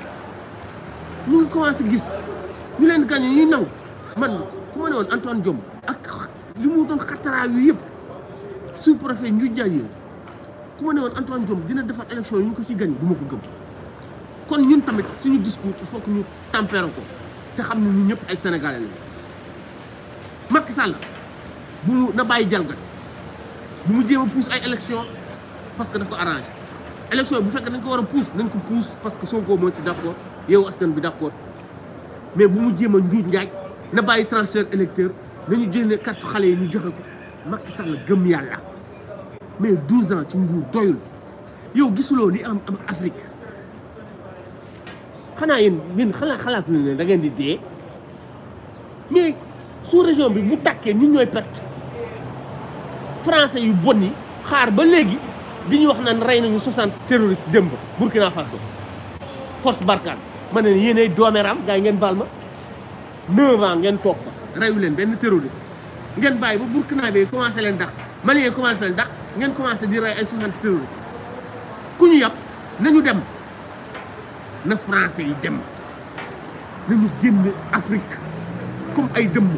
S1: ñu ngi commencé gis ñu leen gagné ñuy naw man ku ma ne woon Antoine Diome ak li mu doon xataraa yu yëpp sous préfet ñu jaay ku ma ne woon Antoine Diome dina defar élection yi ñu ko ci gañ du ma ko gëm kon ñun tamit suñu discours il faut ñu tempéré ko te xam ne ñu ñëpp ay sénégalais lañu Macky Sall bu na bàyyi jalgati bu mu jéem a pousse ay élection parce que daf ko arrangé élection yi bu fekkee dañ ko war a pousse nañ ko pousse parce que Sonko moo ci d' accord yow askan bi d' accord mais bu mu jéem a njuuj njaaj na bàyyi transfert électeur nañu jëlee carte xale yi ñu joxe ko Macky Sall gëm yàlla mais 12 ans ci nguur doyul yow gisuloo li am am Afrique xanaa yéen yéen xalaat xalaat lu ne da ngeen di dee mais sous région bi bu takkee ñun ñooy perte français yu bon yi xaar ba léegi di ñu wax naan rey nañu 60 terroristes démb Burkina Faso force Barkhane ma ne yéenay doomeram gars yi ngeen baal ma 9 ans ngeen toog fa reyu leen benn terroriste ngeen bàyyi ba Burkina bi commencé leen dax Mali yi commencé leen dàq ngeen commencé di rey ay 60 terroristes ku ñu yàpp nañu dem na français yi dem nañu génn Afrique comme ay dëmm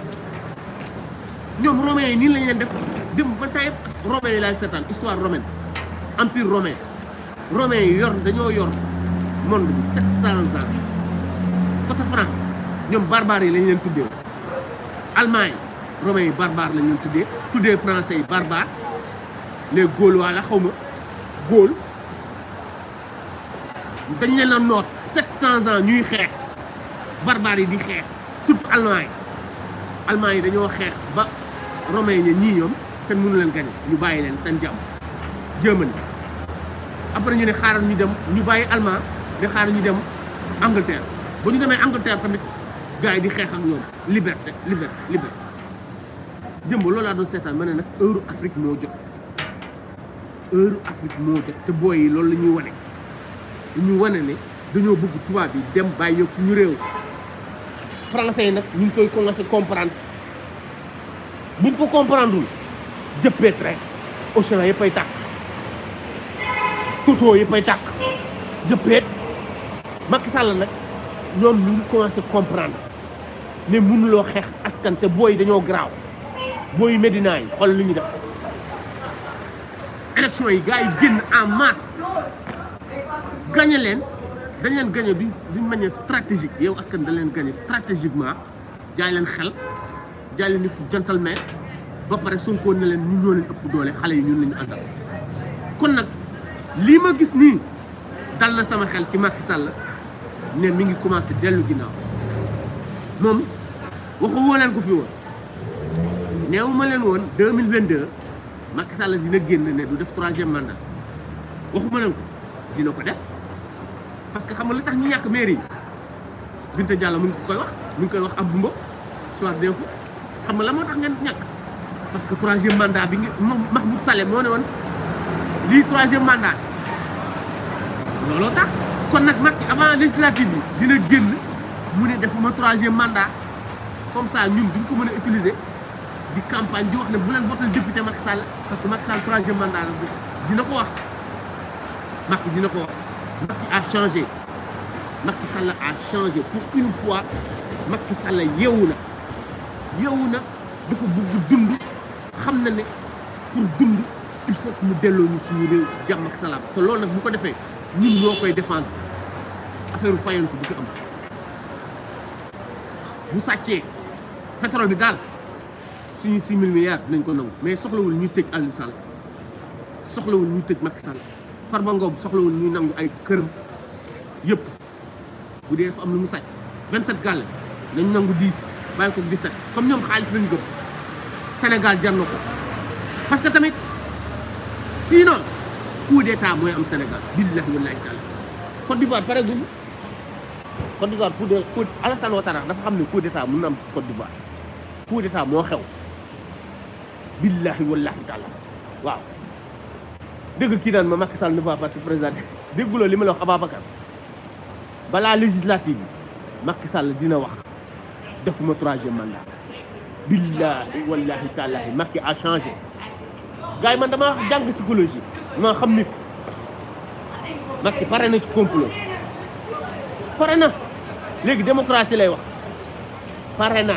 S1: ñoom romains yi nii lañ leen def dem ba tey romains yi laay seetaan histoire romaine empire romain romains yi yor dañoo yor monde bi 700 ans côté France ñoom barbares yi lañ leen tuddee Allemagne romains yi barbares lañ leen tuddee tuddee français yi barbares. les waa la xaw ma Gaule dañ leen a noot sept cent ans ñuy xeex barbares yi di xeex surtout allemands yi allemands yi dañoo xeex ba romains yi ñii ñoom kenn mënu leen gañe ñu bàyyi leen seen jàmm jéeman après ñu ne xaaral ñu dem ñu bàyyi allemand di xaaral ñu dem Angleterre ba ñu demee Angleterre tamit gars yi di xeex ak ñoom liberté liberté liberté jëmb loolu laa doon seetaan ma ne nag heure Afrique moo jot heure Afrique moo jot te booy yi loolu la ñuy wane dañuy wane ne dañoo bugg tubaab yi dem bàyyi ñëw suñu réew français yi nag ñu ngi koy commencé comprendre buñ ko comprendrewul jëppeet rek océan yëpp ay tàkk coteau yëpp ay tàkk jëppeet Macky Sall nag ñoom ñu ngi commencé comprendre ne mënuloo xeex askan te booy dañoo garaaw booy Medina yi xool lu ñu def élection yi gars yi génn en masse gagné leen dañ leen gagné du d'une manière stratégique yow askan dañ leen gagné stratégiquement jaay leen xel jaay leen yëfu gentleman ba pare Sonko ne leen ñun ñoo leen ëpp doole xale yi ñun la ñu àndal. kon nag lii ma gis nii dal na sama xel ci Macky Sall ne mi ngi commencé dellu ginnaaw moom waxu woo leen ko fi woon neewu leen woon deux mille vingt deux Macky Sall dina génn né du def 3e mandat waxuma lan ko dina ko def parce que xam nga li tax ñu ñak mairie Binta Diallo mu ngi koy wax mu ngi koy wax Abdou Mbow soir d'info xam nga la moo tax ngeen ñak parce que 3e mandat bi Mahmoud Saleh mo ne li 3e mandat lolo tax kon nak Macky avant législative bi dina génn mu ne defuma 3e mandat comme ça ñun duñ ko mëna utiliser di campagne di wax ne bu leen voté député Macky Sall parce que Macky Sall troisième mandat la dina ko wax Macky dina ko wax Macky a changé Macky Sall a changé pour une fois Macky Sall yeewu na yeewu na dafa bugg dund xam na pour dund il faut que mu delloo ñu suñu réew ci jàmm ak salaam te loolu nag bu ko defee ñun ñoo défendre affaire fayantu du fi am bu sàccee pétrole bi daal. suñu six mille nañ ko nangu mais soxlawul ñuy tëj Aliou Sall soxlawul ñuy tëj Macky Sall Farba Ngom soxlawul ñuy nangu ay këram yëpp bu dee dafa am lu mu sàcc vingt sept gàlle nañ nangu dix bàyyi ko dix sept comme ñoom xaalis lañ gëm senegal jar ko parce que tamit sinon coup d'état mooy am Sénégal billahi wallahi taala Côte d'Ivoire pare guñ Côte d'Ivoire coup de Alassane ne coup d'état mën na am Côte d'Ivoire coup moo xew billahi wallahi taala waaw dëgg kii naan ma Macky Sall ne va pas se présenter dégguloo li ma la wax Ababacar balaa législative bi Macky dina wax defuma troisième mandat billahi wallahi taalahi Macky a changé
S2: gars yi man damaa jàng
S1: psychologie maa xam nit
S2: Macky pare na ci complot
S1: pare na léegi démocratie lay wax pare na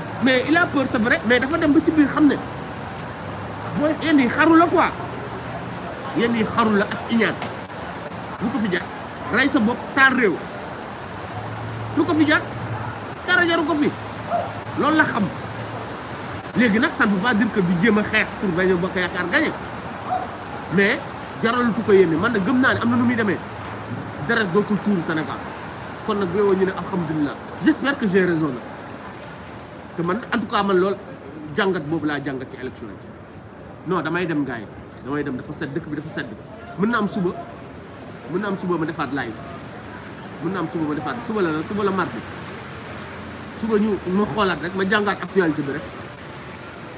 S1: mais il a peur c'est vrai mais dafa dem ba ci bir xam ne booy yéen xaru la quoi yéen yi xaru la ak iñan lu ko fi jar ray sa bop taal rew lu ko fi jar dara jaru ko fi lolou la xam léegi nak ça ne veut pas dire que du jéem a pour bañ a bokk yakar gañe mais jaralatu ko yénne man na gëm naa ne am na nu muy demee dara Sénégal kon nak boo ñu né alhamdoulillah j'espère que j'ai raison nag te man en tout cas man lol jangat bobu la jangat ci election non damay dem gars damay dem dafa sedd dëkk bi dafa sedd mën na am suba mën na am suba ma defat live mën na am suba ma defat suba la suba la mardi suba ñu ma xolat rek ma jangat actualité bi rek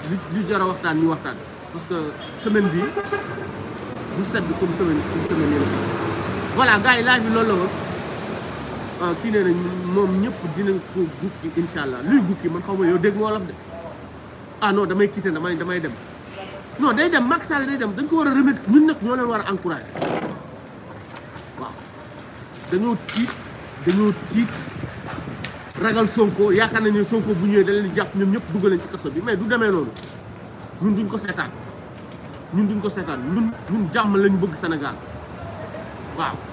S1: li li a waxtaan ñu waxtaan parce que semaine bi bu sedd comme semaine comme semaine voilà gars live bi Euh, kii nee nañ moom ñëpp dinañ ko bukki incha allah luy bukki man xaw ma yow dégg nga wolof de ah non damay quitté damay damay dem non day dem Macky Sall day dem dañ ko war a remercier ñun nag ñoo leen war a encouragé waaw dañoo tiit dañoo tiit ragal Sonko yaakaar nañ ne Sonko bu ñëwee da leen jàpp ñoom ñëpp dugg leen ci kaso bi mais du demee noonu ñun duñ ko seetaan ñun duñ ko seetaan ñun ñun jàmm lañu bëgg Sénégal waaw.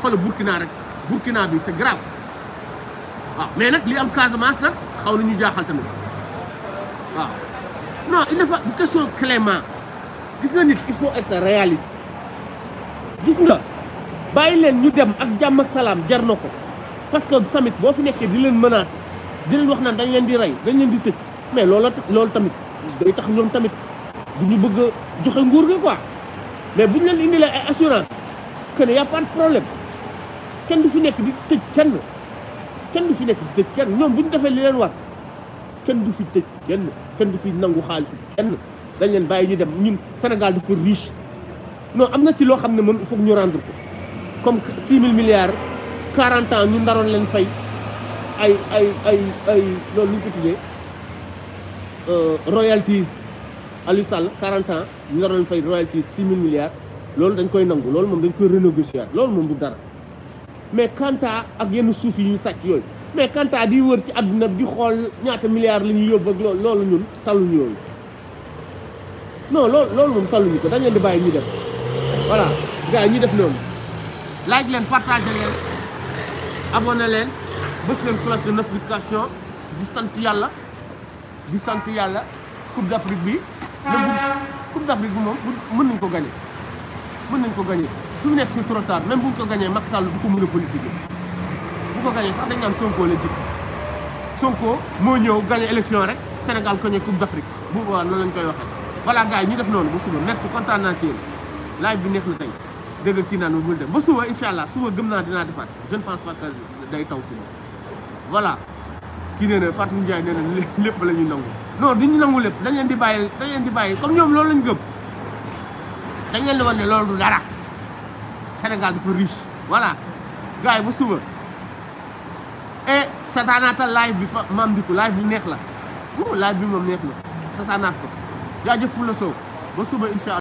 S1: xoolal Burkina rek Burkina bi c'est grave wa ah, mais nak li am Casamance nak xaw na ñu jaaxal tamit wa ah. non il dafa question clément gis nga nit il faut être réaliste gis nga bàyyi leen ñu dem ak jam ak salam jarnoko parce que tamit bo fi nekké di leen menacer di leen wax naan dañ leen di ray dañ leen di tëj mais loolu loolu tamit day tax ñom tamit du ñu bëgg joxe nguur ga quoi mais buñu leen indilee assurance que ne y' a pas de problème. kenn du fi nekk di tëj kenn kenn du fi nekk di tëj kenn ñoom bu ñu defee li leen war kenn du fi tëj kenn kenn du fi nangu xaalisu kenn dañ leen bàyyi ñu dem ñun Sénégal dafa riche non am na ci loo xam ne moom il ñu rendre ko comme 6 mille milliards 40 ans ñu ndaroon leen fay ay ay ay ay loolu lu ñu ko tuddee euh, royalties Aliou Sall 40 ans ñu ndaroon leen fay royalties 6 000 milliards loolu dañ koy nangu loolu moom dañ koy renégocier loolu moom du mais Kanta ak yenn suuf yi ñu sàcc yooyu mais Kanta di wër ci àdduna bi xool ñaata milliards la ñuy yóbbu ak loolu ñun talluñu yooyu non loolu loolu moom talluñu ko dañ leen di bàyyi ñu def voilà gars yi ñu def noonu. laaj leen partagé leen abonné leen bës leen cloche de notification di sant yàlla di sant yàlla coupe d' Afrique bi. coupe d' Afrique bi moom mën nañ ko gagné mën nañ ko gagné. fi mu nekk si trop tard même bu ñu ko gañee Macky Sall du ko mën a politique bu ko gañee sax dañ naan Sonko la jik Sonko moo ñëw gañe élection rek Sénégal koñe Coupe d'Afrique bu boobaa noonu lañ koy waxee voilà gars ñu def noonu ba suba merci kontaan naa ci yéen live bi neex na tey dégg kii naan bul dem ba suba incha allah suba gëm naa dinaa defaat jeune ne pense day taw si voilà kii nee na Fatou Ndiaye nee na lépp la ñu nangu non duñu nangu lépp dañ leen di bàyyi dañ leen di bàyyi comme ñoom loolu lañ gëm dañ leen di wan ne loolu du dara c'est un gars Sénégal est riche. Voilà. Gars, vous souvenez. Et c'est un atel live, même du coup, live du nec là. Ouh, live du même nec là. C'est un atel. Gardez-vous le saut. Vous souvenez, Inch'Allah.